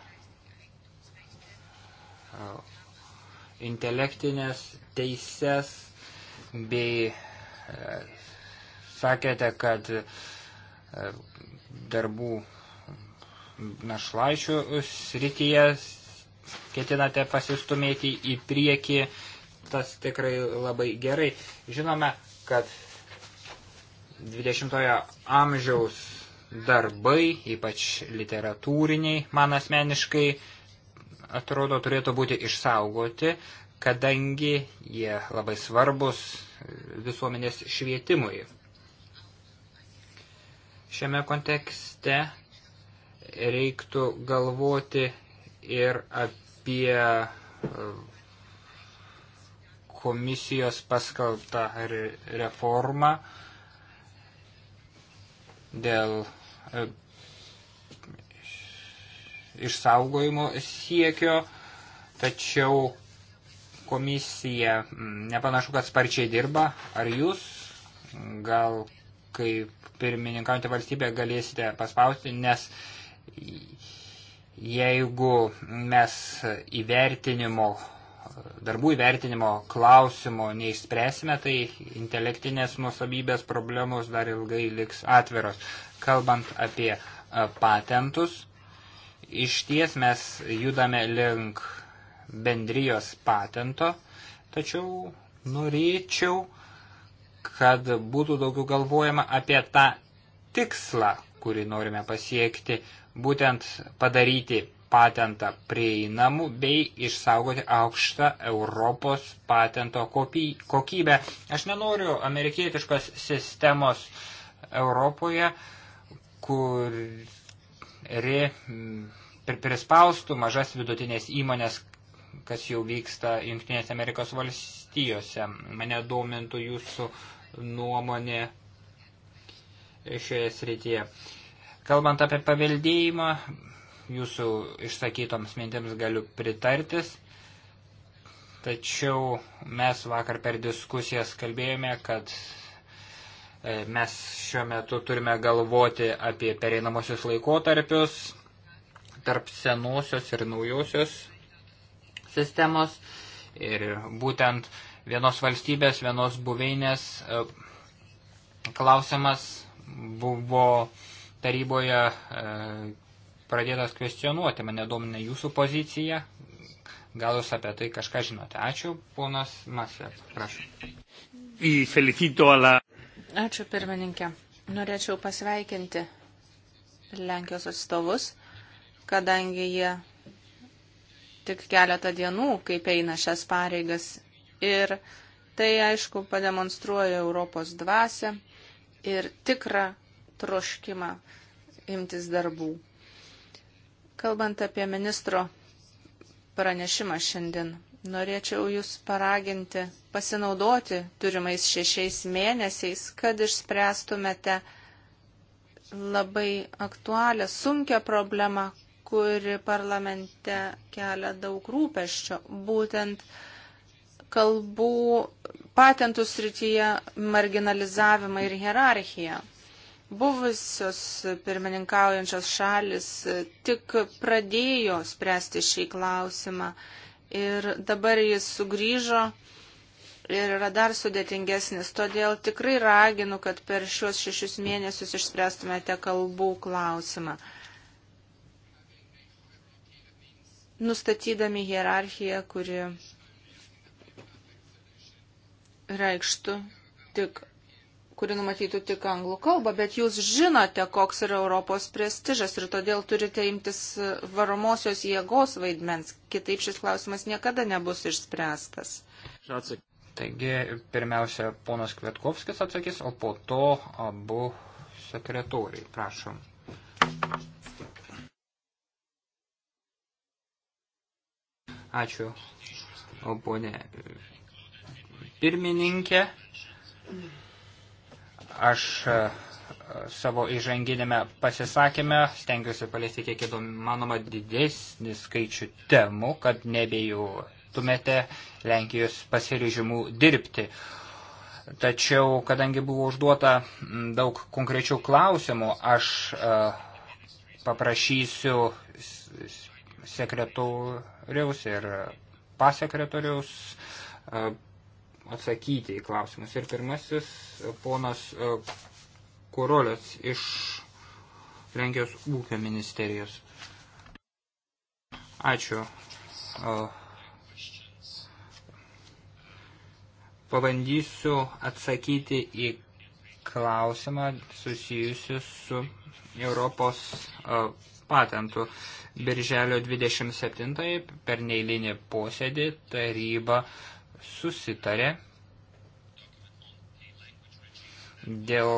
intelektinės teises bei e, sakėte, kad darbų našlaičių srityjas ketinate pasistumėti į priekį, tas tikrai labai gerai. Žinome, kad 20-ojo amžiaus darbai, ypač literatūriniai, man asmeniškai atrodo turėtų būti išsaugoti, kadangi jie labai svarbus visuomenės švietimui. Šiame kontekste reiktų galvoti ir apie e, komisijos paskalbtą reformą dėl e, išsaugojimo siekio, tačiau komisija nepanašu, kad sparčiai dirba. Ar jūs gal kaip pirmininkauti valstybė galėsite paspausti, nes Jeigu mes įvertinimo, darbų įvertinimo klausimo neišspręsime, tai intelektinės nusabybės problemos dar ilgai liks atviros. Kalbant apie e, patentus, iš ties mes judame link bendrijos patento, tačiau norėčiau, kad būtų daugiau galvojama apie tą tikslą, kurį norime pasiekti būtent padaryti patentą prieinamų bei išsaugoti aukštą Europos patento kokybę. Aš nenoriu amerikietiškos sistemos Europoje, kuri prispaustų mažas vidutinės įmonės, kas jau vyksta Junktinės Amerikos valstijose. Mane domintų jūsų nuomonė šioje srityje. Uh, Kalbant apie paveldėjimą, jūsų išsakytoms mintims galiu pritartis, tačiau mes vakar per diskusijas kalbėjome, kad e, mes šiuo metu turime galvoti apie pereinamosius laikotarpius tarp senosios ir naujosios sistemos ir būtent vienos valstybės, vienos buveinės e, klausimas buvo uh, taryboje e, pradėtas kvestionuoti, mane domina jūsų pozicija. Gal jūs apie tai kažką žinote. Ačiū, ponas Masė, prašau. Į felicito la. Ačiū, pirmininkė. Norėčiau pasveikinti Lenkijos atstovus, kadangi jie tik keletą dienų, kaip eina šias pareigas. Ir tai, aišku, pademonstruoja Europos dvasę ir tikrą troškimą imtis darbų. Kalbant apie ministro pranešimą šiandien, norėčiau Jūs paraginti pasinaudoti turimais šešiais mėnesiais, kad išspręstumėte labai aktualią, sunkę problemą, kuri parlamente kelia daug rūpeščio. Būtent kalbų patentų srityje marginalizavimą ir hierarchiją. Buvusios pirmininkaujančios šalis tik pradėjo spręsti šį klausimą ir dabar jis sugrįžo ir yra dar sudėtingesnis. Todėl tikrai raginu, kad per šiuos šešius mėnesius išspręstumėte kalbų klausimą. Nustatydami hierarchiją, kuri reikštų tik kuri numatytų tik anglų kalbą, bet jūs žinote, koks yra Europos prestižas ir todėl turite imtis varomosios jėgos vaidmens, kitaip šis klausimas niekada nebus išspręstas. Taigi, pirmiausia, ponas Kvetkovskis atsakys, o po to abu sekretoriai. Prašom. Ačiū, o ponė pirmininkė. Aš e, savo įžanginėme pasisakėme, stengiuosi paliesti kiek įmanoma didesnį skaičių temų, kad nebejotumėte Lenkijos pasiryžimų dirbti. Tačiau, kadangi buvo užduota daug konkrečių klausimų, aš e, paprašysiu sekretoriaus ir pasekretoriaus e, atsakyti į klausimus. Ir pirmasis e, ponas e, Kurolės iš Lenkijos ūkio ministerijos. Ačiū. E, pabandysiu atsakyti į klausimą susijusiu su Europos patentų. Birželio 27 per neįlinį posėdį taryba susitarė dėl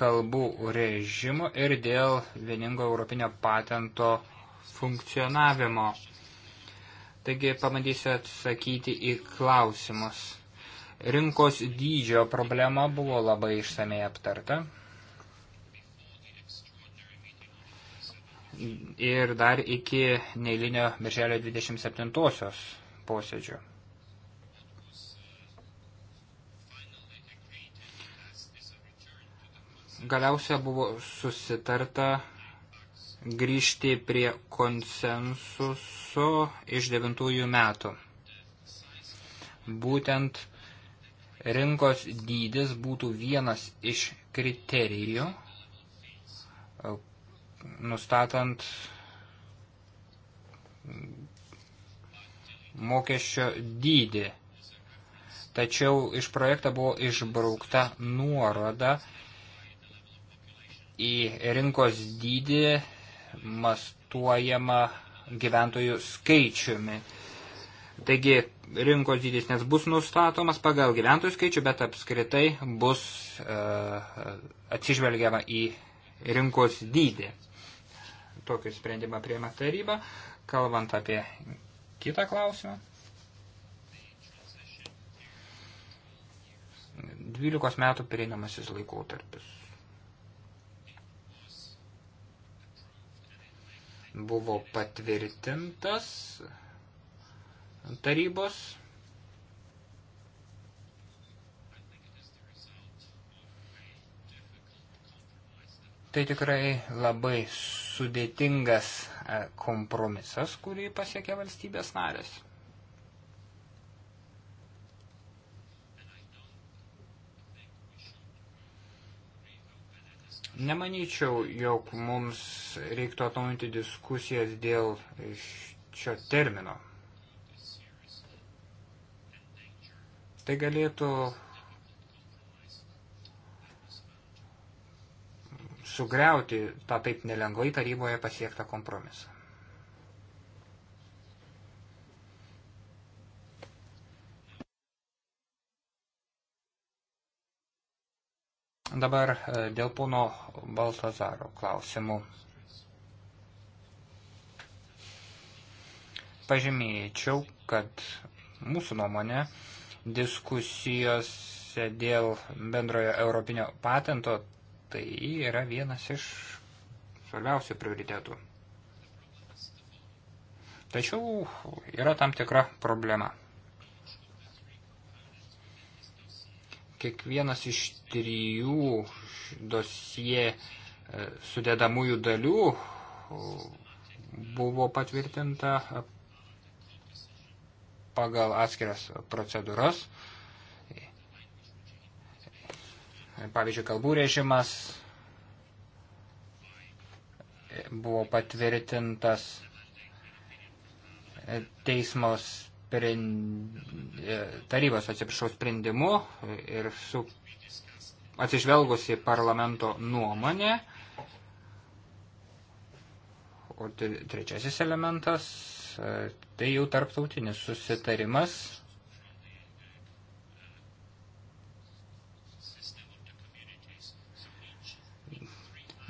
kalbų režimo ir dėl vieningo europinio patento funkcionavimo. Taigi pabandysiu atsakyti į klausimus. Rinkos dydžio problema buvo labai išsamei aptarta. Ir dar iki neįlinio birželio 27-osios posėdžio. Galiausia buvo susitarta grįžti prie konsensuso iš devintųjų metų. Būtent rinkos dydis būtų vienas iš kriterijų, nustatant mokesčio dydį. Tačiau iš projekto buvo išbraukta nuoroda į rinkos dydį mastuojama gyventojų skaičiumi. Taigi rinkos dydis nes bus nustatomas pagal gyventojų skaičių, bet apskritai bus e, atsižvelgiama į rinkos dydį. Tokį sprendimą prieima taryba. Kalbant apie kitą klausimą. 12 metų prieinamasis laikotarpis. buvo patvirtintas tarybos. Tai tikrai labai sudėtingas e, kompromisas, kurį pasiekė valstybės narės. Nemanyčiau, jog mums reiktų atnaujinti diskusijas dėl šio termino. Tai galėtų sugriauti tą taip nelengvai taryboje pasiektą kompromisą. Dabar e, dėl pono Baltazaro klausimų. Pažymėčiau, kad mūsų nuomonė diskusijose dėl bendrojo europinio patento tai yra vienas iš svarbiausių prioritetų. Tačiau yra tam tikra problema. kiekvienas iš trijų dosie e, sudėdamųjų dalių e, buvo patvirtinta pagal atskiras procedūras. Pavyzdžiui, kalbų režimas buvo patvirtintas teismos sprend... E, tarybos atsiprašau sprendimu ir su atsižvelgusi parlamento nuomonė. O trečiasis elementas e, tai jau tarptautinis susitarimas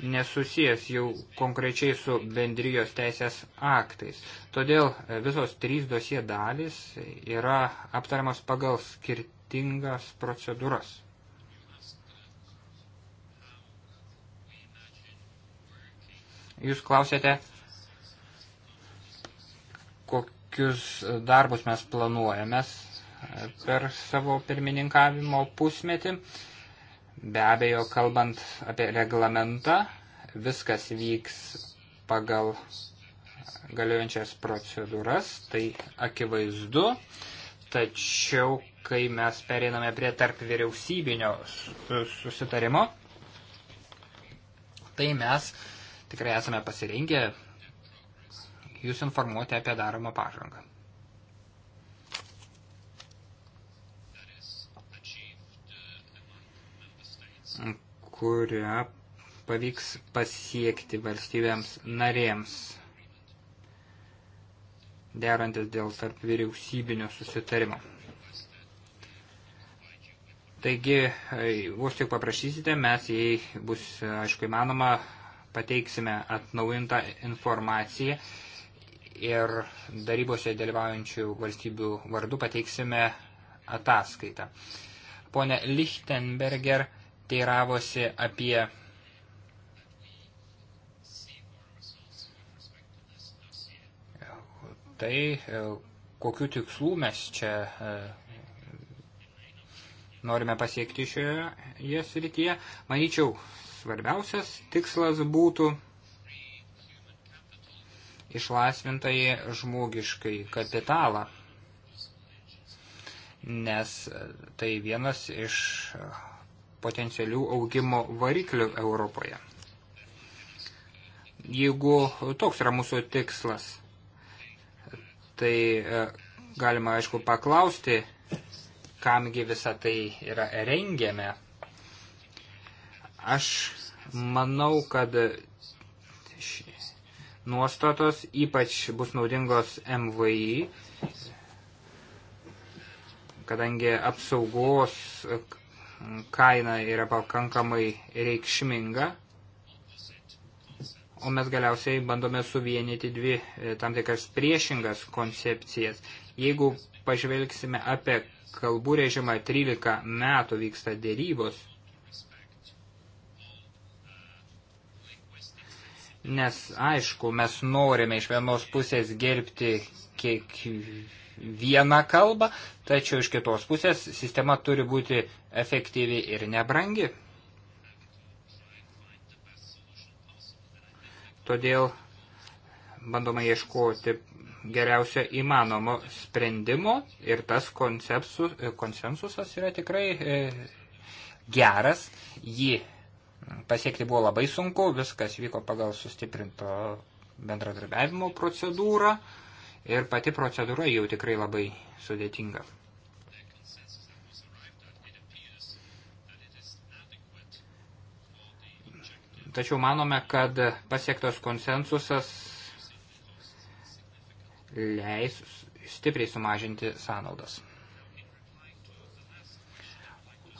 nesusijęs jau konkrečiai su bendrijos teisės aktais. Todėl e, visos trys dosie dalys yra aptariamos pagal skirtingas procedūras. Jūs klausėte, kokius darbus mes planuojame e, per savo pirmininkavimo pusmetį. Be abejo, kalbant apie reglamentą, viskas vyks pagal galiojančias procedūras, tai akivaizdu, tačiau kai mes pereiname prie tarp vyriausybinio susitarimo, tai mes tikrai esame pasirengę jūs informuoti apie daromą pažangą. kurią pavyks pasiekti valstybėms narėms, derantis dėl tarp vyriausybinio susitarimo. Taigi, e, vos tik paprašysite, mes, jei bus, aišku, įmanoma, pateiksime atnaujintą informaciją ir darybose dalyvaujančių valstybių vardu pateiksime ataskaitą. Pone Lichtenberger, teiravosi apie tai, kokiu tikslu mes čia e, norime pasiekti šioje srityje. Manyčiau, svarbiausias tikslas būtų išlaisvintai žmogiškai kapitalą, nes tai vienas iš potencialių augimo variklių Europoje. Jeigu toks yra mūsų tikslas, tai e, galima aišku paklausti, kamgi visą tai yra rengiame. Aš manau, kad nuostatos ypač bus naudingos MVI, kadangi apsaugos kaina yra pakankamai reikšminga, o mes galiausiai bandome suvienyti dvi e, tam tikras priešingas koncepcijas. Jeigu pažvelgsime apie kalbų režimą 13 metų vyksta dėrybos, nes aišku, mes norime iš vienos pusės gerbti kiek vieną kalbą, tačiau iš kitos pusės sistema turi būti efektyvi ir nebrangi. Todėl bandoma ieškoti geriausio įmanomo sprendimo ir tas koncepsus, konsensusas yra tikrai e, geras. Jį pasiekti buvo labai sunku, viskas vyko pagal sustiprinto bendradarbiavimo procedūrą. E, ir pati procedūra jau tikrai labai sudėtinga. Tačiau manome, kad pasiektas konsensusas leis stipriai sumažinti sąnaudas.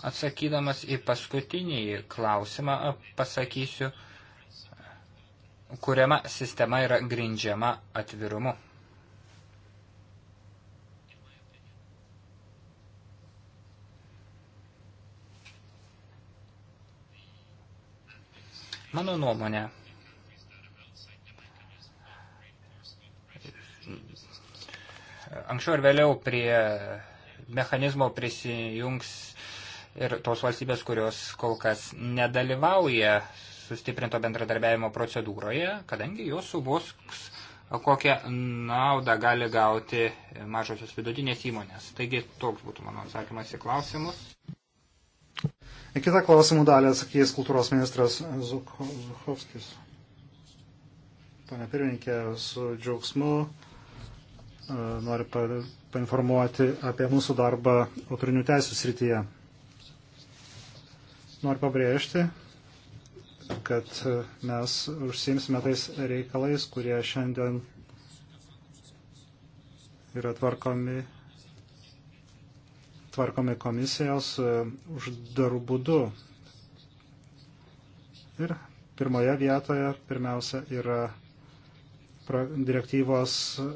Atsakydamas į paskutinį klausimą pasakysiu, kuriama sistema yra grindžiama atvirumu. Mano nuomonė, anksčiau ir vėliau prie mechanizmo prisijungs ir tos valstybės, kurios kol kas nedalyvauja sustiprinto bendradarbiavimo procedūroje, kadangi jos suvoks, kokią naudą gali gauti mažosios vidutinės įmonės. Taigi toks būtų mano atsakymas į klausimus. Į kitą klausimų dalį atsakys kultūros ministras Zukovskis. Pane pirmininkė, su džiaugsmu e, noriu painformuoti apie mūsų darbą autorinių teisų srityje. Noriu pabrėžti, kad e, mes užsimsime tais reikalais, kurie šiandien yra tvarkomi tvarkomi komisijos e, uždarų būdų. Ir pirmoje vietoje pirmiausia yra direktyvos e,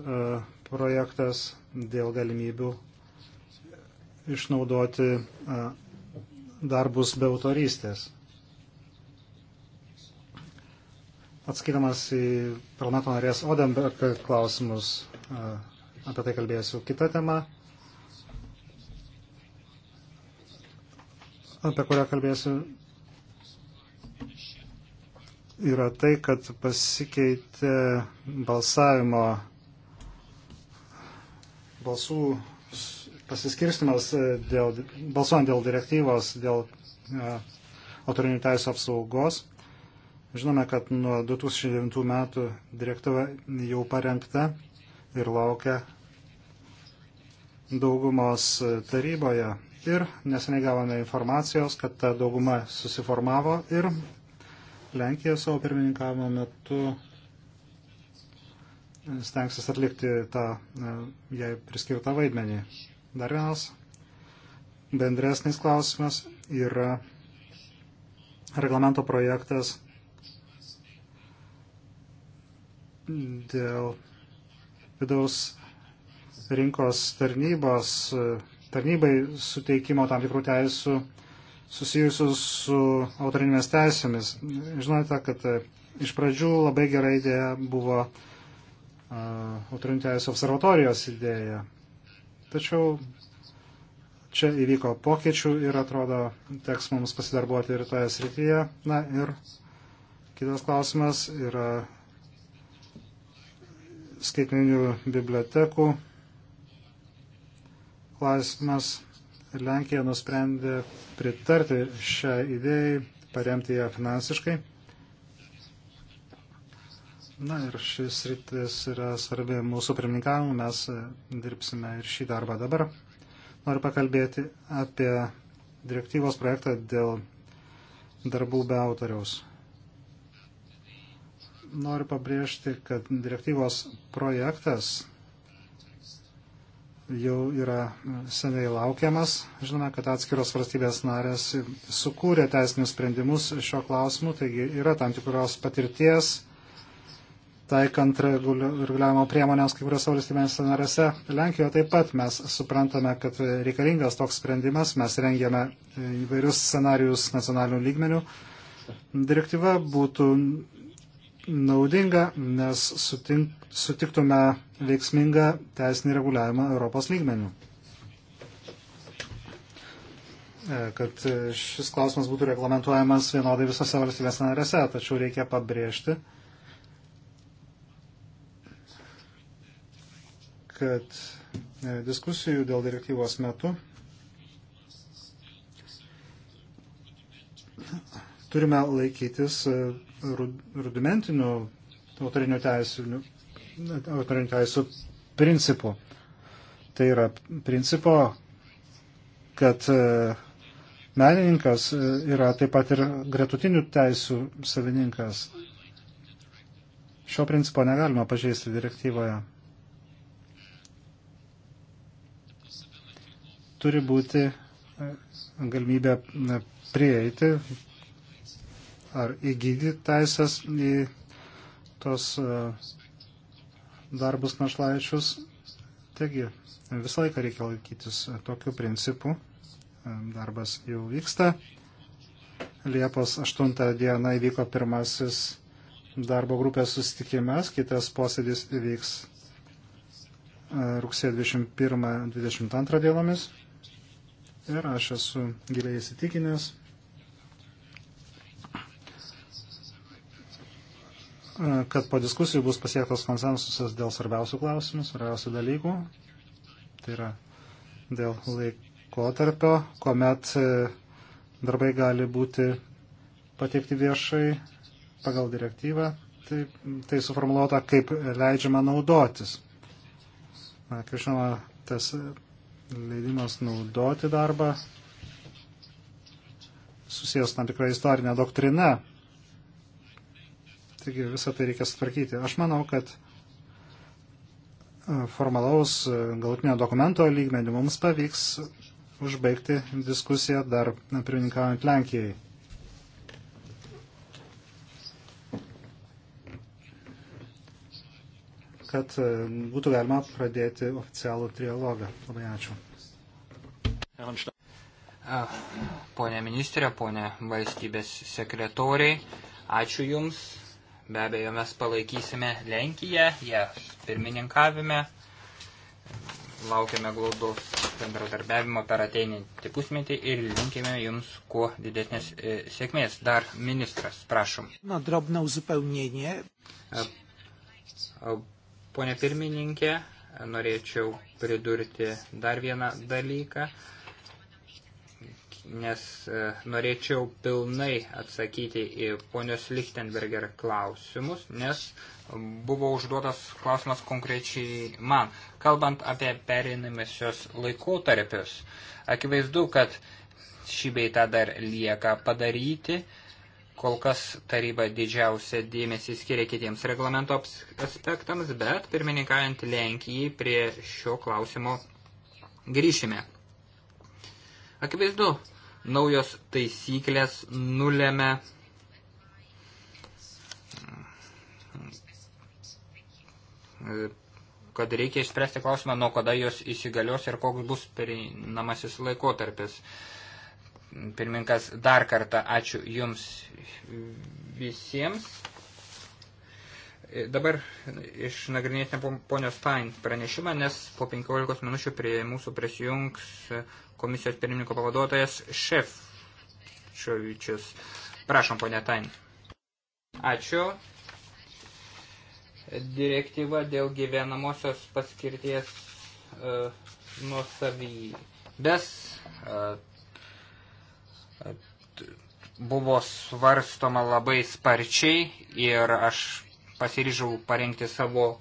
projektas dėl galimybių išnaudoti e, darbus be autorystės. Atsakydamas į parlamento narės Odenberg klausimus, apie tai kalbėsiu. Kita tema apie kurią kalbėsiu, yra tai, kad pasikeitė balsavimo balsų pasiskirstimas dėl, balsuojant dėl direktyvos, dėl e, autorinių teisų apsaugos. Žinome, kad nuo 2009 metų direktyva jau parengta ir laukia daugumos taryboje ir neseniai gavome informacijos, kad ta dauguma susiformavo ir Lenkija savo pirmininkavimo metu stengsis atlikti tą e, jai priskirtą vaidmenį. Dar vienas bendresnis klausimas yra reglamento projektas dėl vidaus rinkos tarnybos e, tarnybai suteikimo tam tikrų teisų susijusių su autorinėmis teisėmis. Žinote, kad e, iš pradžių labai gera idėja buvo e, autorinių teisų observatorijos idėja. Tačiau čia įvyko pokyčių ir atrodo, teks mums pasidarbuoti ir toje srityje. Na ir kitas klausimas yra skaitmeninių bibliotekų klausimas. Lenkija nusprendė pritarti šią idėją, paremti ją finansiškai. Na ir šis rytis yra svarbi mūsų pirmininkavimu, mes dirbsime ir šį darbą dabar. Noriu pakalbėti apie direktyvos projektą dėl darbų be autoriaus. Noriu pabrėžti, kad direktyvos projektas jau yra e, seniai laukiamas. Žinome, kad atskiros valstybės narės sukūrė teisinius sprendimus šio klausimu, taigi yra tam tikros patirties taikant reguliavimo priemonės kai kuriuose valstybėse narėse. Lenkijoje taip pat mes suprantame, kad reikalingas toks sprendimas, mes rengėme e, įvairius scenarius nacionalinių lygmenių. Direktyva būtų naudinga, nes sutink, sutiktume veiksmingą teisinį reguliavimą Europos lygmenių. E, kad e, šis klausimas būtų reglamentuojamas vienodai visose valstybės narėse, tačiau reikia pabrėžti, kad e, diskusijų dėl direktyvos metu turime laikytis rudimentinių autorinių teisų, autorinių teisų principų. Tai yra principo, kad e, menininkas e, yra taip pat ir gretutinių teisų savininkas. Šio principo negalima pažeisti direktyvoje. Turi būti e, galimybė prieiti ar įgyti teisės į tos e, darbus našlaičius. Taigi, visą laiką reikia laikytis tokių principų. E, darbas jau vyksta. Liepos 8 dieną įvyko pirmasis darbo grupės susitikimas, kitas posėdis įvyks e, rugsėjo 21-22 dienomis. Ir aš esu giliai įsitikinęs, kad po diskusijų bus pasiektas konsensusas dėl svarbiausių klausimų, svarbiausių dalykų. Tai yra dėl laikotarpio, kuomet e, darbai gali būti pateikti viešai pagal direktyvą. Tai, tai suformuoluota, kaip leidžiama naudotis. Na, kaip žinoma, tas leidimas naudoti darbą susijęs tam tikrą istorinę doktriną taigi visą tai reikia sutvarkyti. Aš manau, kad e, formalaus e, galutinio dokumento lygmenį mums pavyks užbaigti diskusiją dar pirmininkaujant Lenkijai. kad e, būtų galima pradėti oficialų trialogą. Labai ačiū. Pone ministrė, pone valstybės sekretoriai, ačiū Jums. Be abejo, mes palaikysime Lenkiją, ją pirmininkavime. Laukiame glaudos bendradarbiavimo per ateinantį pusmetį ir linkime Jums kuo didesnės e, sėkmės. Dar ministras, prašom. Na, drobna uzupełnienie. E, e, pone pirmininkė, norėčiau pridurti dar vieną dalyką nes e, norėčiau pilnai atsakyti į ponios Lichtenberger klausimus, nes buvo užduotas klausimas konkrečiai man. Kalbant apie perinamisios laikotarpius, akivaizdu, kad šį beitą dar lieka padaryti. Kol kas taryba didžiausia dėmesį skiria kitiems reglamento aspektams, bet pirmininkaujant Lenkijai prie šio klausimo grįšime. Akivaizdu, naujos taisyklės nulėmė kad reikia išspręsti klausimą, nuo kada jos įsigalios ir koks bus perinamasis laikotarpis. Pirminkas, dar kartą ačiū Jums visiems. Dabar išnagrinėsime ponios Stein pranešimą, nes po 15 minučių prie mūsų prisijungs komisijos pirmininko pavaduotojas Šefčiovičius. Prašom, ponė Stein. Ačiū. Direktyva dėl gyvenamosios paskirties uh, nuosavybės uh, buvo svarstoma labai sparčiai ir aš pasiryžau parengti savo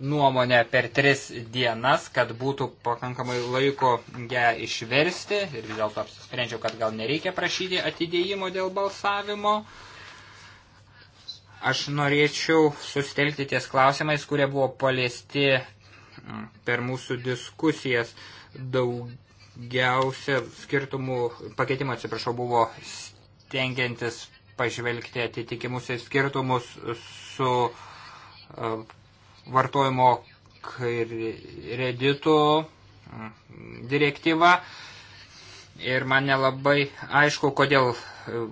nuomonę per tris dienas, kad būtų pakankamai laiko ją išversti ir vis dėlto apsisprendžiau, kad gal nereikia prašyti atidėjimo dėl balsavimo. Aš norėčiau sustelkti ties klausimais, kurie buvo paliesti mm, per mūsų diskusijas. Daugiausia skirtumų pakeitimo, atsiprašau, buvo stengiantis pažvelgti atitikimus ir skirtumus su e, vartojimo kreditų mm, direktyva. Ir man nelabai aišku, kodėl e,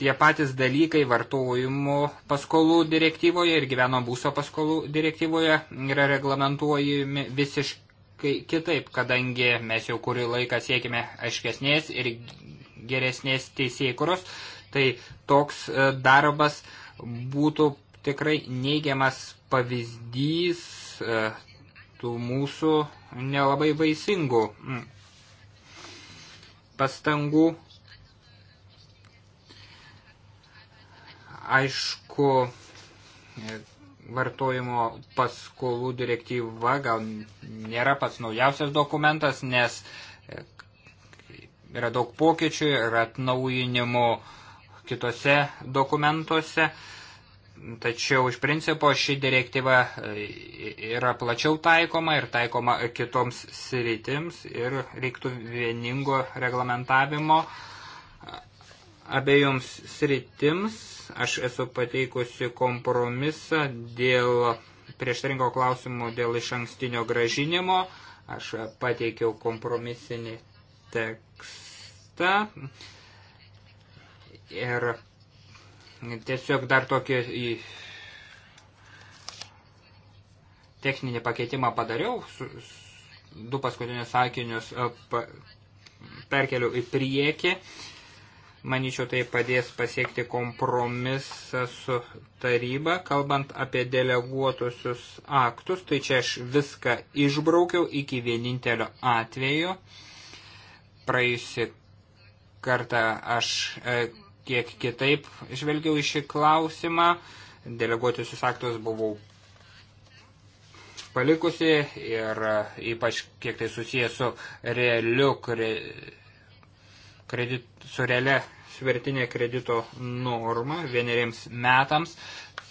tie patys dalykai vartojimo paskolų direktyvoje ir gyveno būsto paskolų direktyvoje yra reglamentuojami visiškai kitaip, kadangi mes jau kurį laiką siekime aiškesnės ir geresnės teisėkuros, tai toks e, darbas būtų tikrai neigiamas pavyzdys e, tų mūsų nelabai vaisingų mm, pastangų. Aišku, e, vartojimo paskolų direktyva gal nėra pats naujausias dokumentas, nes yra daug pokyčių ir atnaujinimo uh, kitose dokumentuose, tačiau iš principo ši direktyva e, yra plačiau taikoma ir taikoma kitoms sritims ir reiktų vieningo reglamentavimo abiejoms sritims. Aš esu pateikusi kompromisą dėl prieštaringo klausimo dėl iš ankstinio gražinimo. Aš pateikiau kompromisinį tekstą. Ir tiesiog dar tokį į techninį pakeitimą padariau, su, su, du paskutinius sakinius e, pa, perkeliu į priekį. Manyčiau, tai padės pasiekti kompromisą su taryba, kalbant apie deleguotusius aktus. Tai čia aš viską išbraukiau iki vienintelio atveju. Praėjusi kartą aš e, kiek kitaip žvelgiau į šį klausimą. Deleguotusius aktus buvau palikusi ir e, ypač kiek tai susijęs su realiu kre, kredit, su realia svertinė kredito norma vieneriems metams,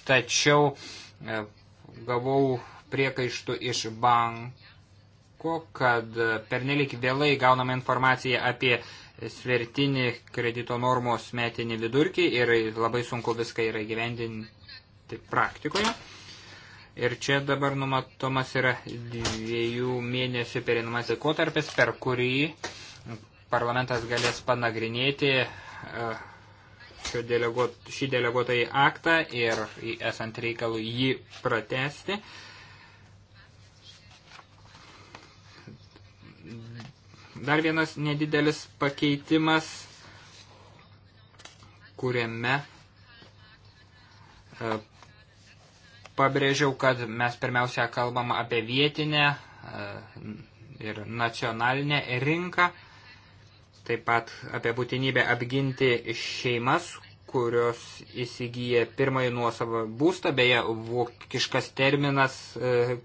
tačiau e, gavau priekaištų iš banko, kad e, pernelik vėlai gauname informaciją apie svertinį kredito normos metinį vidurkį ir labai sunku viską yra gyvendinti praktikoje. Ir čia dabar numatomas yra dviejų mėnesių perinamas laikotarpis, per kurį parlamentas galės panagrinėti uh, deleguot, šį deleguotąjį aktą ir esant reikalui jį pratesti. Uh, Dar vienas nedidelis pakeitimas, kuriame e, pabrėžiau, kad mes pirmiausia kalbam apie vietinę e, ir nacionalinę rinką, taip pat apie būtinybę apginti šeimas, kurios įsigyja pirmąjį nuosavą būstą, beje, vokiškas terminas, e,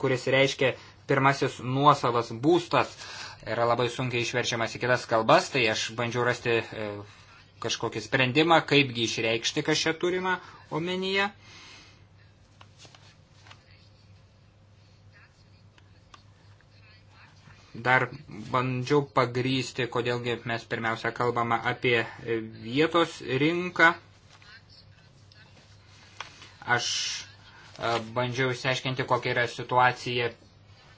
kuris reiškia pirmasis nuosavas būstas, yra labai sunkiai išverčiamas į kitas kalbas, tai aš bandžiau rasti e, kažkokį sprendimą, kaipgi išreikšti, kas čia turima omenyje. Dar bandžiau pagrysti, kodėlgi mes pirmiausia kalbame apie e, vietos rinką. Aš e, bandžiau išsiaiškinti, kokia yra situacija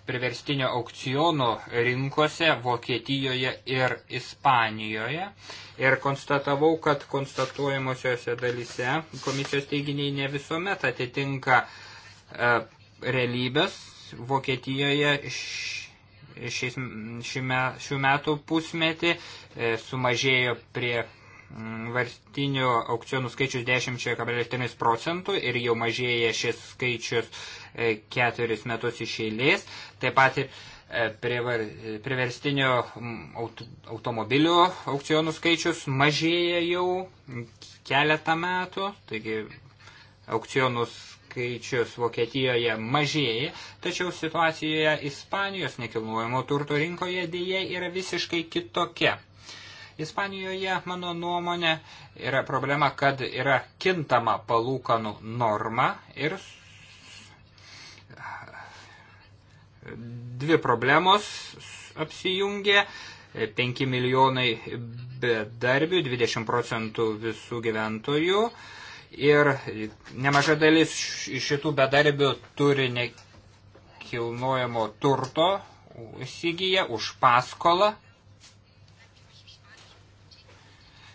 priverstinio aukciono rinkose Vokietijoje ir Ispanijoje ir konstatavau, kad konstatuojamosiose dalyse komisijos teiginiai ne visuomet atitinka e, realybės. Vokietijoje šiais, šime, šių metų pusmetį e, sumažėjo prie mm, vartinių aukcionų skaičius 10,3 procentų ir jau mažėja šis skaičius E, keturis metus iš eilės, taip pat ir e, privar, priverstinio aut, automobilių aukcionų skaičius mažėja jau keletą metų, taigi aukcionų skaičius Vokietijoje mažėja, tačiau situacijoje Ispanijos nekilnojamo turto rinkoje dėje yra visiškai kitokia. Ispanijoje, mano nuomonė, yra problema, kad yra kintama palūkanų norma ir dvi problemos apsijungė. 5 milijonai bedarbių, 20 procentų visų gyventojų ir nemaža dalis šitų bedarbių turi nekilnojamo turto įsigiję už paskolą.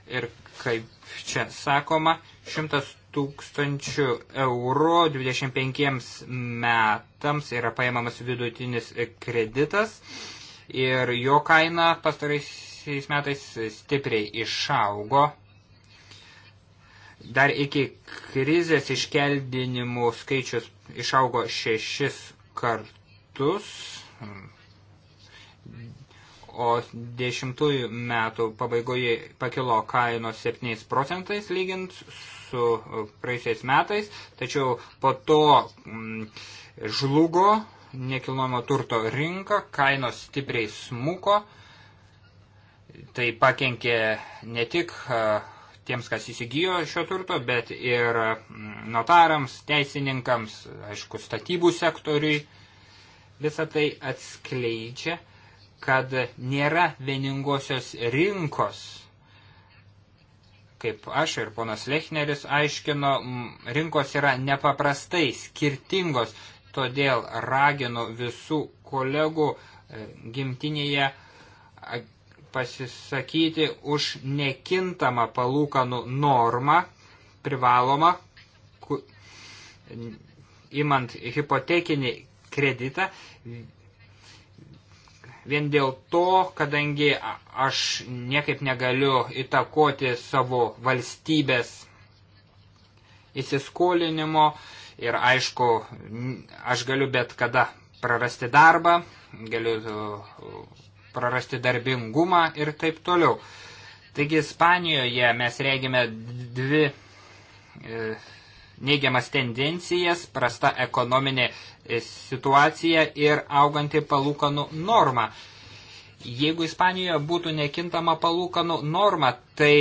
Ir kaip čia sakoma, šimtas tūkstančių eurų 25 metams yra paimamas vidutinis kreditas ir jo kaina pastaraisiais metais stipriai išaugo. Dar iki krizės iškeldinimų skaičius išaugo šešis kartus, o dešimtųjų metų pabaigoje pakilo kainos 7 procentais lygint su e, praeisiais metais, tačiau po to mm, žlugo nekilnojamo turto rinka, kainos stipriai smuko, tai pakenkė ne tik e, tiems, kas įsigijo šio turto, bet ir mm, notarams, teisininkams, aišku, statybų sektoriui. Visą tai atskleidžia, kad nėra vieningosios rinkos kaip aš ir ponas Lechneris aiškino, rinkos yra nepaprastai skirtingos, todėl raginu visų kolegų e, gimtinėje pasisakyti už nekintamą palūkanų normą, privalomą, imant hipotekinį kreditą, vien dėl to, kadangi aš niekaip negaliu įtakoti savo valstybės įsiskolinimo ir aišku, aš galiu bet kada prarasti darbą, galiu uh, prarasti darbingumą ir taip toliau. Taigi Ispanijoje mes regime dvi e, neigiamas tendencijas, prasta ekonominė e, situacija ir auganti palūkanų norma. Jeigu Ispanijoje būtų nekintama palūkanų norma, tai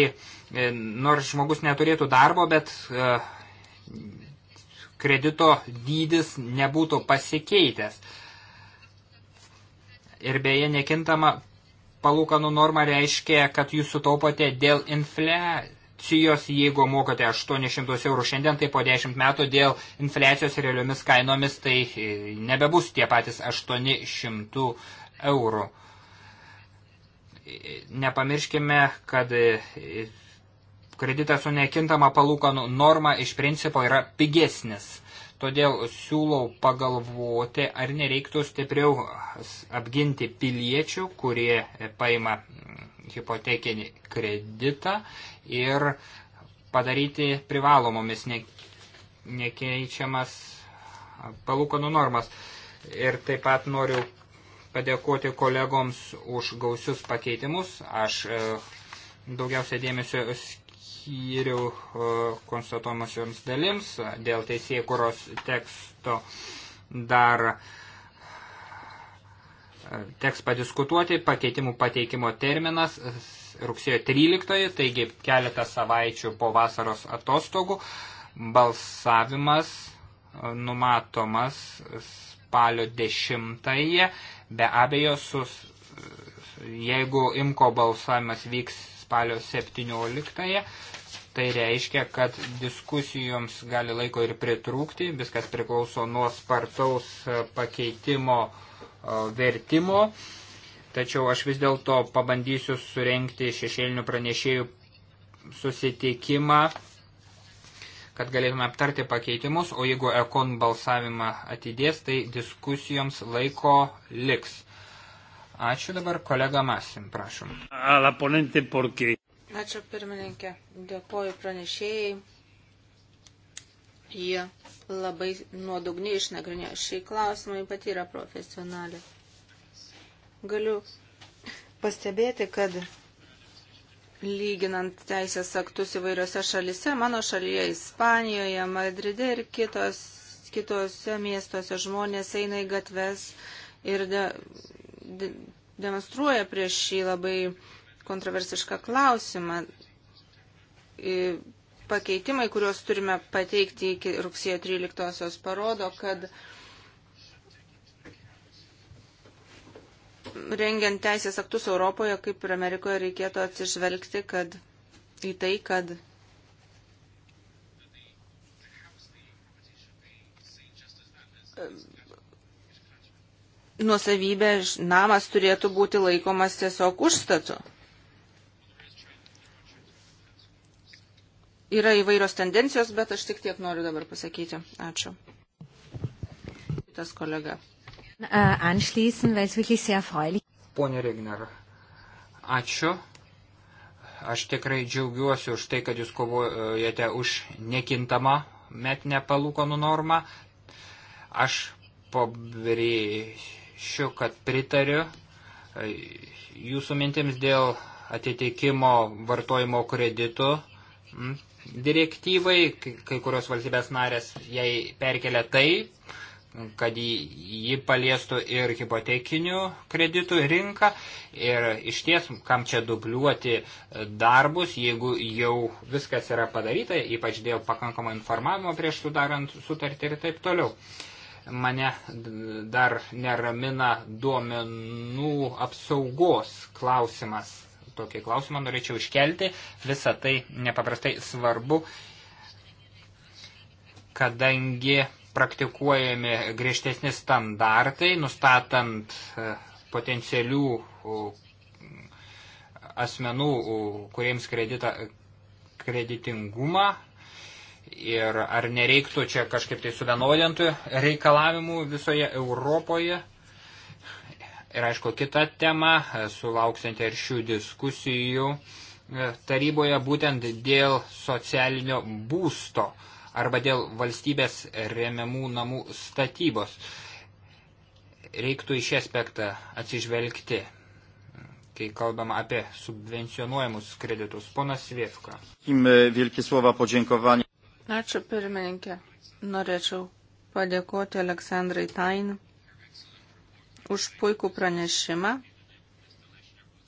e, nors žmogus neturėtų darbo, bet e, kredito dydis nebūtų pasikeitęs. Ir beje, nekintama palūkanų norma reiškia, kad jūs sutaupote dėl infle, pensijos, jeigu mokate 800 eurų šiandien, tai po 10 metų dėl infliacijos realiomis kainomis tai e, nebebus tie patys 800 eurų. E, nepamirškime, kad e, kreditas su nekintama palūkanų norma iš principo yra pigesnis. Todėl siūlau pagalvoti, ar nereiktų stipriau apginti piliečių, kurie paima mm, hipotekinį kreditą ir padaryti privalomomis ne, nekeičiamas palūkanų normas. Ir taip pat noriu padėkoti kolegoms už gausius pakeitimus. Aš e, daugiausia dėmesio skyrių e, konstatuomasioms dalims. Dėl teisėkuros teksto dar e, teks padiskutuoti. Pakeitimų pateikimo terminas rugsėjo 13, taigi keletą savaičių po vasaros atostogų. Balsavimas e, numatomas spalio 10. Be abejo, su, e, jeigu imko balsavimas vyks spalio 17, tai reiškia, kad diskusijoms gali laiko ir pritrūkti, viskas priklauso nuo spartaus e, pakeitimo vertimo. Mm Tačiau aš vis dėlto pabandysiu surenkti šešėlinių pranešėjų susitikimą, kad galėtume aptarti pakeitimus, o jeigu ekon balsavimą atidės, tai diskusijoms laiko liks. Ačiū dabar kolega Masim, prašom. Ačiū pirmininkė, dėkoju pranešėjai. Jie labai nuodugniai išnagrinėjo šį klausimą, ji pati yra profesionalė galiu pastebėti, kad lyginant teisės aktus įvairiose šalise, mano šalyje Ispanijoje, Madride ir kitos, kitose miestuose žmonės eina į gatves ir de, de, demonstruoja prieš šį labai kontroversišką klausimą. Pakeitimai, kuriuos turime pateikti iki rugsėjo 13-osios, parodo, kad rengiant teisės aktus Europoje, kaip ir Amerikoje, reikėtų atsižvelgti kad, į tai, kad nuosavybė namas turėtų būti laikomas tiesiog užstatu. Yra įvairios tendencijos, bet aš tik tiek noriu dabar pasakyti. Ačiū. Kitas kolega. Pone Regner, ačiū. Aš tikrai džiaugiuosi už tai, kad jūs kovojate už nekintamą metinę palūkanų normą. Aš pabrėšiu, kad pritariu e, jūsų mintims dėl atitikimo vartojimo kreditų direktyvai, kai kurios valstybės narės jai perkelia tai, kad jį paliestų ir hipotekinių kreditų rinką. Ir iš ties, kam čia dubliuoti darbus, jeigu jau viskas yra padaryta, ypač dėl pakankamo informavimo prieš sudarant sutartį ir taip toliau. Mane dar neramina duomenų apsaugos klausimas. Tokį klausimą norėčiau iškelti. Visa tai nepaprastai svarbu, kadangi praktikuojami griežtesni standartai, nustatant e, potencialių asmenų, kuriems kredita, kreditingumą ir ar nereiktų čia kažkaip tai suvienodinti reikalavimų visoje Europoje. Ir aišku, kita tema, e, sulauksianti ir šių diskusijų e, taryboje būtent dėl socialinio būsto. Uh, arba dėl valstybės remiamų namų statybos. Reiktų į šį aspektą atsižvelgti, kai kalbama apie subvencionuojamus kreditus. Ponas Vievka. E, Ačiū pirmininkė. Norėčiau padėkoti Aleksandrai Tain už puikų pranešimą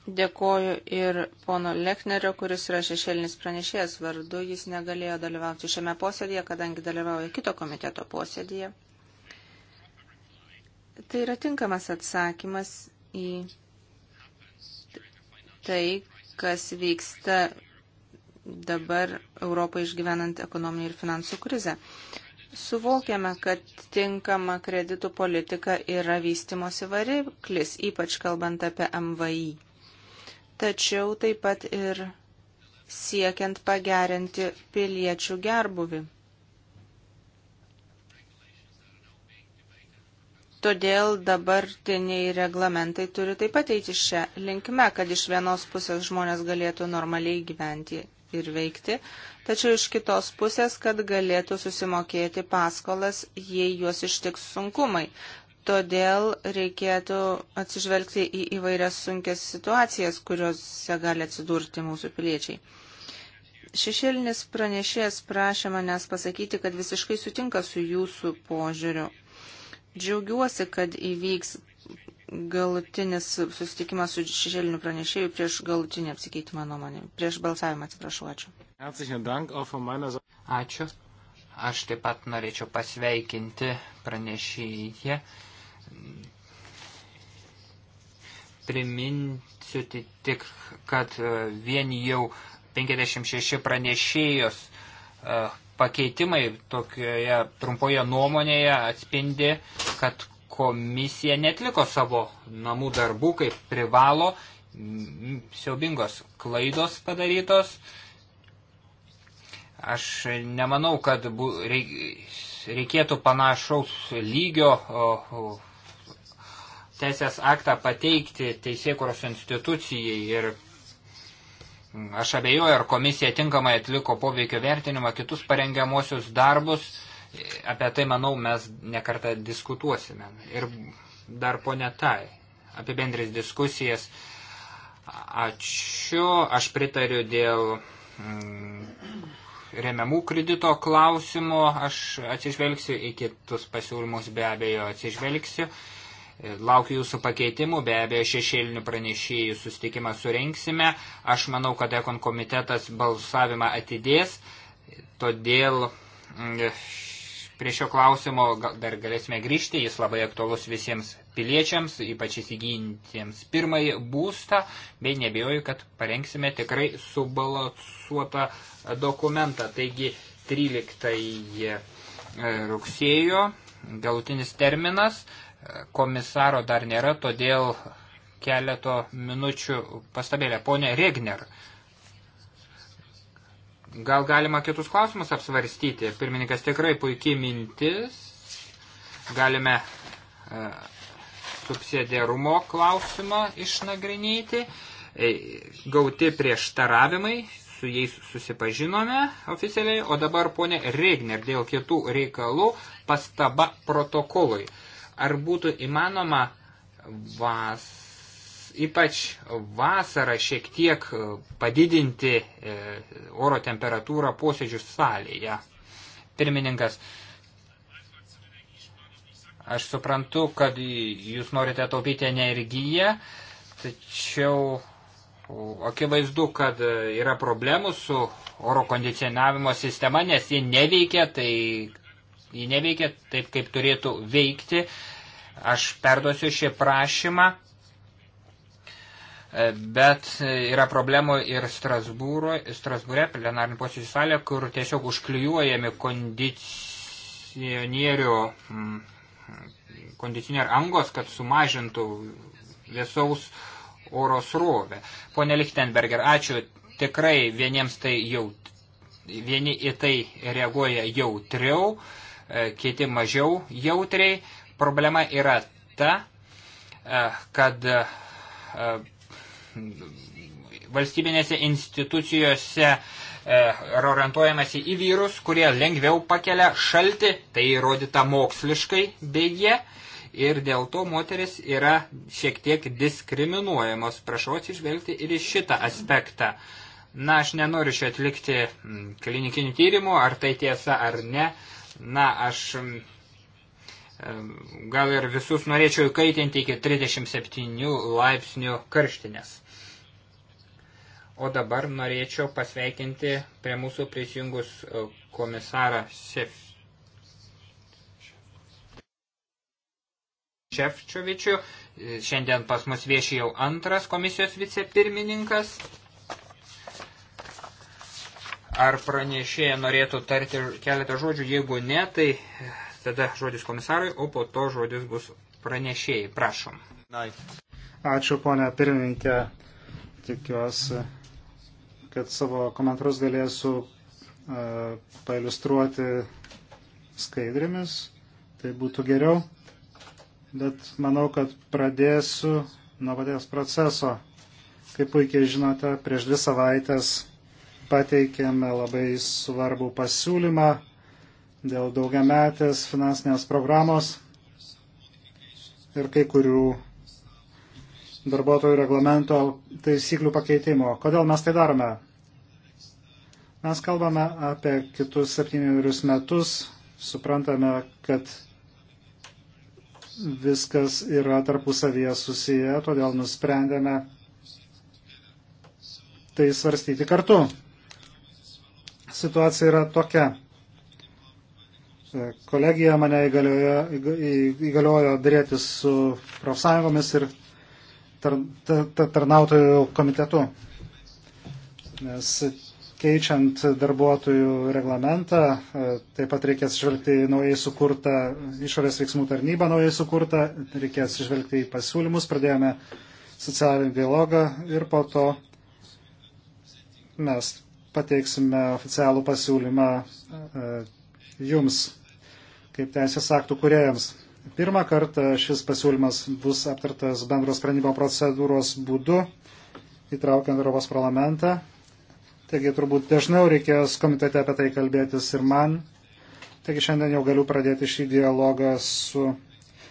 Dėkoju ir pono Lechnerio, kuris yra šešėlinis pranešėjas vardu. Jis negalėjo dalyvauti šiame posėdėje, kadangi dalyvauja kito komiteto posėdėje. Tai yra tinkamas atsakymas į tai, kas vyksta dabar Europai išgyvenant ekonominį ir finansų krizę. Suvokiame, kad tinkama kreditų politika yra vystimosi variklis, ypač kalbant apie MVI tačiau taip pat ir siekiant pagerinti piliečių gerbuvi. Todėl dabartiniai reglamentai turi taip pat eiti šią linkme, kad iš vienos pusės žmonės galėtų normaliai gyventi ir veikti, tačiau iš kitos pusės, kad galėtų susimokėti paskolas, jei juos ištiks sunkumai. Todėl reikėtų atsižvelgti į įvairias sunkes situacijas, kuriuose gali atsidurti mūsų piliečiai. Šešėlinis pranešėjas prašė manęs pasakyti, kad visiškai sutinka su jūsų požiūriu. Džiaugiuosi, kad įvyks galutinis susitikimas su šešėliniu pranešėju prieš galutinį apsikeitimą nuomonį. Prieš balsavimą atsiprašau, ačiū. Ačiū. Aš taip pat norėčiau pasveikinti pranešėją Priminsiu tik, kad e, vien jau 56 pranešėjos e, pakeitimai tokioje trumpoje nuomonėje atspindi, kad komisija netliko savo namų darbų, kaip privalo, siaubingos klaidos padarytos. Aš nemanau, kad reikėtų panašaus lygio teisės aktą pateikti teisėkuros institucijai ir aš abejoju, ar komisija tinkamai atliko poveikio vertinimą kitus parengiamuosius darbus. Apie tai, manau, mes nekartą diskutuosime. Ir dar ponė tai, apie bendris diskusijas. Ačiū, aš pritariu dėl mm, remiamų kredito klausimų, aš atsižvelgsiu į kitus pasiūlymus, be abejo atsižvelgsiu. Laukiu jūsų pakeitimų, be abejo šešėlinių pranešėjų sustikimą surenksime. Aš manau, kad Ekon komitetas balsavimą atidės, todėl mm, prie šio klausimo dar galėsime grįžti, jis labai aktuolus visiems piliečiams, ypač įsigijantiems pirmąjį būstą, bei nebejoju, kad parengsime tikrai subalansuotą dokumentą. Taigi 13 e, rugsėjo galutinis terminas komisaro dar nėra, todėl keleto minučių pastabėlė. Pone Regner, gal galima kitus klausimus apsvarstyti? Pirmininkas tikrai puikiai mintis. Galime e, subsidiarumo klausimą išnagrinėti. E, gauti prieštaravimai, su jais susipažinome oficialiai, o dabar ponė Regner dėl kitų reikalų pastaba protokolui. Ar būtų įmanoma vas, ypač vasarą šiek tiek e, padidinti e, oro temperatūrą posėdžių salėje? Pirmininkas, aš suprantu, kad jūs norite taupyti energiją, tačiau akivaizdu, kad e, yra problemų su oro kondicionavimo sistema, nes ji neveikia, tai ji neveikia taip, kaip turėtų veikti. Aš perduosiu šį prašymą, e, bet yra problemų ir Strasbūre, plenarinė posėdžių salė, kur tiesiog užklijuojami kondicionierių mm, kondicionier angos, kad sumažintų vėsaus oro srovę. Pone Lichtenberger, ačiū. Tikrai vieniems tai jau, vieni į tai reaguoja jautriau. E, kiti mažiau jautriai. Problema yra ta, e, kad e, valstybinėse institucijose yra orientuojamasi į vyrus, kurie lengviau pakelia šaltį, tai įrodyta moksliškai beje, ir dėl to moteris yra šiek tiek diskriminuojamos. Prašau atsižvelgti ir į šitą aspektą. Na, aš nenoriu čia atlikti mm, klinikinių tyrimų, ar tai tiesa ar ne. Uh, Na, aš mm, gal ir visus norėčiau įkaitinti iki 37 laipsnių karštinės. O dabar norėčiau pasveikinti prie mūsų prisijungus e, komisarą Šef... Šefčovičių. Šiandien pas mus vieši jau antras komisijos vicepirmininkas. Ar pranešėja norėtų tarti keletą žodžių? Jeigu ne, tai e, tada žodis komisarui, o po to žodis bus pranešėjai. Prašom. Ačiū, ponia pirmininkė. Tikiuosi, kad savo komentarus galėsiu uh, e, pailustruoti skaidrėmis. Tai būtų geriau. Bet manau, kad pradėsiu nuo paties proceso. Kaip puikiai žinote, prieš dvi savaitės pateikėme labai svarbų pasiūlymą dėl daugiametės finansinės programos ir kai kurių darbuotojų reglamento taisyklių pakeitimo. Kodėl mes tai darome? Mes kalbame apie kitus septynerius metus, suprantame, kad viskas yra tarpusavyje susiję, todėl nusprendėme tai svarstyti kartu situacija yra tokia. Kolegija mane įgaliojo, įgaliojo dėrėtis su profsąjungomis ir tar, tar, tar, tarnautojų komitetu. Nes keičiant darbuotojų reglamentą, taip pat reikės žvelgti naujai sukurtą išorės veiksmų tarnybą, naujai sukurtą, reikės žvelgti į pasiūlymus, pradėjome socialinį dialogą ir po to mes pateiksime oficialų pasiūlymą e, jums, kaip teisės aktų kuriejams. Pirmą kartą šis pasiūlymas bus aptartas bendros sprendimo procedūros būdu, įtraukiant Europos parlamentą. Taigi turbūt dažniau reikės komitete apie tai kalbėtis ir man. Taigi šiandien jau galiu pradėti šį dialogą su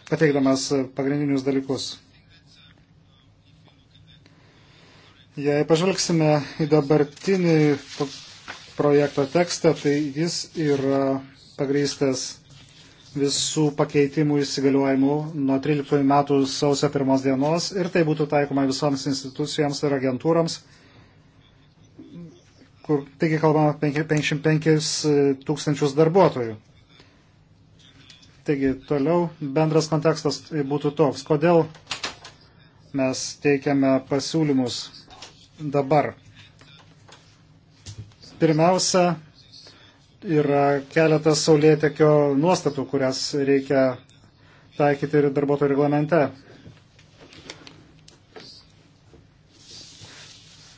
pateikdamas pagrindinius dalykus. Jei pažvelgsime į dabartinį projekto tekstą, tai jis yra pagrystas visų pakeitimų įsigaliojimų nuo 13 metų sausio 1 dienos ir tai būtų taikoma visoms institucijoms ir agentūroms, kur taigi kalbama 55 e, tūkstančius darbuotojų. Taigi toliau bendras kontekstas būtų toks, kodėl mes teikiame pasiūlymus dabar. Pirmiausia, yra keletas saulėtekio nuostatų, kurias reikia taikyti ir darbuotojų reglamente.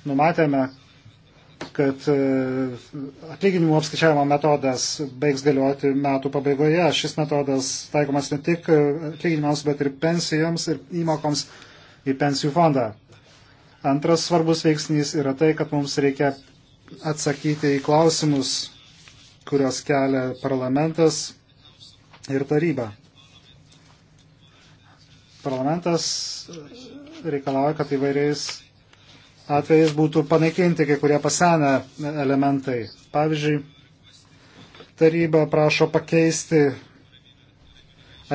Numatėme, kad e, atlyginimų apskaičiavimo metodas baigs galioti metų pabaigoje. Šis metodas taikomas ne tik e, atlyginimams, bet ir pensijoms ir įmokoms į pensijų fondą. Antras svarbus veiksnys yra tai, kad mums reikia atsakyti į klausimus, kurios kelia parlamentas ir taryba. Parlamentas reikalauja, kad įvairiais atvejais būtų panaikinti kai kurie pasenę elementai. Pavyzdžiui, taryba prašo pakeisti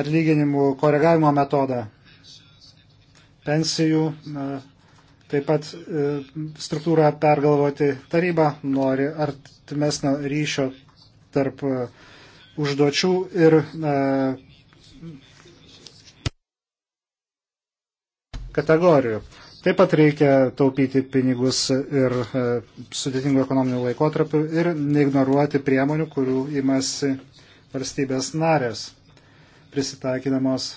atlyginimų koregavimo metodą, pensijų Taip pat e, struktūrą pergalvoti taryba nori artimesnio ryšio tarp e, užduočių ir e, kategorijų. Taip pat reikia taupyti pinigus ir e, sudėtingų ekonominių laikotarpių ir neignoruoti priemonių, kurių imasi valstybės narės, prisitaikydamos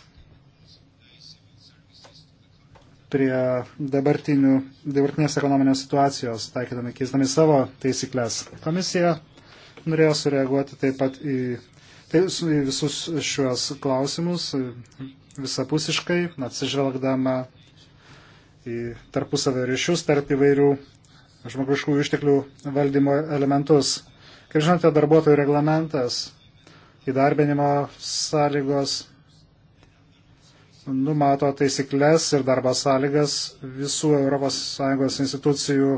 prie dabartinės ekonominės situacijos, taikydami, keisdami savo taisyklės. Komisija norėjo sureaguoti taip pat į, tai, į visus šiuos klausimus visapusiškai, atsižvelgdama į tarpusavio ryšius tarp įvairių žmogiškų išteklių valdymo elementus. Kaip žinote, darbuotojų reglamentas, įdarbinimo sąlygos numato taisyklės ir darbo sąlygas visų ES institucijų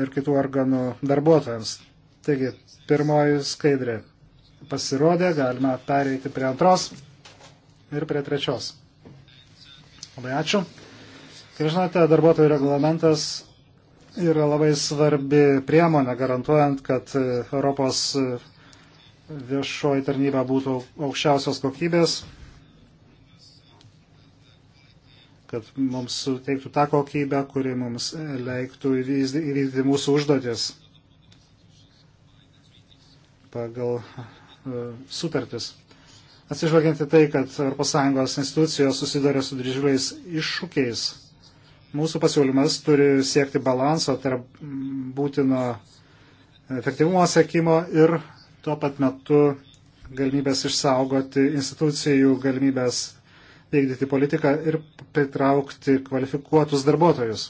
ir kitų organų darbuotojams. Taigi, pirmoji skaidrė pasirodė, galima pereiti prie antros ir prie trečios. Labai ačiū. Kaip žinote, darbuotojų reglamentas yra labai svarbi priemonė, garantuojant, kad Europos viešoji tarnyba būtų aukščiausios kokybės kad mums teiktų tą kokybę, kuri mums leiktų įvykdyti mūsų užduotis pagal e, sutartis. Atsižvelgiant į tai, kad ES institucijos susiduria su didžiuliais iššūkiais, mūsų pasiūlymas turi siekti balanso tarp būtino efektyvumo sėkimo ir tuo pat metu galimybės išsaugoti institucijų galimybės vykdyti politiką ir pritraukti kvalifikuotus darbuotojus.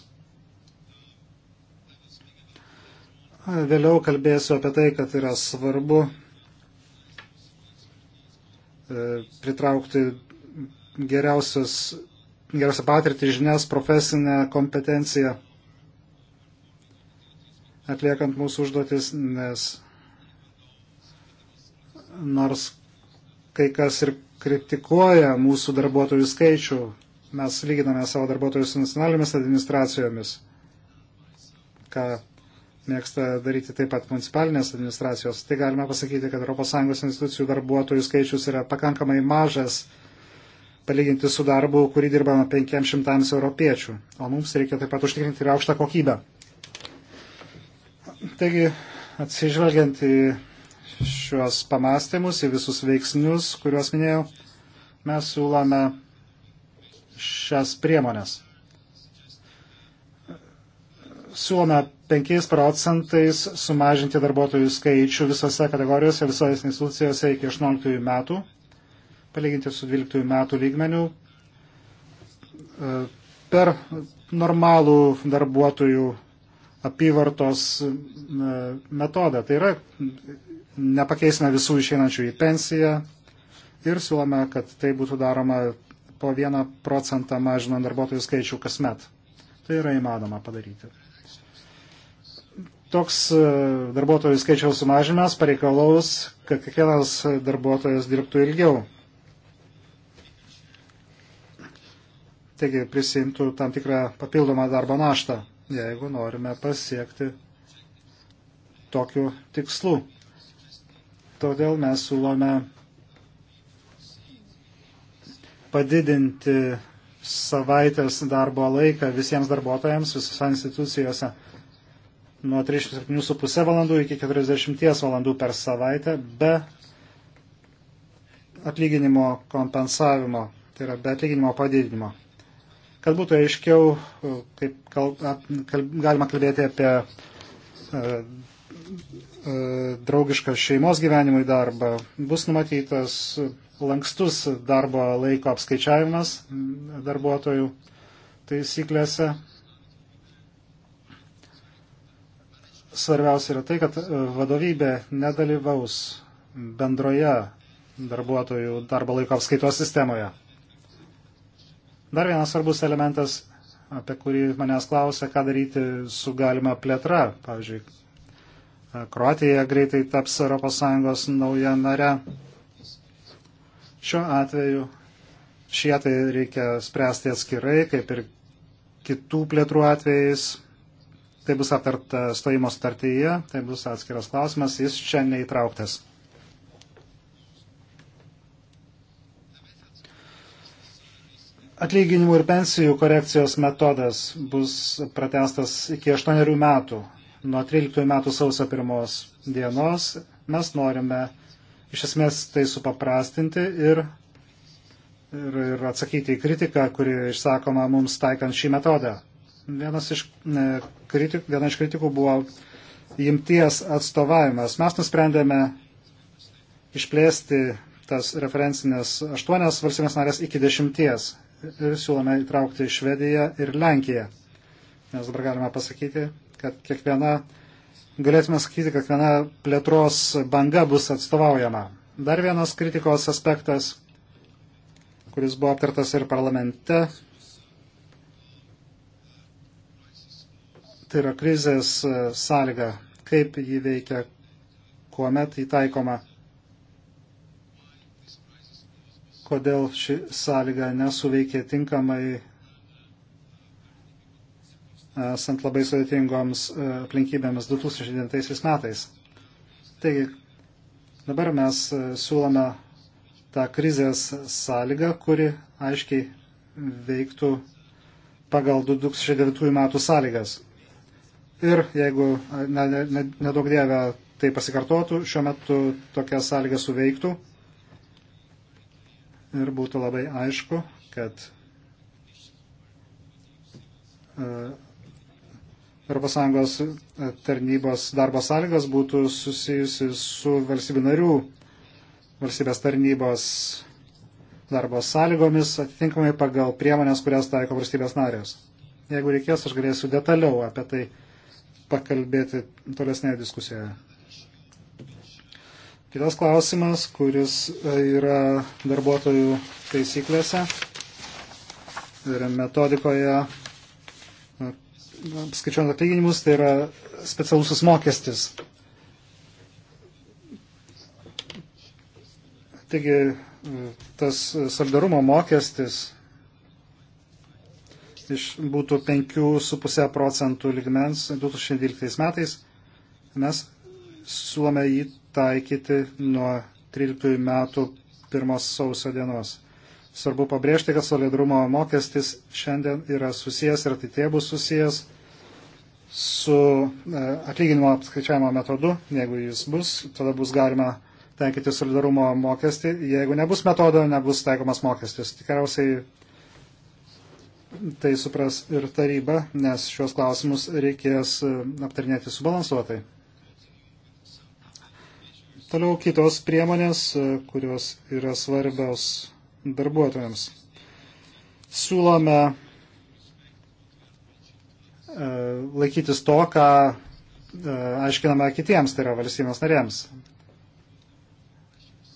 Vėliau kalbėsiu apie tai, kad yra svarbu e, pritraukti geriausius, geriausią patirtį, žinias, profesinę kompetenciją, atliekant mūsų užduotis, nes nors kai kas ir kritikuoja mūsų darbuotojų skaičių. Mes lyginame savo darbuotojus su nacionalinėmis administracijomis, ką mėgsta daryti taip pat municipalinės administracijos. Tai galime pasakyti, kad ES institucijų darbuotojų skaičius yra pakankamai mažas palyginti su darbu, kurį dirbame 500 europiečių. O mums reikia taip pat užtikrinti ir aukštą kokybę. Taigi, atsižvelgiant į šiuos pamastymus, į visus veiksnius, kuriuos minėjau, mes siūlome šias priemonės. Siūlome 5 procentais sumažinti darbuotojų skaičių visose kategorijose, visose institucijose iki 18 metų, palyginti su 12 metų lygmeniu, e, per normalų darbuotojų apyvartos e, metodą. Tai yra nepakeisime visų išeinančių į pensiją ir siūlome, kad tai būtų daroma po 1 procentą mažinant darbuotojų skaičių kasmet. Tai yra įmanoma padaryti. Toks e, darbuotojų skaičiaus sumažinimas pareikalaus, kad kiekvienas darbuotojas dirbtų ilgiau. Taigi prisimtų tam tikrą papildomą darbo naštą, jeigu norime pasiekti tokiu tikslu. Todėl mes siūlome padidinti savaitės darbo laiką visiems darbuotojams visose institucijose nuo 37,5 valandų iki 40 valandų per savaitę be atlyginimo kompensavimo, tai yra be atlyginimo padidinimo. Kad būtų aiškiau, kaip kal, ap, kal, galima kalbėti apie e, E, draugišką šeimos gyvenimui darbą, bus numatytas lankstus darbo laiko apskaičiavimas darbuotojų taisyklėse. Svarbiausia yra tai, kad e, vadovybė nedalyvaus bendroje darbuotojų darbo laiko apskaitos sistemoje. Dar vienas svarbus elementas, apie kurį manęs klausia, ką daryti su galima plėtra, pavyzdžiui, Kroatija greitai taps ES nauja nare. Šiuo atveju šį atvejį reikia spręsti atskirai, kaip ir kitų plėtrų atvejais. Tai bus aptarta stojimo startyje, tai bus atskiras klausimas, jis čia neįtrauktas. Atlyginimų ir pensijų korekcijos metodas bus pratestas iki 8 metų nuo 13 metų sausio 1 dienos mes norime iš esmės tai supaprastinti ir, ir, ir atsakyti į kritiką, kuri išsakoma mums taikant šį metodą. Vienas iš, ne, kritik, viena iš kritikų buvo imties atstovavimas. Mes nusprendėme išplėsti tas referencinės aštuonias valstybės narės iki dešimties ir siūlome įtraukti Švediją ir Lenkiją. Nes dabar galime pasakyti, kad kiekviena, galėtume sakyti, kad kiekviena plėtros banga bus atstovaujama. Dar vienas kritikos aspektas, kuris buvo aptartas ir parlamente, tai yra krizės e, sąlyga, kaip jį veikia, kuomet įtaikoma, kodėl ši sąlyga nesuveikė tinkamai esant labai sudėtingoms e, aplinkybėmis 2009 metais. Taigi, dabar mes e, siūlome tą krizės sąlygą, kuri aiškiai veiktų pagal 2009 metų sąlygas. Ir jeigu nedaug ne, ne, ne dievę tai pasikartotų, šiuo metu tokia sąlyga suveiktų ir būtų labai aišku, kad e, ES tarnybos darbo sąlygas būtų susijusi su valstybių narių valstybės tarnybos darbo sąlygomis atitinkamai pagal priemonės, kurias taiko valstybės narės. Jeigu reikės, aš galėsiu detaliau apie tai pakalbėti tolesnėje diskusijoje. Kitas klausimas, kuris yra darbuotojų taisyklėse ir metodikoje skaičiuojant atlyginimus, tai yra specialusis mokestis. Taigi tas solidarumo mokestis iš būtų 5,5 procentų lygmens 2012 metais. Mes siūlome jį taikyti nuo 13 metų pirmos sausio dienos. Svarbu pabrėžti, kad solidarumo mokestis šiandien yra susijęs ir ateitie bus susijęs su e, atlyginimo apskaičiavimo metodu, jeigu jis bus, tada bus galima tenkyti solidarumo mokestį, jeigu nebus metodo, nebus taikomas mokestis. Tikriausiai tai supras ir taryba, nes šios klausimus reikės e, aptarinėti subalansuotai. Toliau kitos priemonės, e, kurios yra svarbios darbuotojams. Siūlome E, laikytis to, ką e, aiškiname kitiems, tai yra valstybės narėms.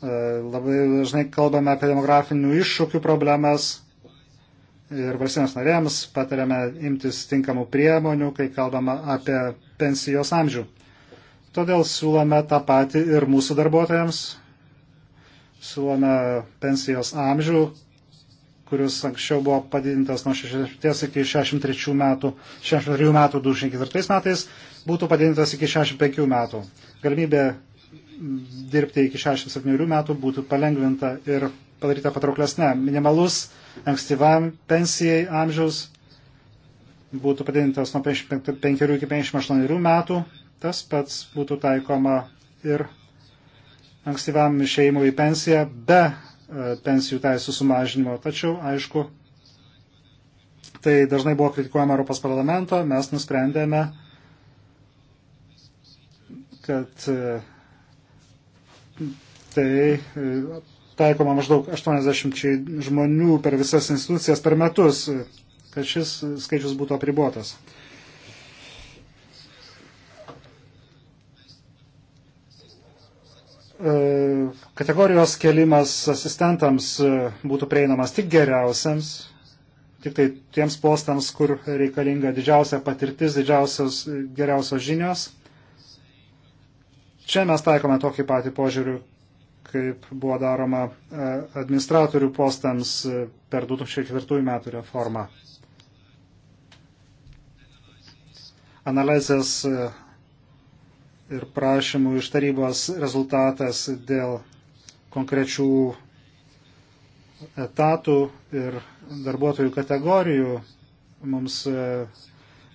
E, labai dažnai kalbame apie demografinių iššūkių problemas ir valstybės narėms patariame imtis tinkamų priemonių, kai kalbame apie pensijos amžių. Todėl siūlome tą patį ir mūsų darbuotojams. Siūlome pensijos amžių kuris anksčiau buvo padidintas nuo 60 iki 63 metų, 63 metų 2004 metais, būtų padidintas iki 65 metų. Galimybė dirbti iki 67 metų būtų palengvinta ir padaryta patrauklesnė. Minimalus ankstyvam pensijai amžiaus būtų padidintas nuo 55 iki 58 metų. Tas pats būtų taikoma ir ankstyvam išeimui į pensiją be E, pensijų teisų sumažinimo. Tačiau, aišku, tai dažnai buvo kritikuojama Europos parlamento, mes nusprendėme, kad e, tai e, taikoma maždaug 80 žmonių per visas institucijas per metus, kad šis skaičius būtų apribuotas. E, kategorijos kelimas asistentams e, būtų prieinamas tik geriausiams, tik tai tiems postams, kur reikalinga didžiausia patirtis, didžiausios e, geriausios žinios. Čia mes taikome tokį patį požiūrių, kaip buvo daroma administratorių postams per 2004 metų reformą. Analizės ir prašymų iš tarybos rezultatas dėl konkrečių etatų ir darbuotojų kategorijų mums e,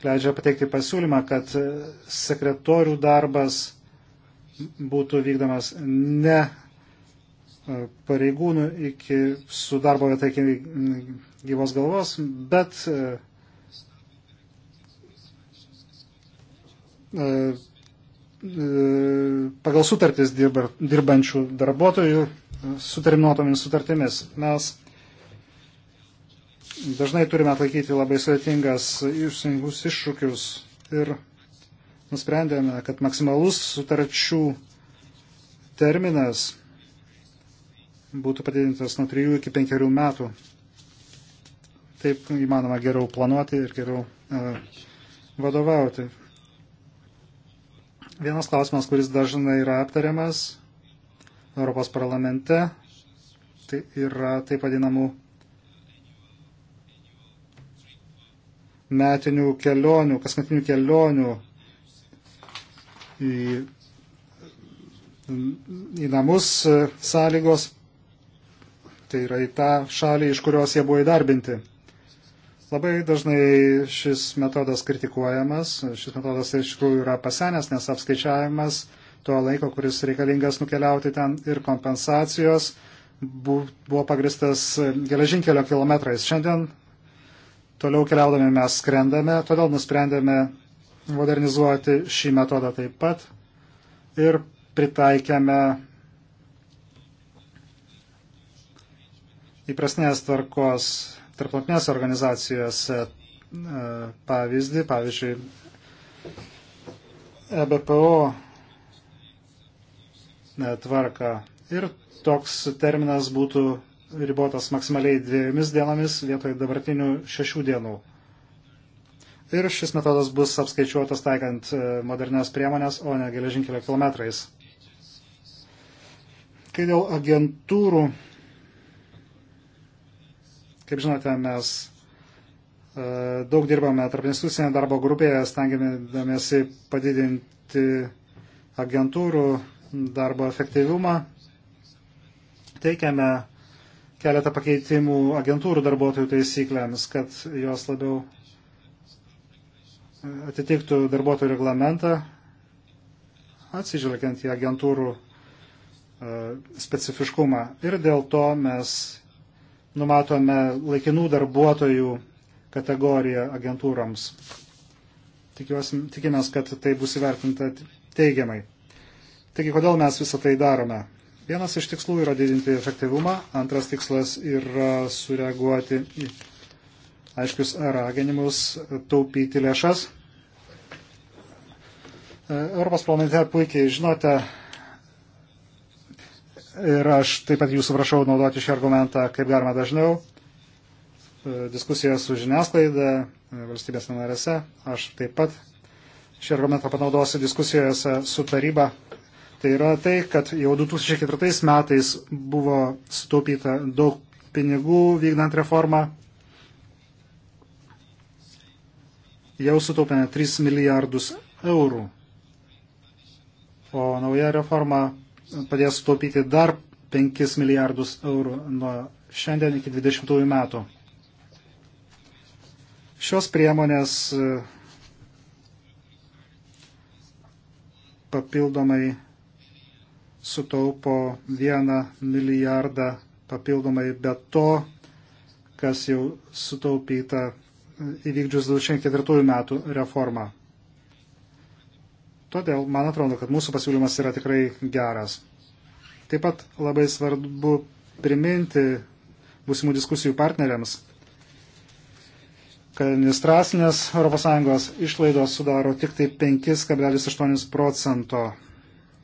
leidžia pateikti pasiūlymą, kad sekretorių darbas būtų vykdomas ne e, pareigūnų iki su darbo vieta iki gyvos galvos, bet e, E, pagal sutartis dirba, dirbančių darbuotojų e, su terminuotomis sutartimis. Mes dažnai turime atlaikyti labai sudėtingas išsingus iššūkius ir nusprendėme, kad maksimalus sutarčių terminas būtų padidintas nuo 3 iki 5 metų. Taip įmanoma geriau planuoti ir geriau uh, vadovauti. Vienas klausimas, kuris dažnai yra aptariamas Europos parlamente, tai yra taip vadinamų metinių kelionių, kasmetinių kelionių į, į namus sąlygos, tai yra į tą šalį, iš kurios jie buvo įdarbinti. Labai dažnai šis metodas kritikuojamas, šis metodas iš tikrųjų yra pasenęs, nes apskaičiavimas to laiko, kuris reikalingas nukeliauti ten ir kompensacijos buvo pagristas geležinkelio kilometrais. Šiandien toliau keliaudami mes skrendame, todėl nusprendėme modernizuoti šį metodą taip pat ir pritaikėme įprasnės tvarkos tarptautinės organizacijos e, e, pavyzdį, pavyzdžiui, EBPO e, tvarką. Ir toks terminas būtų ribotas maksimaliai dviejomis dienomis vietoj dabartinių šešių dienų. Ir šis metodas bus apskaičiuotas taikant modernias priemonės, o ne geležinkelio kilometrais. Kai dėl agentūrų Kaip žinote, mes e, daug dirbame tarp institucinėje darbo grupėje, stengiamėsi padidinti agentūrų darbo efektyvumą. Teikiame keletą pakeitimų agentūrų darbuotojų taisyklėms, kad jos labiau atitiktų darbuotojų reglamentą, atsižvelgiant į agentūrų e, specifiškumą. Ir dėl to mes numatome laikinų darbuotojų kategoriją agentūroms. Tikiuosi, tikimės, kad tai bus įvertinta teigiamai. Taigi, kodėl mes visą tai darome? Vienas iš tikslų yra didinti efektyvumą, antras tikslas yra sureaguoti į aiškius raginimus taupyti lėšas. Europos planete puikiai žinote, Ir aš taip pat jūsų prašau naudoti šį argumentą kaip galima dažniau. E, Diskusija su žiniasklaida e, valstybės narėse. Aš taip pat šį argumentą panaudosiu diskusijose su taryba. Tai yra tai, kad jau 2004 metais buvo sutaupyta daug pinigų vykdant reformą. Jau sutaupėme 3 milijardus eurų. O nauja reforma padės sutaupyti dar 5 milijardus eurų nuo šiandien iki 20 metų. Šios priemonės e, papildomai sutaupo 1 milijardą papildomai be to, kas jau sutaupyta e, įvykdžius 2004 metų reformą. Todėl man atrodo, kad mūsų pasiūlymas yra tikrai geras. Taip pat labai svarbu priminti būsimų diskusijų partneriams, kad administracinės ES išlaidos sudaro tik tai 5,8 procento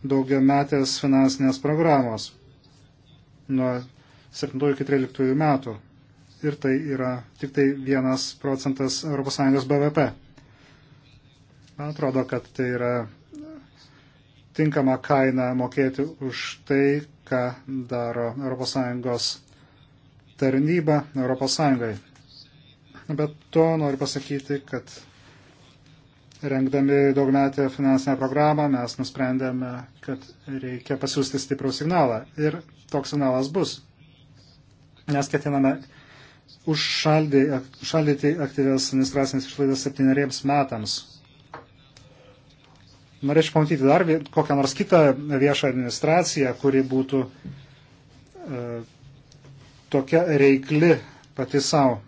daugiametės finansinės programos nuo 7 iki 13 metų. Ir tai yra tik tai 1 procentas ES BVP. Man atrodo, kad tai yra tinkamą kainą mokėti už tai, ką daro ES tarnyba ES. Bet to noriu pasakyti, kad rengdami daugmetę finansinę programą mes nusprendėme, kad reikia pasiūsti stiprų signalą. Ir toks signalas bus. Nes ketiname užšaldyti aktyvias administracinės išlaidas septyneriems metams Norėčiau pamatyti dar kokią nors kitą viešą administraciją, kuri būtų e, tokia reikli pati savo.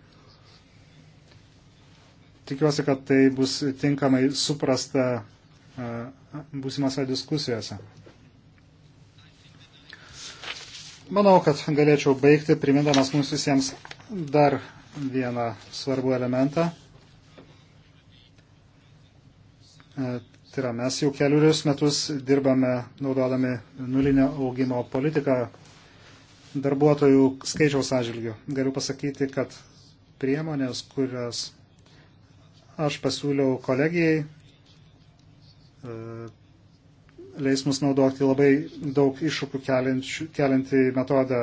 Tikiuosi, kad tai bus tinkamai suprasta e, būsimose diskusijose. Manau, kad galėčiau baigti, primindamas mums visiems dar vieną svarbų elementą. E, Tai yra, mes jau keliurius metus dirbame naudodami nulinio augimo politiką darbuotojų skaičiaus atžvilgių. Galiu pasakyti, kad priemonės, kurias aš pasiūliau kolegijai, e, leis mus naudoti labai daug iššūkių keliantį metodą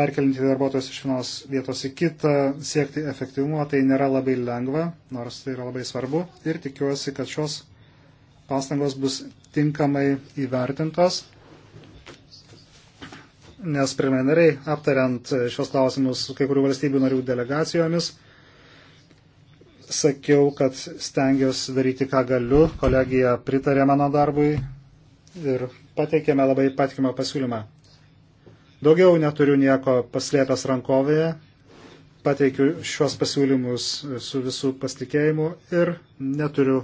perkelinti darbuotojus iš vienos vietos į kitą, siekti efektyvumo, tai nėra labai lengva, nors tai yra labai svarbu ir tikiuosi, kad šios pastangos bus tinkamai įvertintos, nes preliminariai aptariant šios klausimus su kai kurių valstybių narių delegacijomis, sakiau, kad stengiuosi daryti, ką galiu, kolegija pritarė mano darbui ir pateikėme labai patikimą pasiūlymą. Daugiau neturiu nieko paslėpęs rankovėje, pateikiu šios pasiūlymus su visų pasitikėjimu ir neturiu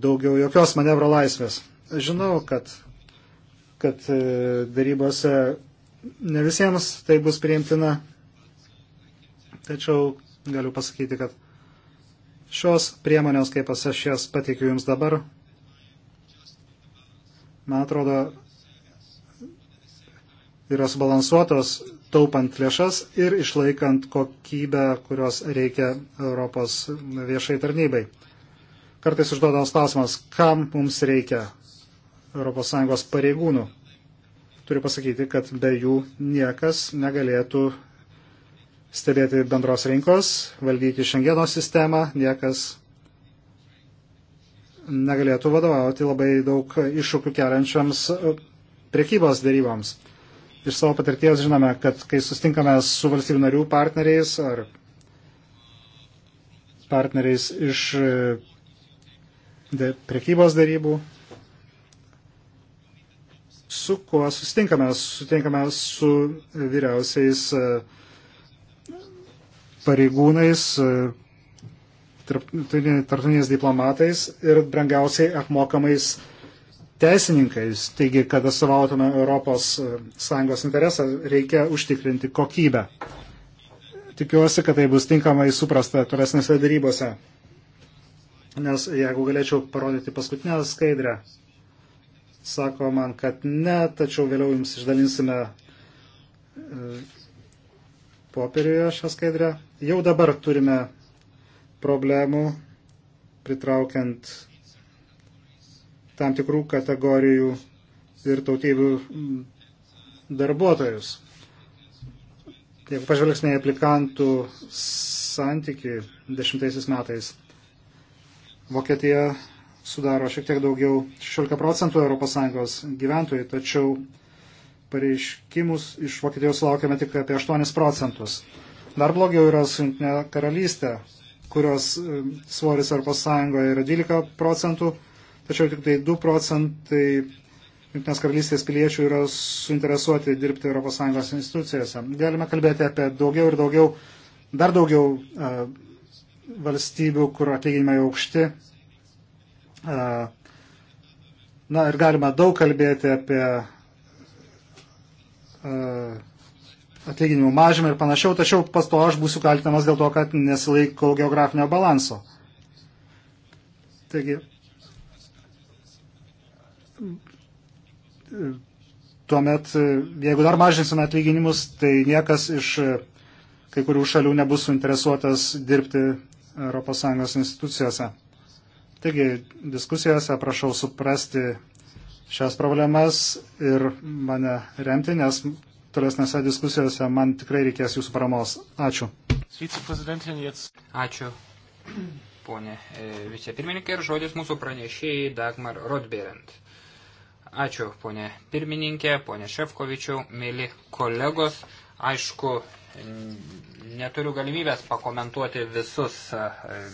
daugiau jokios manevro laisvės. Žinau, kad, kad e, darybose ne visiems tai bus priimtina, tačiau galiu pasakyti, kad šios priemonės, kaip aš jas pateikiu Jums dabar, man atrodo, yra subalansuotos taupant lėšas ir išlaikant kokybę, kurios reikia Europos viešai tarnybai kartais užduodamas klausimas, kam mums reikia ES pareigūnų. Turiu pasakyti, kad be jų niekas negalėtų stebėti bendros rinkos, valdyti šengeno sistemą, niekas negalėtų vadovauti labai daug iššūkių keliančiams e, priekybos dėryboms. Iš savo patirties žinome, kad kai sustinkame su valstybių narių partneriais ar partneriais iš e, priekybos darybų, su kuo susitinkame. Sutinkame su vyriausiais e, pareigūnais, e, tarptautiniais diplomatais ir brangiausiai apmokamais teisininkais. Taigi, kad atstovautume ES e, interesą, reikia užtikrinti kokybę. Tikiuosi, kad tai bus tinkamai suprasta tolesnėse darybose. Nes jeigu galėčiau parodyti paskutinę skaidrę, sako man, kad ne, tačiau vėliau jums išdalinsime e, popieriuje šią skaidrę. Jau dabar turime problemų pritraukiant tam tikrų kategorijų ir tautybių darbuotojus. Jeigu pažvelgsime į aplikantų santyki dešimtaisiais metais, Vokietija sudaro šiek tiek daugiau 16 procentų ES gyventojų, tačiau pareiškimus iš Vokietijos laukiame tik apie 8 procentus. Dar blogiau yra su Junktinė karalystė, kurios svoris ES yra 12 procentų, tačiau tik tai 2 procentai Junktinės karalystės piliečių yra suinteresuoti dirbti ES institucijose. Galime kalbėti apie daugiau ir daugiau, dar daugiau e, valstybių, kur atlyginimai aukšti. Na ir galima daug kalbėti apie atlyginimų mažymą ir panašiau, tačiau pas to aš būsiu kaltinamas dėl to, kad nesilaikau geografinio balanso. Taigi, tuomet, jeigu dar mažinsime atlyginimus, tai niekas iš kai kurių šalių nebus suinteresuotas dirbti ES institucijose. Taigi diskusijose prašau suprasti šias problemas ir mane remti, nes tolesnėse diskusijose man tikrai reikės jūsų paramos. Ačiū. Ačiū. Pone vicepirmininkė ir žodis mūsų pranešėjai Dagmar Rodberent. Ačiū, ponė pirmininkė, ponė Šefkovičiau, mėly kolegos. Aišku, Neturiu galimybės pakomentuoti visus e,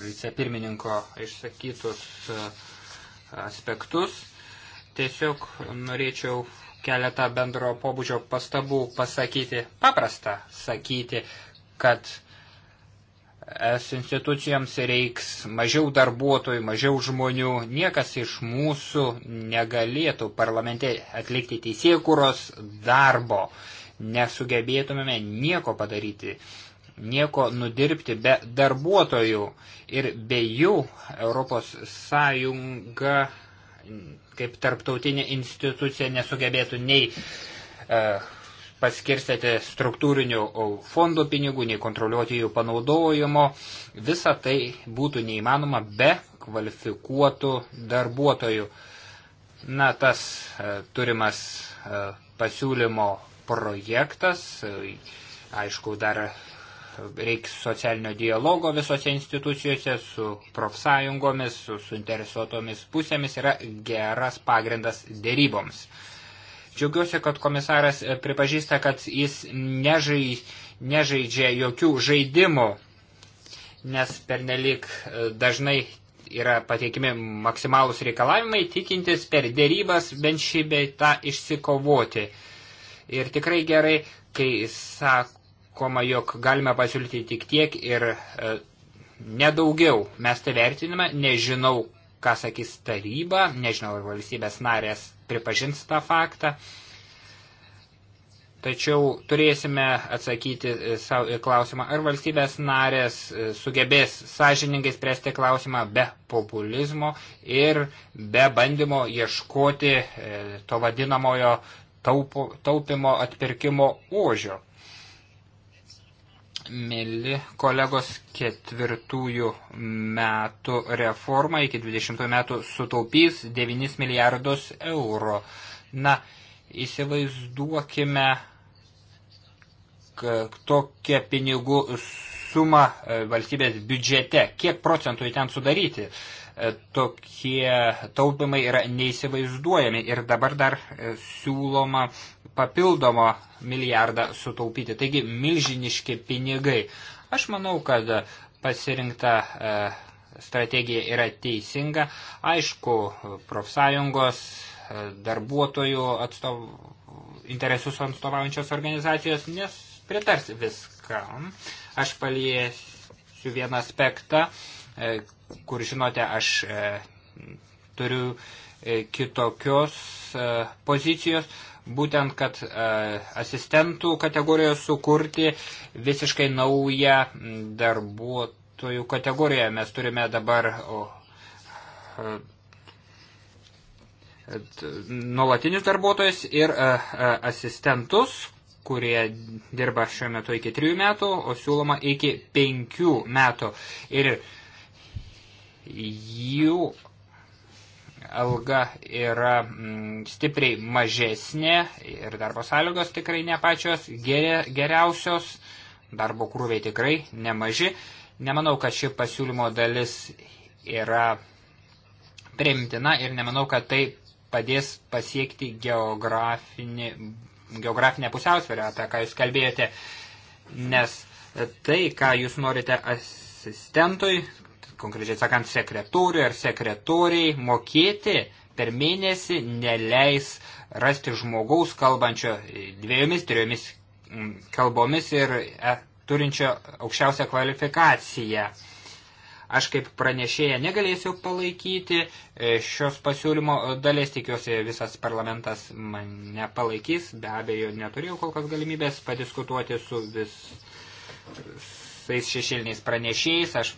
vicepirmininko išsakytus e, aspektus. Tiesiog norėčiau keletą bendro pobūdžio pastabų pasakyti. Paprasta sakyti, kad es institucijoms reiks mažiau darbuotojų, mažiau žmonių. Niekas iš mūsų negalėtų parlamente atlikti teisėkuros darbo nesugebėtumėme nieko padaryti, nieko nudirbti be darbuotojų ir be jų Europos Sąjunga kaip tarptautinė institucija nesugebėtų nei e, paskirstyti struktūrinių fondų pinigų, nei kontroliuoti jų panaudojimo. Visa tai būtų neįmanoma be kvalifikuotų darbuotojų. Na, tas e, turimas e, pasiūlymo projektas. Aišku, dar reiks socialinio dialogo visose institucijose su profsąjungomis, su suinteresuotomis pusėmis yra geras pagrindas dėryboms. Džiaugiuosi, kad komisaras pripažįsta, kad jis nežai, nežaidžia jokių žaidimų, nes pernelik dažnai yra pateikimi maksimalūs reikalavimai, tikintis per dėrybas bent šį bei tą išsikovoti. Ir tikrai gerai, kai sakoma, jog galime pasiūlyti tik tiek ir e, nedaugiau. Mes tai vertiname, nežinau, ką sakys taryba, nežinau, ar valstybės narės pripažins tą faktą. Tačiau turėsime atsakyti e, savo e, klausimą, ar valstybės narės e, sugebės sąžiningai spręsti klausimą be populizmo ir be bandymo ieškoti to vadinamojo taupo, taupimo atpirkimo ožio. Mili kolegos, ketvirtųjų metų reforma iki 20 metų sutaupys 9 milijardus eurų. Na, įsivaizduokime tokią pinigų sumą e, valstybės biudžete. Kiek procentų į ten sudaryti? Uh, tokie taupimai yra neįsivaizduojami ir dabar dar e, siūloma papildomą milijardą sutaupyti. Taigi milžiniški pinigai. Aš manau, kad pasirinkta e, strategija yra teisinga. Aišku, profsąjungos e, darbuotojų atstov... interesus atstovaujančios organizacijos nes pritars viskam. Aš paliesiu vieną aspektą. Uh, E, kur žinote, aš e, turiu e, kitokios pozicijos, būtent, kad asistentų kategorijoje sukurti visiškai naują darbuotojų kategoriją. Mes turime dabar nuolatinius darbuotojus ir asistentus, kurie dirba šiuo metu iki 3 metų, o siūloma iki 5 metų. Ir uh, jų alga yra mm, stipriai mažesnė ir darbo sąlygos tikrai ne pačios geriausios, darbo krūviai tikrai nemaži. Nemanau, kad ši pasiūlymo dalis yra primtina ir nemanau, kad tai padės pasiekti geografinį, geografinę pusiausvyrą, apie ką jūs kalbėjote, nes tai, ką jūs norite asistentui, konkrečiai sakant, sekretoriui ar sekretoriai mokėti per mėnesį neleis rasti žmogaus kalbančio dviejomis, trijomis mm, kalbomis ir e, turinčio aukščiausią kvalifikaciją. Aš kaip pranešėja negalėsiu palaikyti e, šios pasiūlymo dalies, tikiuosi visas parlamentas mane palaikys, be abejo neturėjau kol kas galimybės padiskutuoti su visais šešiliniais pranešėjais, aš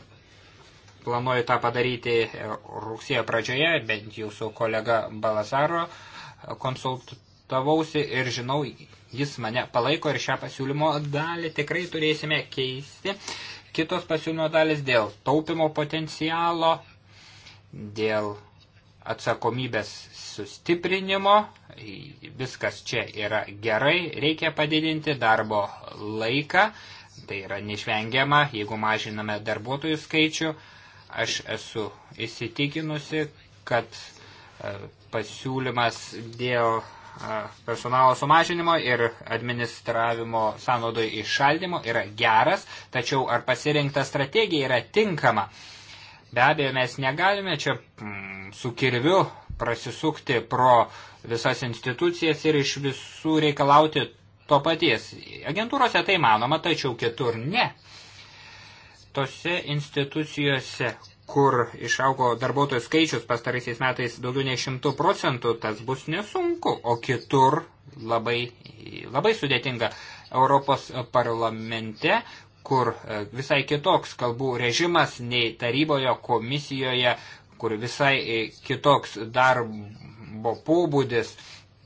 planuoju tą padaryti e, rugsėjo pradžioje, bent jau su kolega Balazaro e, konsultavausi ir žinau, jis mane palaiko ir šią pasiūlymo dalį tikrai turėsime keisti. Kitos pasiūlymo dalis dėl taupimo potencialo, dėl atsakomybės sustiprinimo, viskas čia yra gerai, reikia padidinti darbo laiką, tai yra neišvengiama, jeigu mažiname darbuotojų skaičių, Aš esu įsitikinusi, kad e, pasiūlymas dėl e, personalo sumažinimo ir administravimo sąnaudų iššaldimo yra geras, tačiau ar pasirinkta strategija yra tinkama. Be abejo, mes negalime čia mm, su kirviu prasisukti pro visas institucijas ir iš visų reikalauti to paties. Agentūrose tai manoma, tačiau kitur ne tose institucijose, kur išaugo darbuotojų skaičius pastaraisiais metais daugiau nei šimtų procentų, tas bus nesunku, o kitur labai, labai sudėtinga. Europos parlamente, kur e, visai kitoks kalbų režimas nei taryboje, komisijoje, kur visai e, kitoks darbo pobūdis,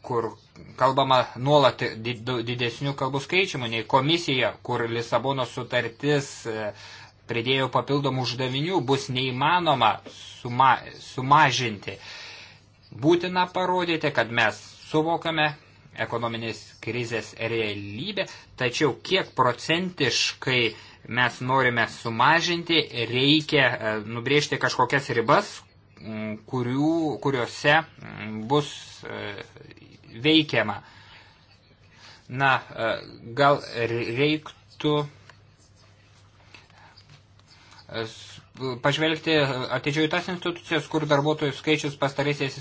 kur kalbama nuolat didesnių kalbų skaičiumų nei komisija, kur Lisabono sutartis e, pridėjo papildomų uždavinių, bus neįmanoma suma, sumažinti. Būtina parodyti, kad mes suvokame ekonominės krizės realybę, tačiau kiek procentiškai mes norime sumažinti, reikia e, nubrėžti kažkokias ribas, kurių, kuriuose bus e, veikiama. Na, e, gal reiktų pažvelgti atidžiau į tas institucijas, kur darbuotojų skaičius pastaraisiais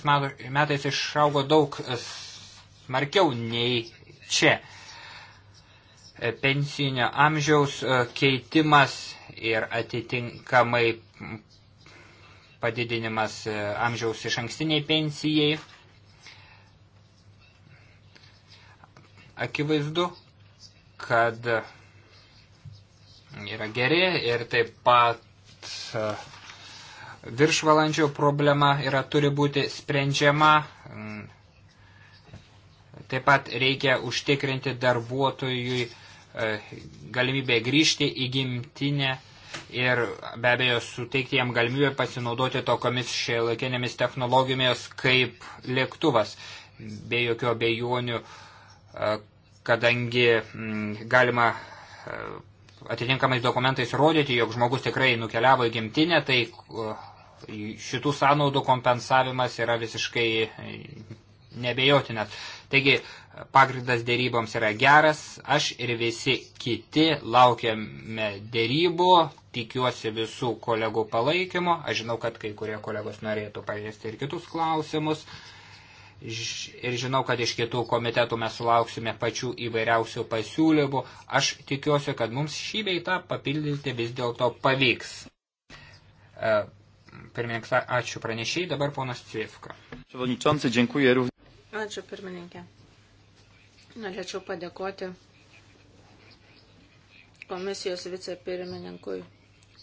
metais išaugo daug smarkiau nei čia. E, pensinio amžiaus e, keitimas ir atitinkamai padidinimas e, amžiaus iš ankstiniai pensijai. Akivaizdu, kad yra geri ir taip pat e, viršvalandžio problema yra turi būti sprendžiama. Mm. Taip pat reikia užtikrinti darbuotojui e, galimybę grįžti į gimtinę ir be abejo suteikti jam galimybę pasinaudoti tokomis šiolaikinėmis technologijomis kaip lėktuvas, be jokių abejonių, e, kadangi mm, galima atitinkamais dokumentais rodyti, jog žmogus tikrai nukeliavo į gimtinę, tai uh, šitų sąnaudų kompensavimas yra visiškai uh, nebejotinas. Taigi pagrindas dėryboms yra geras, aš ir visi kiti laukiame dėrybų, tikiuosi visų kolegų palaikymo, aš žinau, kad kai kurie kolegos norėtų paliesti ir kitus klausimus ir žinau, kad iš kitų komitetų mes sulauksime pačių įvairiausių pasiūlymų. Aš tikiuosi, kad mums šį beitą papildyti vis dėlto pavyks. E, pirmininkas, ačiū pranešiai, dabar ponas Cvifka. Ačiū pirmininkė. Norėčiau padėkoti komisijos vicepirmininkui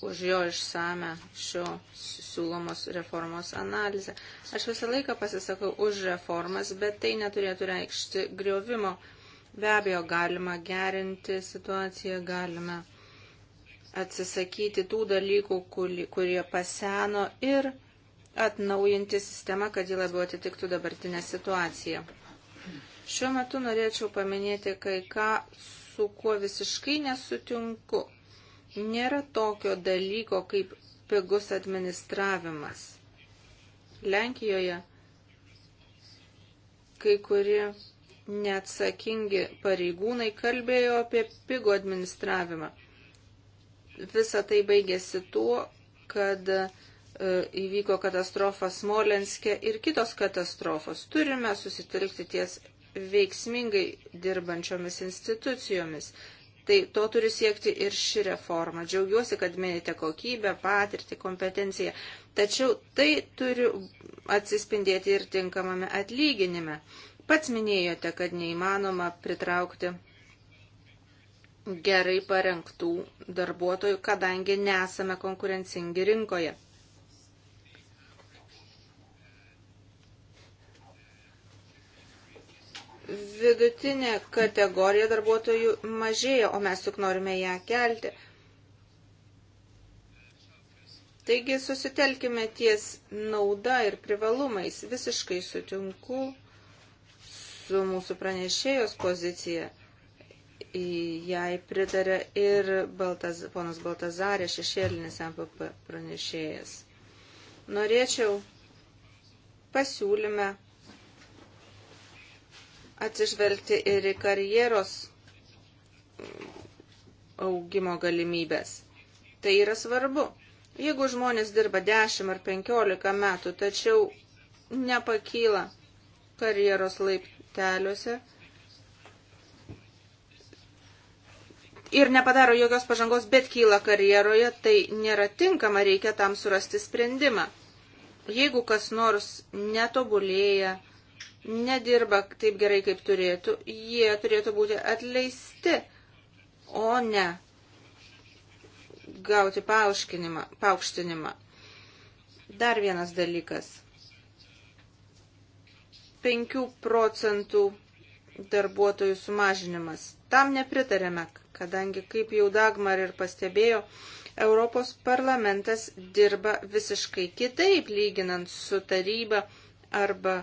už jo išsame šio siūlomos reformos analizę. Aš visą laiką pasisakau už reformas, bet tai neturėtų reikšti griovimo. Be abejo, galima gerinti situaciją, galime atsisakyti tų dalykų, kurie paseno ir atnaujinti sistemą, kad ji labiau atitiktų dabartinę situaciją. Šiuo metu norėčiau paminėti kai ką, su kuo visiškai nesutinku Nėra tokio dalyko kaip pigus administravimas. Lenkijoje kai kurie neatsakingi pareigūnai kalbėjo apie pigų administravimą. Visa tai baigėsi tuo, kad e, įvyko katastrofa Smolenske ir kitos katastrofos. Turime susitelkti ties veiksmingai dirbančiomis institucijomis. Tai to turi siekti ir ši reforma. Džiaugiuosi, kad minite kokybę, patirtį, kompetenciją. Tačiau tai turi atsispindėti ir tinkamame atlyginime. Pats minėjote, kad neįmanoma pritraukti gerai parengtų darbuotojų, kadangi nesame konkurencingi rinkoje. vidutinė kategorija darbuotojų mažėja, o mes juk norime ją kelti. Taigi susitelkime ties nauda ir privalumais. Visiškai sutinku su mūsų pranešėjos pozicija. Jai pritarė ir Baltaz, ponas Baltazarė, šešėlinis MPP pranešėjas. Norėčiau pasiūlyme atsižvelgti ir į karjeros mm, augimo galimybės. Tai yra svarbu. Jeigu žmonės dirba 10 ar 15 metų, tačiau nepakyla karjeros laipteliuose ir nepadaro jokios pažangos, bet kyla karjeroje, tai nėra tinkama, reikia tam surasti sprendimą. Jeigu kas nors netobulėja, nedirba taip gerai, kaip turėtų, jie turėtų būti atleisti, o ne gauti paaukštinimą. Dar vienas dalykas. 5 procentų darbuotojų sumažinimas. Tam nepritarėme, kadangi, kaip jau Dagmar ir pastebėjo, Europos parlamentas dirba visiškai kitaip lyginant su taryba arba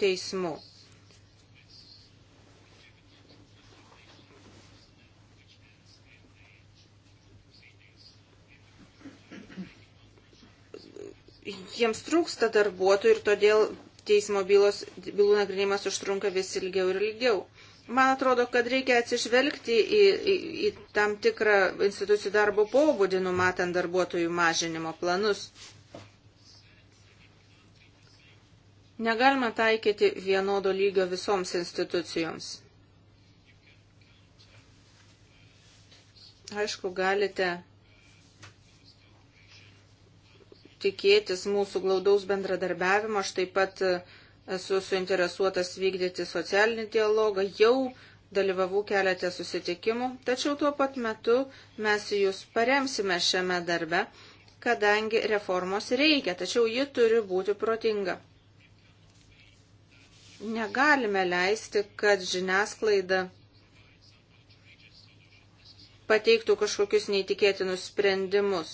teismu. Jiems trūksta darbuotojų ir todėl teismo bylos, bylų nagrinėjimas užtrunka vis ilgiau ir ilgiau. Man atrodo, kad reikia atsižvelgti į, į, į tam tikrą institucijų darbo pobūdį, numatant darbuotojų mažinimo planus. Negalima taikyti vienodo lygio visoms institucijoms. Aišku, galite tikėtis mūsų glaudaus bendradarbiavimo. Aš taip pat esu suinteresuotas vykdyti socialinį dialogą. Jau dalyvavau keletę susitikimų, tačiau tuo pat metu mes jūs paremsime šiame darbe, kadangi reformos reikia, tačiau ji turi būti protinga. Negalime leisti, kad žiniasklaida pateiktų kažkokius neįtikėtinus sprendimus.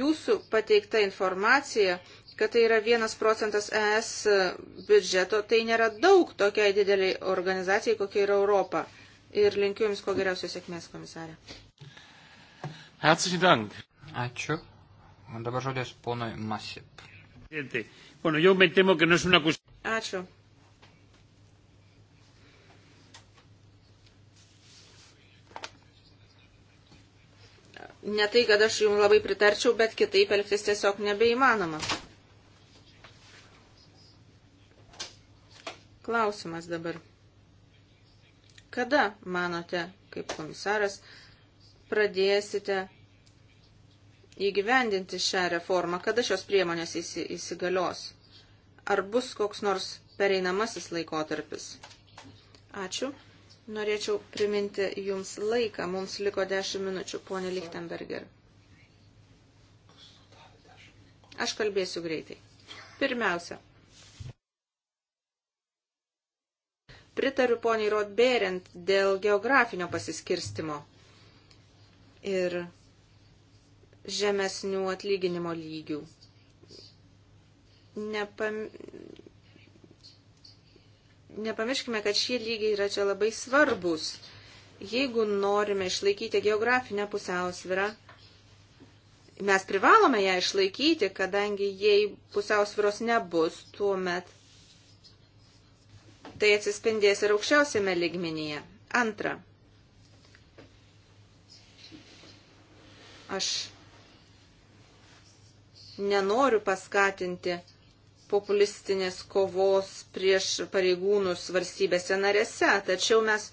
Jūsų pateikta informacija, kad tai yra vienas procentas ES biudžeto, tai nėra daug tokiai dideliai organizacijai, kokia yra Europa. Ir linkiu Jums ko geriausios sėkmės, komisarė. Herzlichen Dank. Ačiū. Dabar žodis ponui Masip. Ačiū. Ne tai, kad aš jums labai pritarčiau, bet kitaip elgtis tiesiog nebeįmanoma. Klausimas dabar. Kada, manote, kaip komisaras, pradėsite įgyvendinti šią reformą, kada šios priemonės įsigalios? Ar bus koks nors pereinamasis laikotarpis? Ačiū. Norėčiau priminti Jums laiką. Mums liko 10 minučių, ponė Lichtenberger. Aš kalbėsiu greitai. Pirmiausia. Pritariu poniai Rodbėrent dėl geografinio pasiskirstimo. Ir žemesnių atlyginimo lygių. Nepam... Nepamirškime, kad šie lygiai yra čia labai svarbus. Jeigu norime išlaikyti geografinę pusiausvyrą, mes privalome ją išlaikyti, kadangi jei pusiausvyros nebus, tuomet tai atsispindės ir aukščiausiame ligmenyje. Antra. Aš nenoriu paskatinti populistinės kovos prieš pareigūnus valstybėse narėse, tačiau mes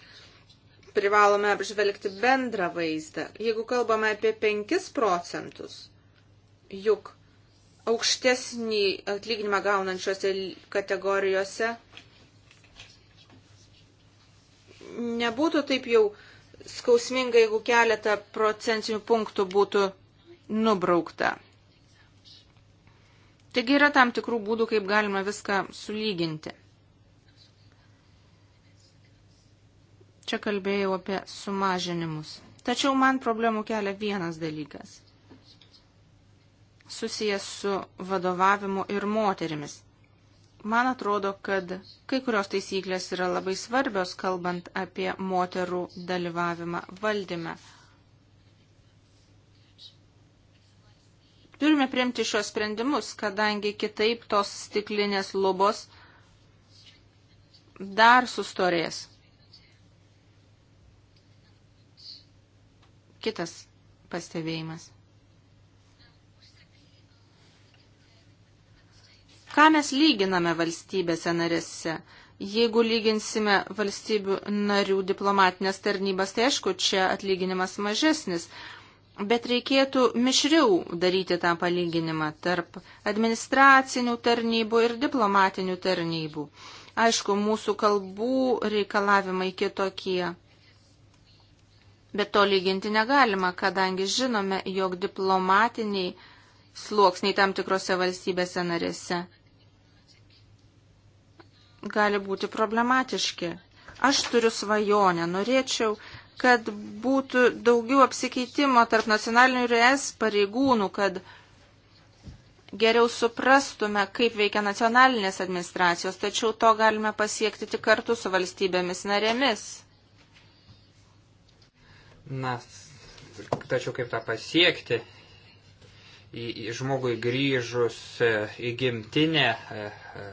privalome apžvelgti bendrą vaizdą. Jeigu kalbame apie 5 procentus, juk aukštesnį atlyginimą gaunančiose kategorijose nebūtų taip jau skausminga, jeigu keletą procentinių punktų būtų nubraukta. Taigi yra tam tikrų būdų, kaip galima viską sulyginti. Čia kalbėjau apie sumažinimus. Tačiau man problemų kelia vienas dalykas. Susijęs su vadovavimu ir moterimis. Man atrodo, kad kai kurios taisyklės yra labai svarbios, kalbant apie moterų dalyvavimą valdyme. Turime priimti šios sprendimus, kadangi kitaip tos stiklinės lubos dar sustorės. Kitas pastebėjimas. Ką mes lyginame valstybėse narėse? Jeigu lyginsime valstybių narių diplomatinės tarnybas, tai aišku, čia atlyginimas mažesnis. Bet reikėtų mišriau daryti tą palyginimą tarp administracinių tarnybų ir diplomatinių tarnybų. Aišku, mūsų kalbų reikalavimai kitokie. Bet to lyginti negalima, kadangi žinome, jog diplomatiniai sluoksniai tam tikrose valstybėse narėse gali būti problematiški. Aš turiu svajonę, norėčiau kad būtų daugiau apsikeitimo tarp nacionalinių ir ES pareigūnų, kad geriau suprastume, kaip veikia nacionalinės administracijos, tačiau to galime pasiekti tik kartu su valstybėmis narėmis. Na, tačiau kaip tą pasiekti? Į, į žmogui grįžus e, į gimtinę e, e,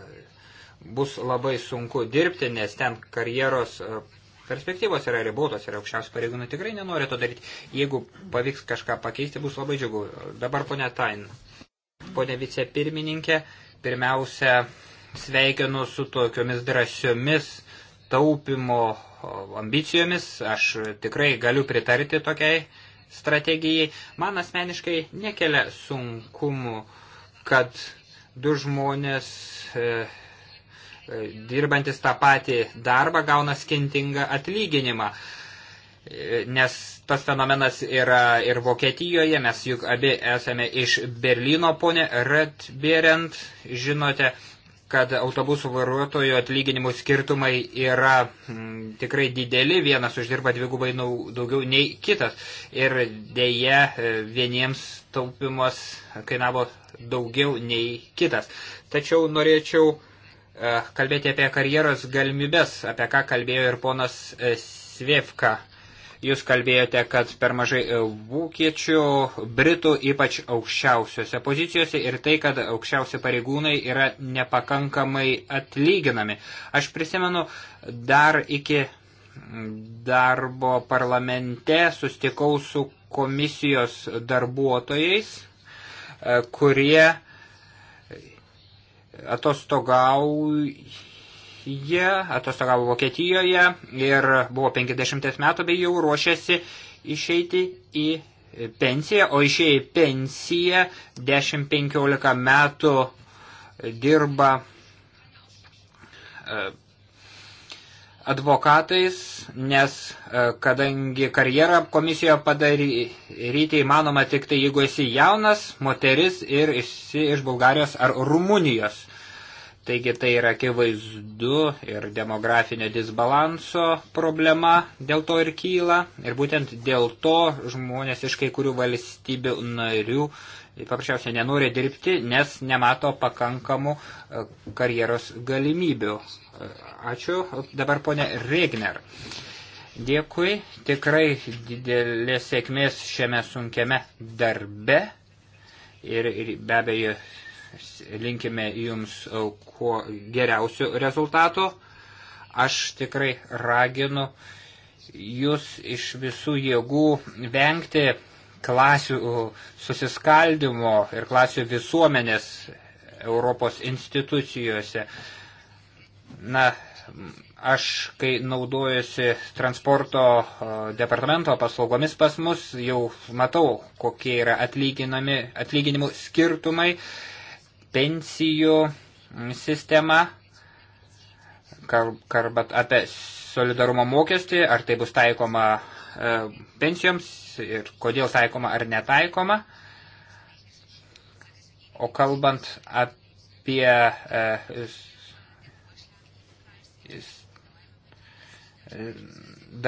bus labai sunku dirbti, nes ten karjeros perspektyvos yra ribotos ir aukščiausių pareigūnų tikrai nenori to daryti. Jeigu pavyks kažką pakeisti, bus labai džiugu. Dabar ponia Tain. Pone vicepirmininkė, pirmiausia, sveikinu su tokiomis drąsiomis taupimo ambicijomis. Aš tikrai galiu pritarti tokiai strategijai. Man asmeniškai nekelia sunkumų, kad du žmonės. E, E, dirbantis tą patį darbą gauna skintingą atlyginimą. E, nes tas fenomenas yra ir Vokietijoje, mes juk abi esame iš Berlyno, ponė Redberent, žinote, kad autobusų vairuotojų atlyginimų skirtumai yra m, mm, tikrai dideli, vienas uždirba dvigubai daugiau nei kitas. Ir dėje e, vieniems taupimas kainavo daugiau nei kitas. Tačiau norėčiau E, kalbėti apie karjeros galimybės, apie ką kalbėjo ir ponas e, Svievka. Jūs kalbėjote, kad per mažai e, vokiečių, britų, ypač aukščiausiose pozicijose ir tai, kad aukščiausi pareigūnai yra nepakankamai atlyginami. Aš prisimenu, dar iki darbo parlamente sustikau su komisijos darbuotojais, kurie atostogauja, atostogavo Vokietijoje ir buvo 50 metų bei jau ruošiasi išeiti į pensiją, o išėjai pensiją 10-15 metų dirba e, advokatais, nes e, kadangi karjerą komisijoje padaryti įmanoma tik tai, jeigu esi jaunas, moteris ir esi iš Bulgarijos ar Rumunijos. Taigi tai yra akivaizdu ir demografinio disbalanso problema dėl to ir kyla. Ir būtent dėl to žmonės iš kai kurių valstybių narių paprasčiausiai nenori dirbti, nes nemato pakankamų e, karjeros galimybių. E, ačiū. Dabar ponė Regner. Dėkui. Tikrai didelės sėkmės šiame sunkiame darbe. Ir, ir be abejo linkime jums e, kuo geriausių rezultatų. Aš tikrai raginu jūs iš visų jėgų vengti klasių susiskaldimo ir klasių visuomenės Europos institucijose. Na, aš, kai naudojusi transporto departamento paslaugomis pas mus, jau matau, kokie yra atlyginimų skirtumai, pensijų sistema, kalbant apie solidarumo mokestį, ar tai bus taikoma E, pensijoms ir kodėl taikoma ar netaikoma. O kalbant apie e,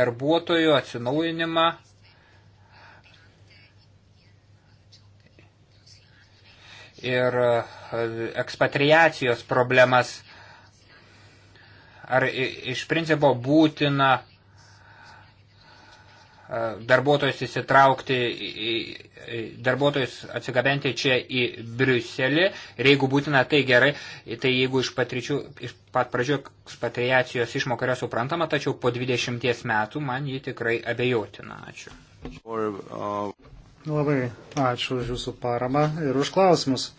darbuotojų atsinaujinimą, ir e, ekspatriacijos problemas, ar iš principo būtina E, darbuotojus įsitraukti, darbuotojus atsigabenti čia į Briuselį ir jeigu būtina, tai gerai, tai jeigu iš, patričių, iš pat pradžio ekspatriacijos išmoka yra suprantama, tačiau po 20 metų man ji tikrai abejotina. Ačiū. Uh, Labai ačiū už Jūsų paramą ir už klausimus.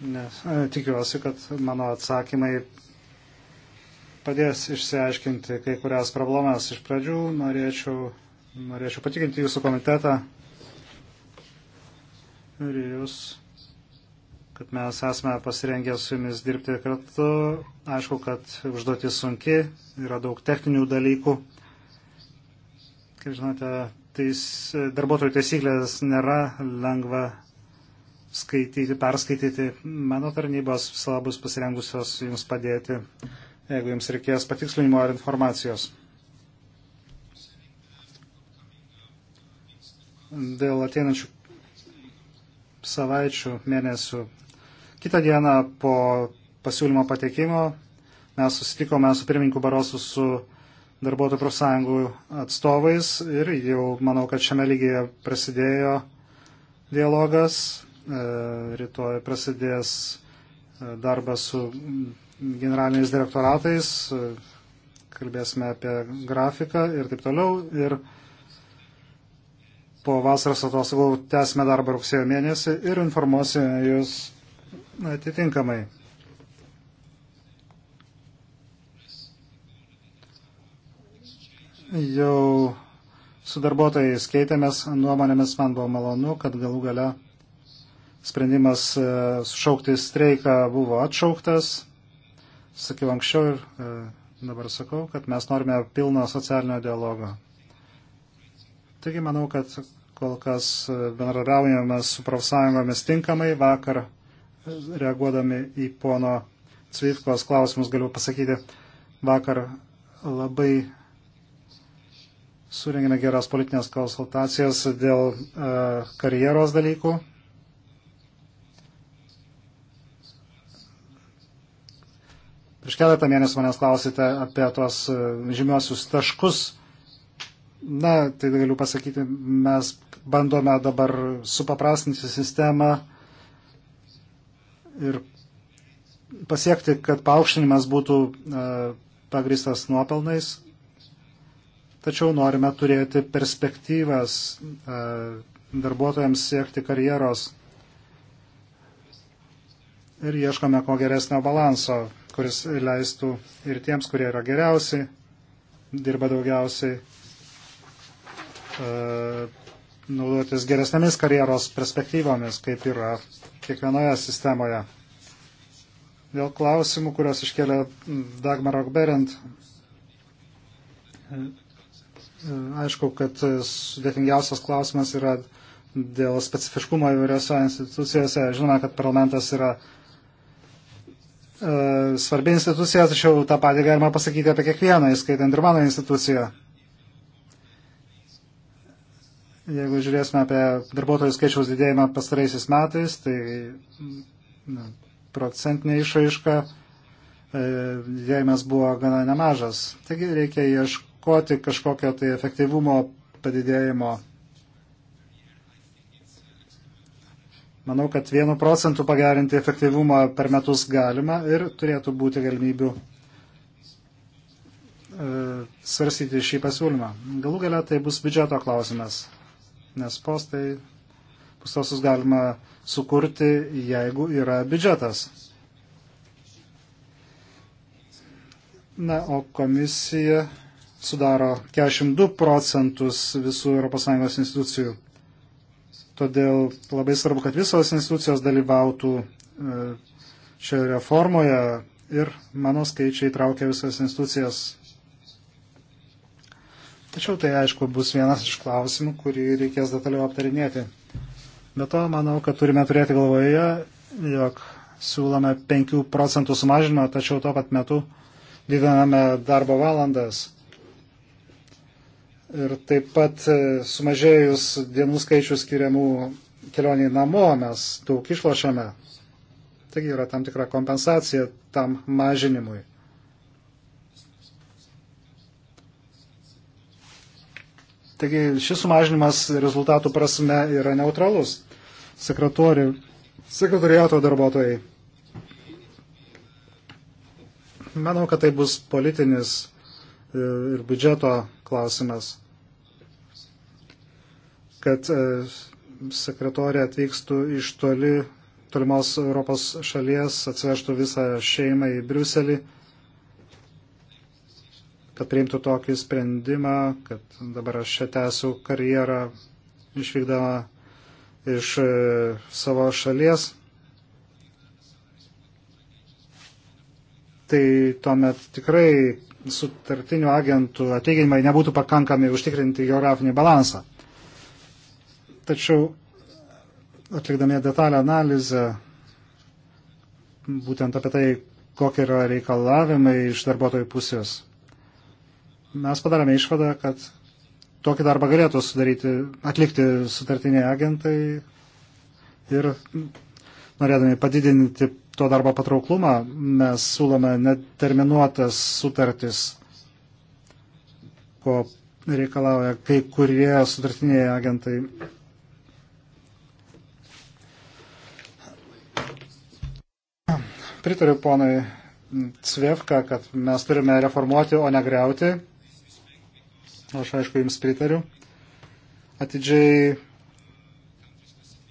Nes e, tikiuosi, kad mano atsakymai padės išsiaiškinti kai kurias problemas. Iš pradžių norėčiau, norėčiau patikinti jūsų komitetą ir jūs, kad mes esame pasirengę su jumis dirbti kartu. Aišku, kad užduotis sunki, yra daug techninių dalykų. Kaip žinote, teis, darbuotojų taisyklės nėra lengva skaityti, perskaityti. Mano tarnybos visada bus pasirengusios jums padėti jeigu jums reikės patikslinimo ar informacijos. Dėl ateinančių savaičių, mėnesių. Kita diena po pasiūlymo pateikimo mes susitikome su pirmininku Barosu su darbuotojų profsąjungų atstovais ir jau manau, kad šiame lygyje prasidėjo dialogas, e, rytoj prasidės e, darbas su generaliniais direktoratais, kalbėsime apie grafiką ir taip toliau. Ir po vasaros atostogų tęsime darbą rugsėjo mėnesį ir informuosime jūs atitinkamai. Jau su darbuotojais keitėmės nuomonėmis, man buvo malonu, kad galų gale sprendimas e, sušaukti streiką buvo atšauktas sakiau anksčiau ir e, dabar sakau, kad mes norime pilno socialinio dialogo. Taigi manau, kad kol kas e, bendraraujame su profsąjungomis tinkamai. Vakar e, reaguodami į pono Cvitkos klausimus galiu pasakyti, vakar labai surengėme geras politinės konsultacijas dėl e, karjeros dalykų Prieš keletą mėnesių manęs klausėte apie tos e, žymiosius taškus. Na, tai galiu pasakyti, mes bandome dabar supaprastinti sistemą ir pasiekti, kad paaukštinimas būtų e, pagristas nuopelnais, tačiau norime turėti perspektyvas e, darbuotojams siekti karjeros ir ieškome ko geresnio balanso, kuris leistų ir tiems, kurie yra geriausi, dirba daugiausiai, e, naudotis geresnėmis karjeros perspektyvomis, kaip yra kiekvienoje sistemoje. Dėl klausimų, kuriuos iškėlė Dagmar Okberent, e, aišku, kad sudėtingiausias klausimas yra dėl specifiškumo įvairiose institucijose. Žinoma, kad parlamentas yra E, svarbi institucija, tačiau tą patį galima pasakyti apie kiekvieną, įskaitant ir mano instituciją. Jeigu žiūrėsime apie darbuotojų skaičiaus didėjimą pastaraisiais metais, tai na, procentinė išraiška e, didėjimas buvo gana nemažas. Taigi reikia ieškoti kažkokio tai efektyvumo padidėjimo Manau, kad vienu procentu pagerinti efektyvumą per metus galima ir turėtų būti galimybių e, svarstyti šį pasiūlymą. Galų gale tai bus biudžeto klausimas, nes postai pustosus galima sukurti, jeigu yra biudžetas. Na, o komisija sudaro 42 procentus visų ES institucijų. Todėl labai svarbu, kad visos institucijos dalyvautų e, šioje reformoje ir mano skaičiai traukia visas institucijas. Tačiau tai aišku bus vienas iš klausimų, kurį reikės detaliau aptarinėti. Be to, manau, kad turime turėti galvoje, jog siūlome 5 procentų sumažinimą, tačiau tuo pat metu didiname darbo valandas. Ir taip pat e, sumažėjus dienų skaičių skiriamų kelioniai namo mes daug išlošiame. Taigi yra tam tikra kompensacija tam mažinimui. Taigi šis sumažinimas rezultatų prasme yra neutralus. Sekretori, sekretoriato darbuotojai. Manau, kad tai bus politinis e, ir biudžeto klausimas, kad e, sekretorė atvykstų iš toli, tolimos Europos šalies, atsivežtų visą šeimą į Briuselį, kad priimtų tokį sprendimą, kad dabar aš čia tęsiu karjerą išvykdama iš e, savo šalies. Tai tuomet tikrai sutartinių agentų atlyginimai nebūtų pakankami užtikrinti geografinį balansą. Tačiau atlikdami detalę analizę, būtent apie tai, kokie yra reikalavimai iš darbuotojų pusės, mes padarėme išvadą, kad tokį darbą galėtų sudaryti, atlikti sutartiniai agentai ir norėdami padidinti to darbo patrauklumą, mes siūlome neterminuotas sutartis, ko reikalauja kai kurie sutartiniai agentai. Pritariu ponui Cvevka, kad mes turime reformuoti, o ne greuti. Aš aišku, jums pritariu. Atidžiai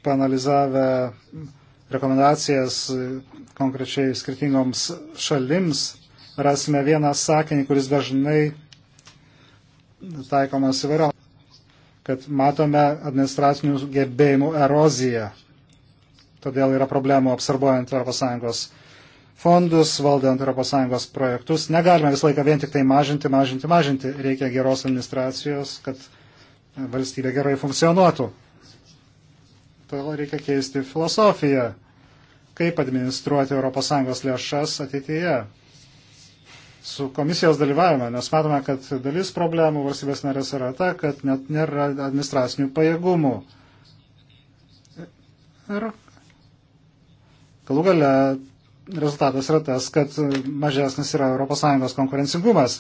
panalizavę rekomendacijas konkrečiai skirtingoms šalims, rasime vieną sakinį, kuris dažnai taikomas įvairiom, kad matome administracinių gebėjimų eroziją. Todėl yra problemų apsarbuojant ES fondus, valdant ES projektus. Negalime visą laiką vien tik tai mažinti, mažinti, mažinti. Reikia geros administracijos, kad valstybė gerai funkcionuotų todėl reikia keisti filosofiją, kaip administruoti ES lėšas ateityje su komisijos dalyvavimą, nes matome, kad dalis problemų valstybės narės yra ta, kad net nėra administracinių pajėgumų. Ir galų gale rezultatas yra tas, kad mažesnis yra ES konkurencingumas.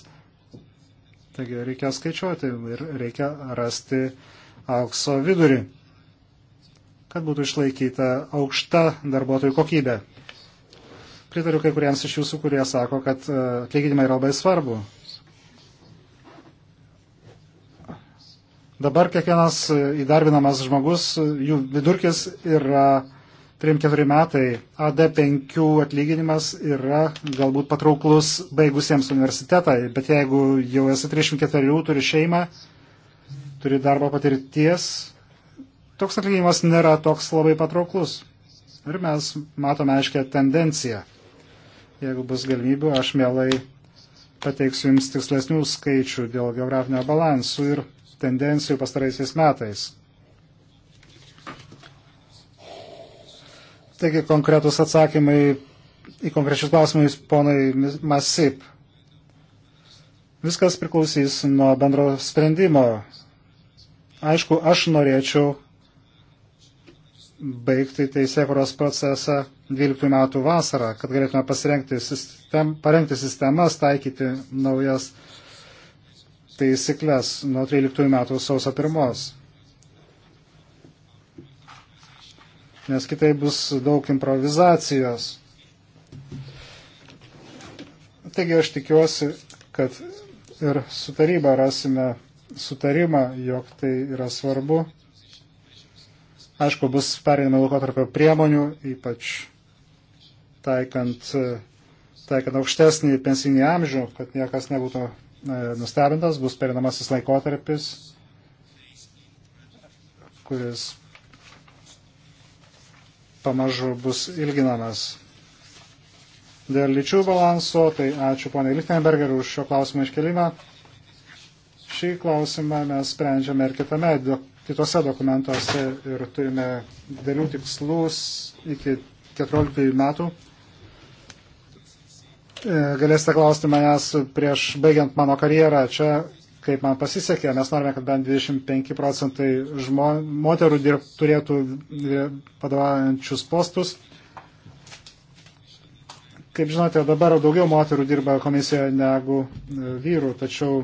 Taigi reikia skaičiuoti ir reikia rasti aukso vidurį kad būtų išlaikyta aukšta darbuotojų kokybė. Pritariu kai kuriems iš jūsų, kurie sako, kad e, atlyginimai yra labai svarbu. Dabar kiekvienas įdarbinamas žmogus, jų vidurkis yra 3-4 metai, AD5 atlyginimas yra galbūt patrauklus baigusiems universitetą, bet jeigu jau esi 34, turi šeimą, turi darbo patirties, Toks atlyginimas nėra toks labai patrauklus. Ir mes matome aiškę tendenciją. Jeigu bus galimybių, aš mielai pateiksiu Jums tikslesnių skaičių dėl geografinio balansų ir tendencijų pastaraisiais metais. Taigi konkretus atsakymai į konkrečius klausimus, ponai Masip. Viskas priklausys nuo bendro sprendimo. Aišku, aš norėčiau baigti teisėkuros procesą 12 metų vasarą, kad galėtume sistem, parengti sistemas, taikyti naujas taisyklės nuo 13 metų sauso pirmos. Nes kitai bus daug improvizacijos. Taigi aš tikiuosi, kad ir su taryba rasime sutarimą, jog tai yra svarbu Aišku, bus pereinimo laikotarpio priemonių, ypač taikant, e, taikant aukštesnį pensinį amžių, kad niekas nebūtų e, nustebintas, bus perinamasis laikotarpis, kuris pamažu bus ilginamas. Dėl lyčių balanso, tai ačiū poniai Lichtenberger už šio klausimo iškelimą. Šį klausimą mes sprendžiame ir kitame dok kitose dokumentuose ir turime dėlių tikslus iki 14 metų. E, galėsite klausti manęs prieš baigiant mano karjerą čia, kaip man pasisekė. Mes norime, kad bent 25 procentai žmo, moterų dirb, turėtų vadovaujančius postus. Kaip žinote, dabar daugiau moterų dirba komisijoje negu e, vyrų, tačiau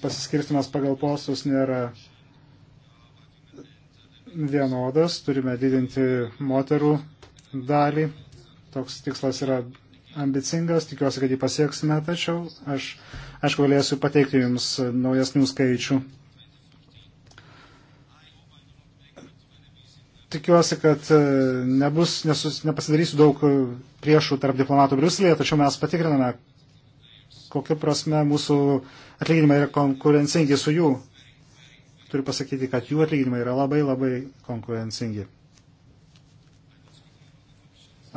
pasiskirstimas pagal postus nėra vienodas, turime didinti moterų dalį. Toks tikslas yra ambicingas, tikiuosi, kad jį pasieksime, tačiau aš, aš galėsiu pateikti Jums naujesnių skaičių. Tikiuosi, kad e, nebus, nesus, nepasidarysiu daug priešų tarp diplomatų Briuselėje, tačiau mes patikriname, kokia prasme mūsų atlyginimai yra konkurencingi su jų turiu pasakyti, kad jų atlyginimai yra labai labai konkurencingi.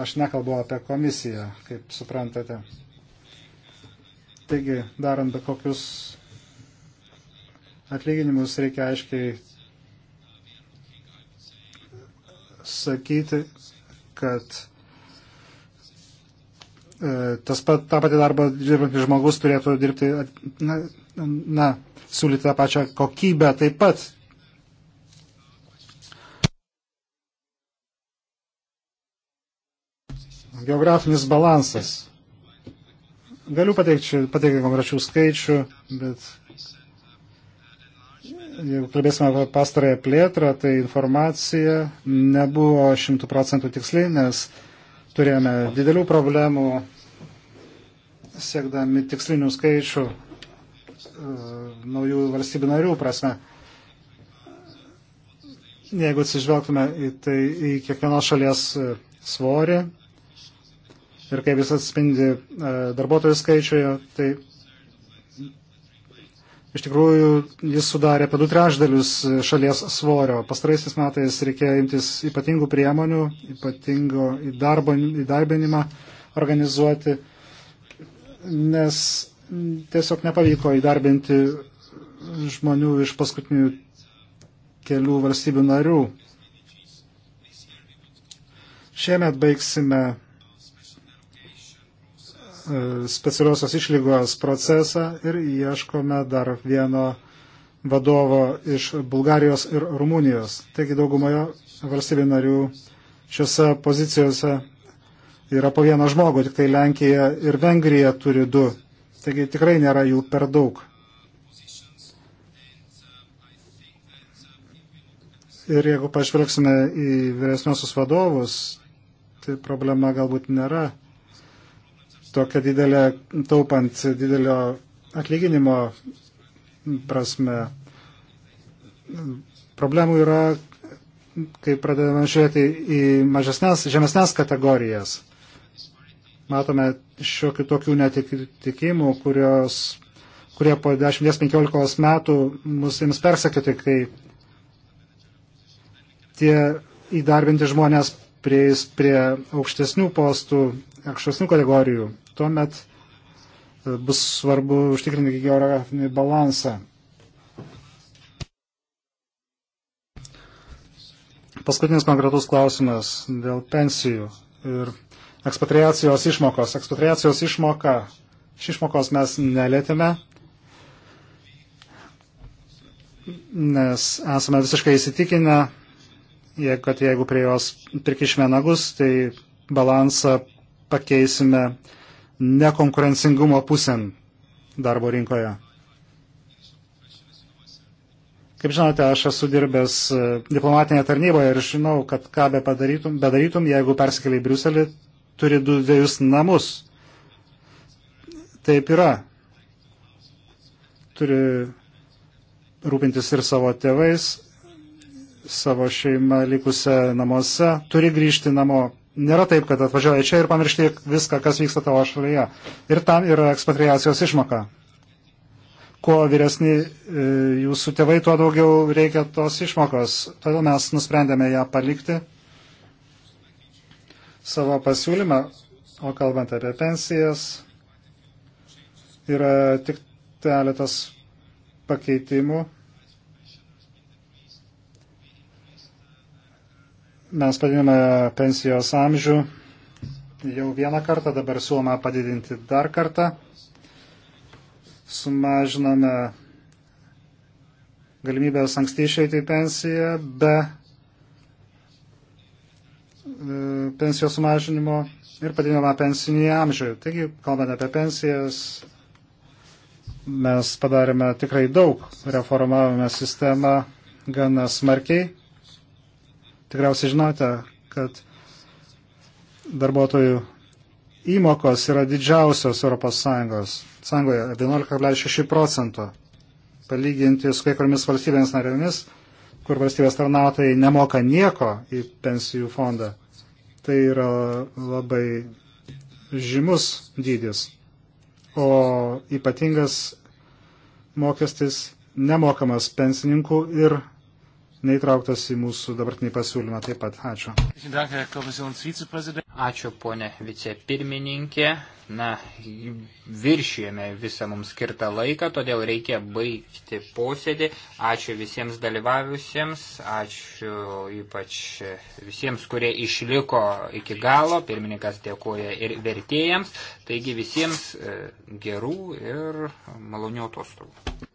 Aš nekalbu apie komisiją, kaip suprantate. Taigi, darant be kokius atlyginimus, reikia aiškiai sakyti, kad e, tas pat, tą patį darbą dirbantis žmogus turėtų dirbti na, na, siūlyti tą pačią kokybę taip pat. Geografinis balansas. Galiu pateikti, pateikti konkrečių skaičių, bet jeigu kalbėsime apie pastarąją plėtrą, tai informacija nebuvo šimtų procentų tiksli, nes turėjome didelių problemų siekdami tikslinių skaičių E, naujų valstybių narių prasme. Jeigu atsižvelgtume į, tai, į kiekvienos šalies e, svorį ir kaip jis atspindi e, darbuotojų skaičiuje, tai iš tikrųjų jis sudarė apie du trešdalius šalies svorio. Pastaraisiais metais reikėjo imtis ypatingų priemonių, ypatingo įdarbo, įdarbinimą organizuoti, nes tiesiog nepavyko įdarbinti žmonių iš paskutinių kelių valstybių narių. Šiemet baigsime e, specialiosios išlygos procesą ir ieškome dar vieno vadovo iš Bulgarijos ir Rumunijos. Taigi daugumoje valstybių narių šiuose pozicijose yra po vieną žmogų, tik tai Lenkija ir Vengrija turi du Taigi tikrai nėra jų per daug. Ir jeigu pažvelgsime į vyresniosius vadovus, tai problema galbūt nėra tokia didelė, taupant didelio atlyginimo prasme. Problemų yra, kai pradedame žiūrėti į mažesnės, žemesnės kategorijas matome šiokių tokių netikimų, kurios, kurie po 10-15 metų mus jums persekėti, kai tie įdarbinti žmonės prieis prie aukštesnių postų, aukštesnių kategorijų. Tuomet e, bus svarbu užtikrinti geografinį balansą. Paskutinis konkretus klausimas dėl pensijų ir Ekspatriacijos išmokos. Ekspatriacijos išmoka. Iš išmokos mes nelėtėme, nes esame visiškai įsitikinę, kad jeigu prie jos prikišime nagus, tai balansą pakeisime nekonkurencingumo pusėn darbo rinkoje. Kaip žinote, aš esu dirbęs e, diplomatinėje tarnyboje ir žinau, kad ką bedarytum, bedarytum jeigu persikeliai į Briuselį, turi du dviejus namus. Taip yra. Turi rūpintis ir savo tėvais, savo šeimą likusią namuose, turi grįžti namo. Nėra taip, kad atvažiuoji čia ir pamiršti viską, kas vyksta tavo šalyje. Ir tam yra ekspatriacijos išmoka. Kuo vyresni e, jūsų tėvai, tuo daugiau reikia tos išmokos. Todėl mes nusprendėme ją palikti savo pasiūlymą, o kalbant apie pensijas, yra tik keletas pakeitimų. Mes padidiname pensijos amžių jau vieną kartą, dabar siūloma padidinti dar kartą. Sumažiname galimybės anksti išeiti į pensiją be E, pensijos sumažinimo ir padidinamą pensinį amžių. Taigi, kalbant apie pensijas, mes padarėme tikrai daug, reformavome sistemą gana smarkiai. Tikriausiai žinote, kad darbuotojų įmokos yra didžiausios ES, 11,6 procento, palyginti su kai kuriomis valstybėmis narėmis, kur valstybės tarnautojai nemoka nieko į pensijų fondą. Tai yra labai žymus dydis. O ypatingas mokestis nemokamas pensininkų ir neįtrauktas į mūsų dabartinį pasiūlymą taip pat. Ačiū. Ačiū, ponė vicepirmininkė. Na, viršijame visą mums skirtą laiką, todėl reikia baigti posėdį. Ačiū visiems dalyvavusiems, ačiū ypač visiems, kurie išliko iki galo. Pirmininkas dėkoja ir vertėjams. Taigi visiems e, gerų ir malonių atostogų.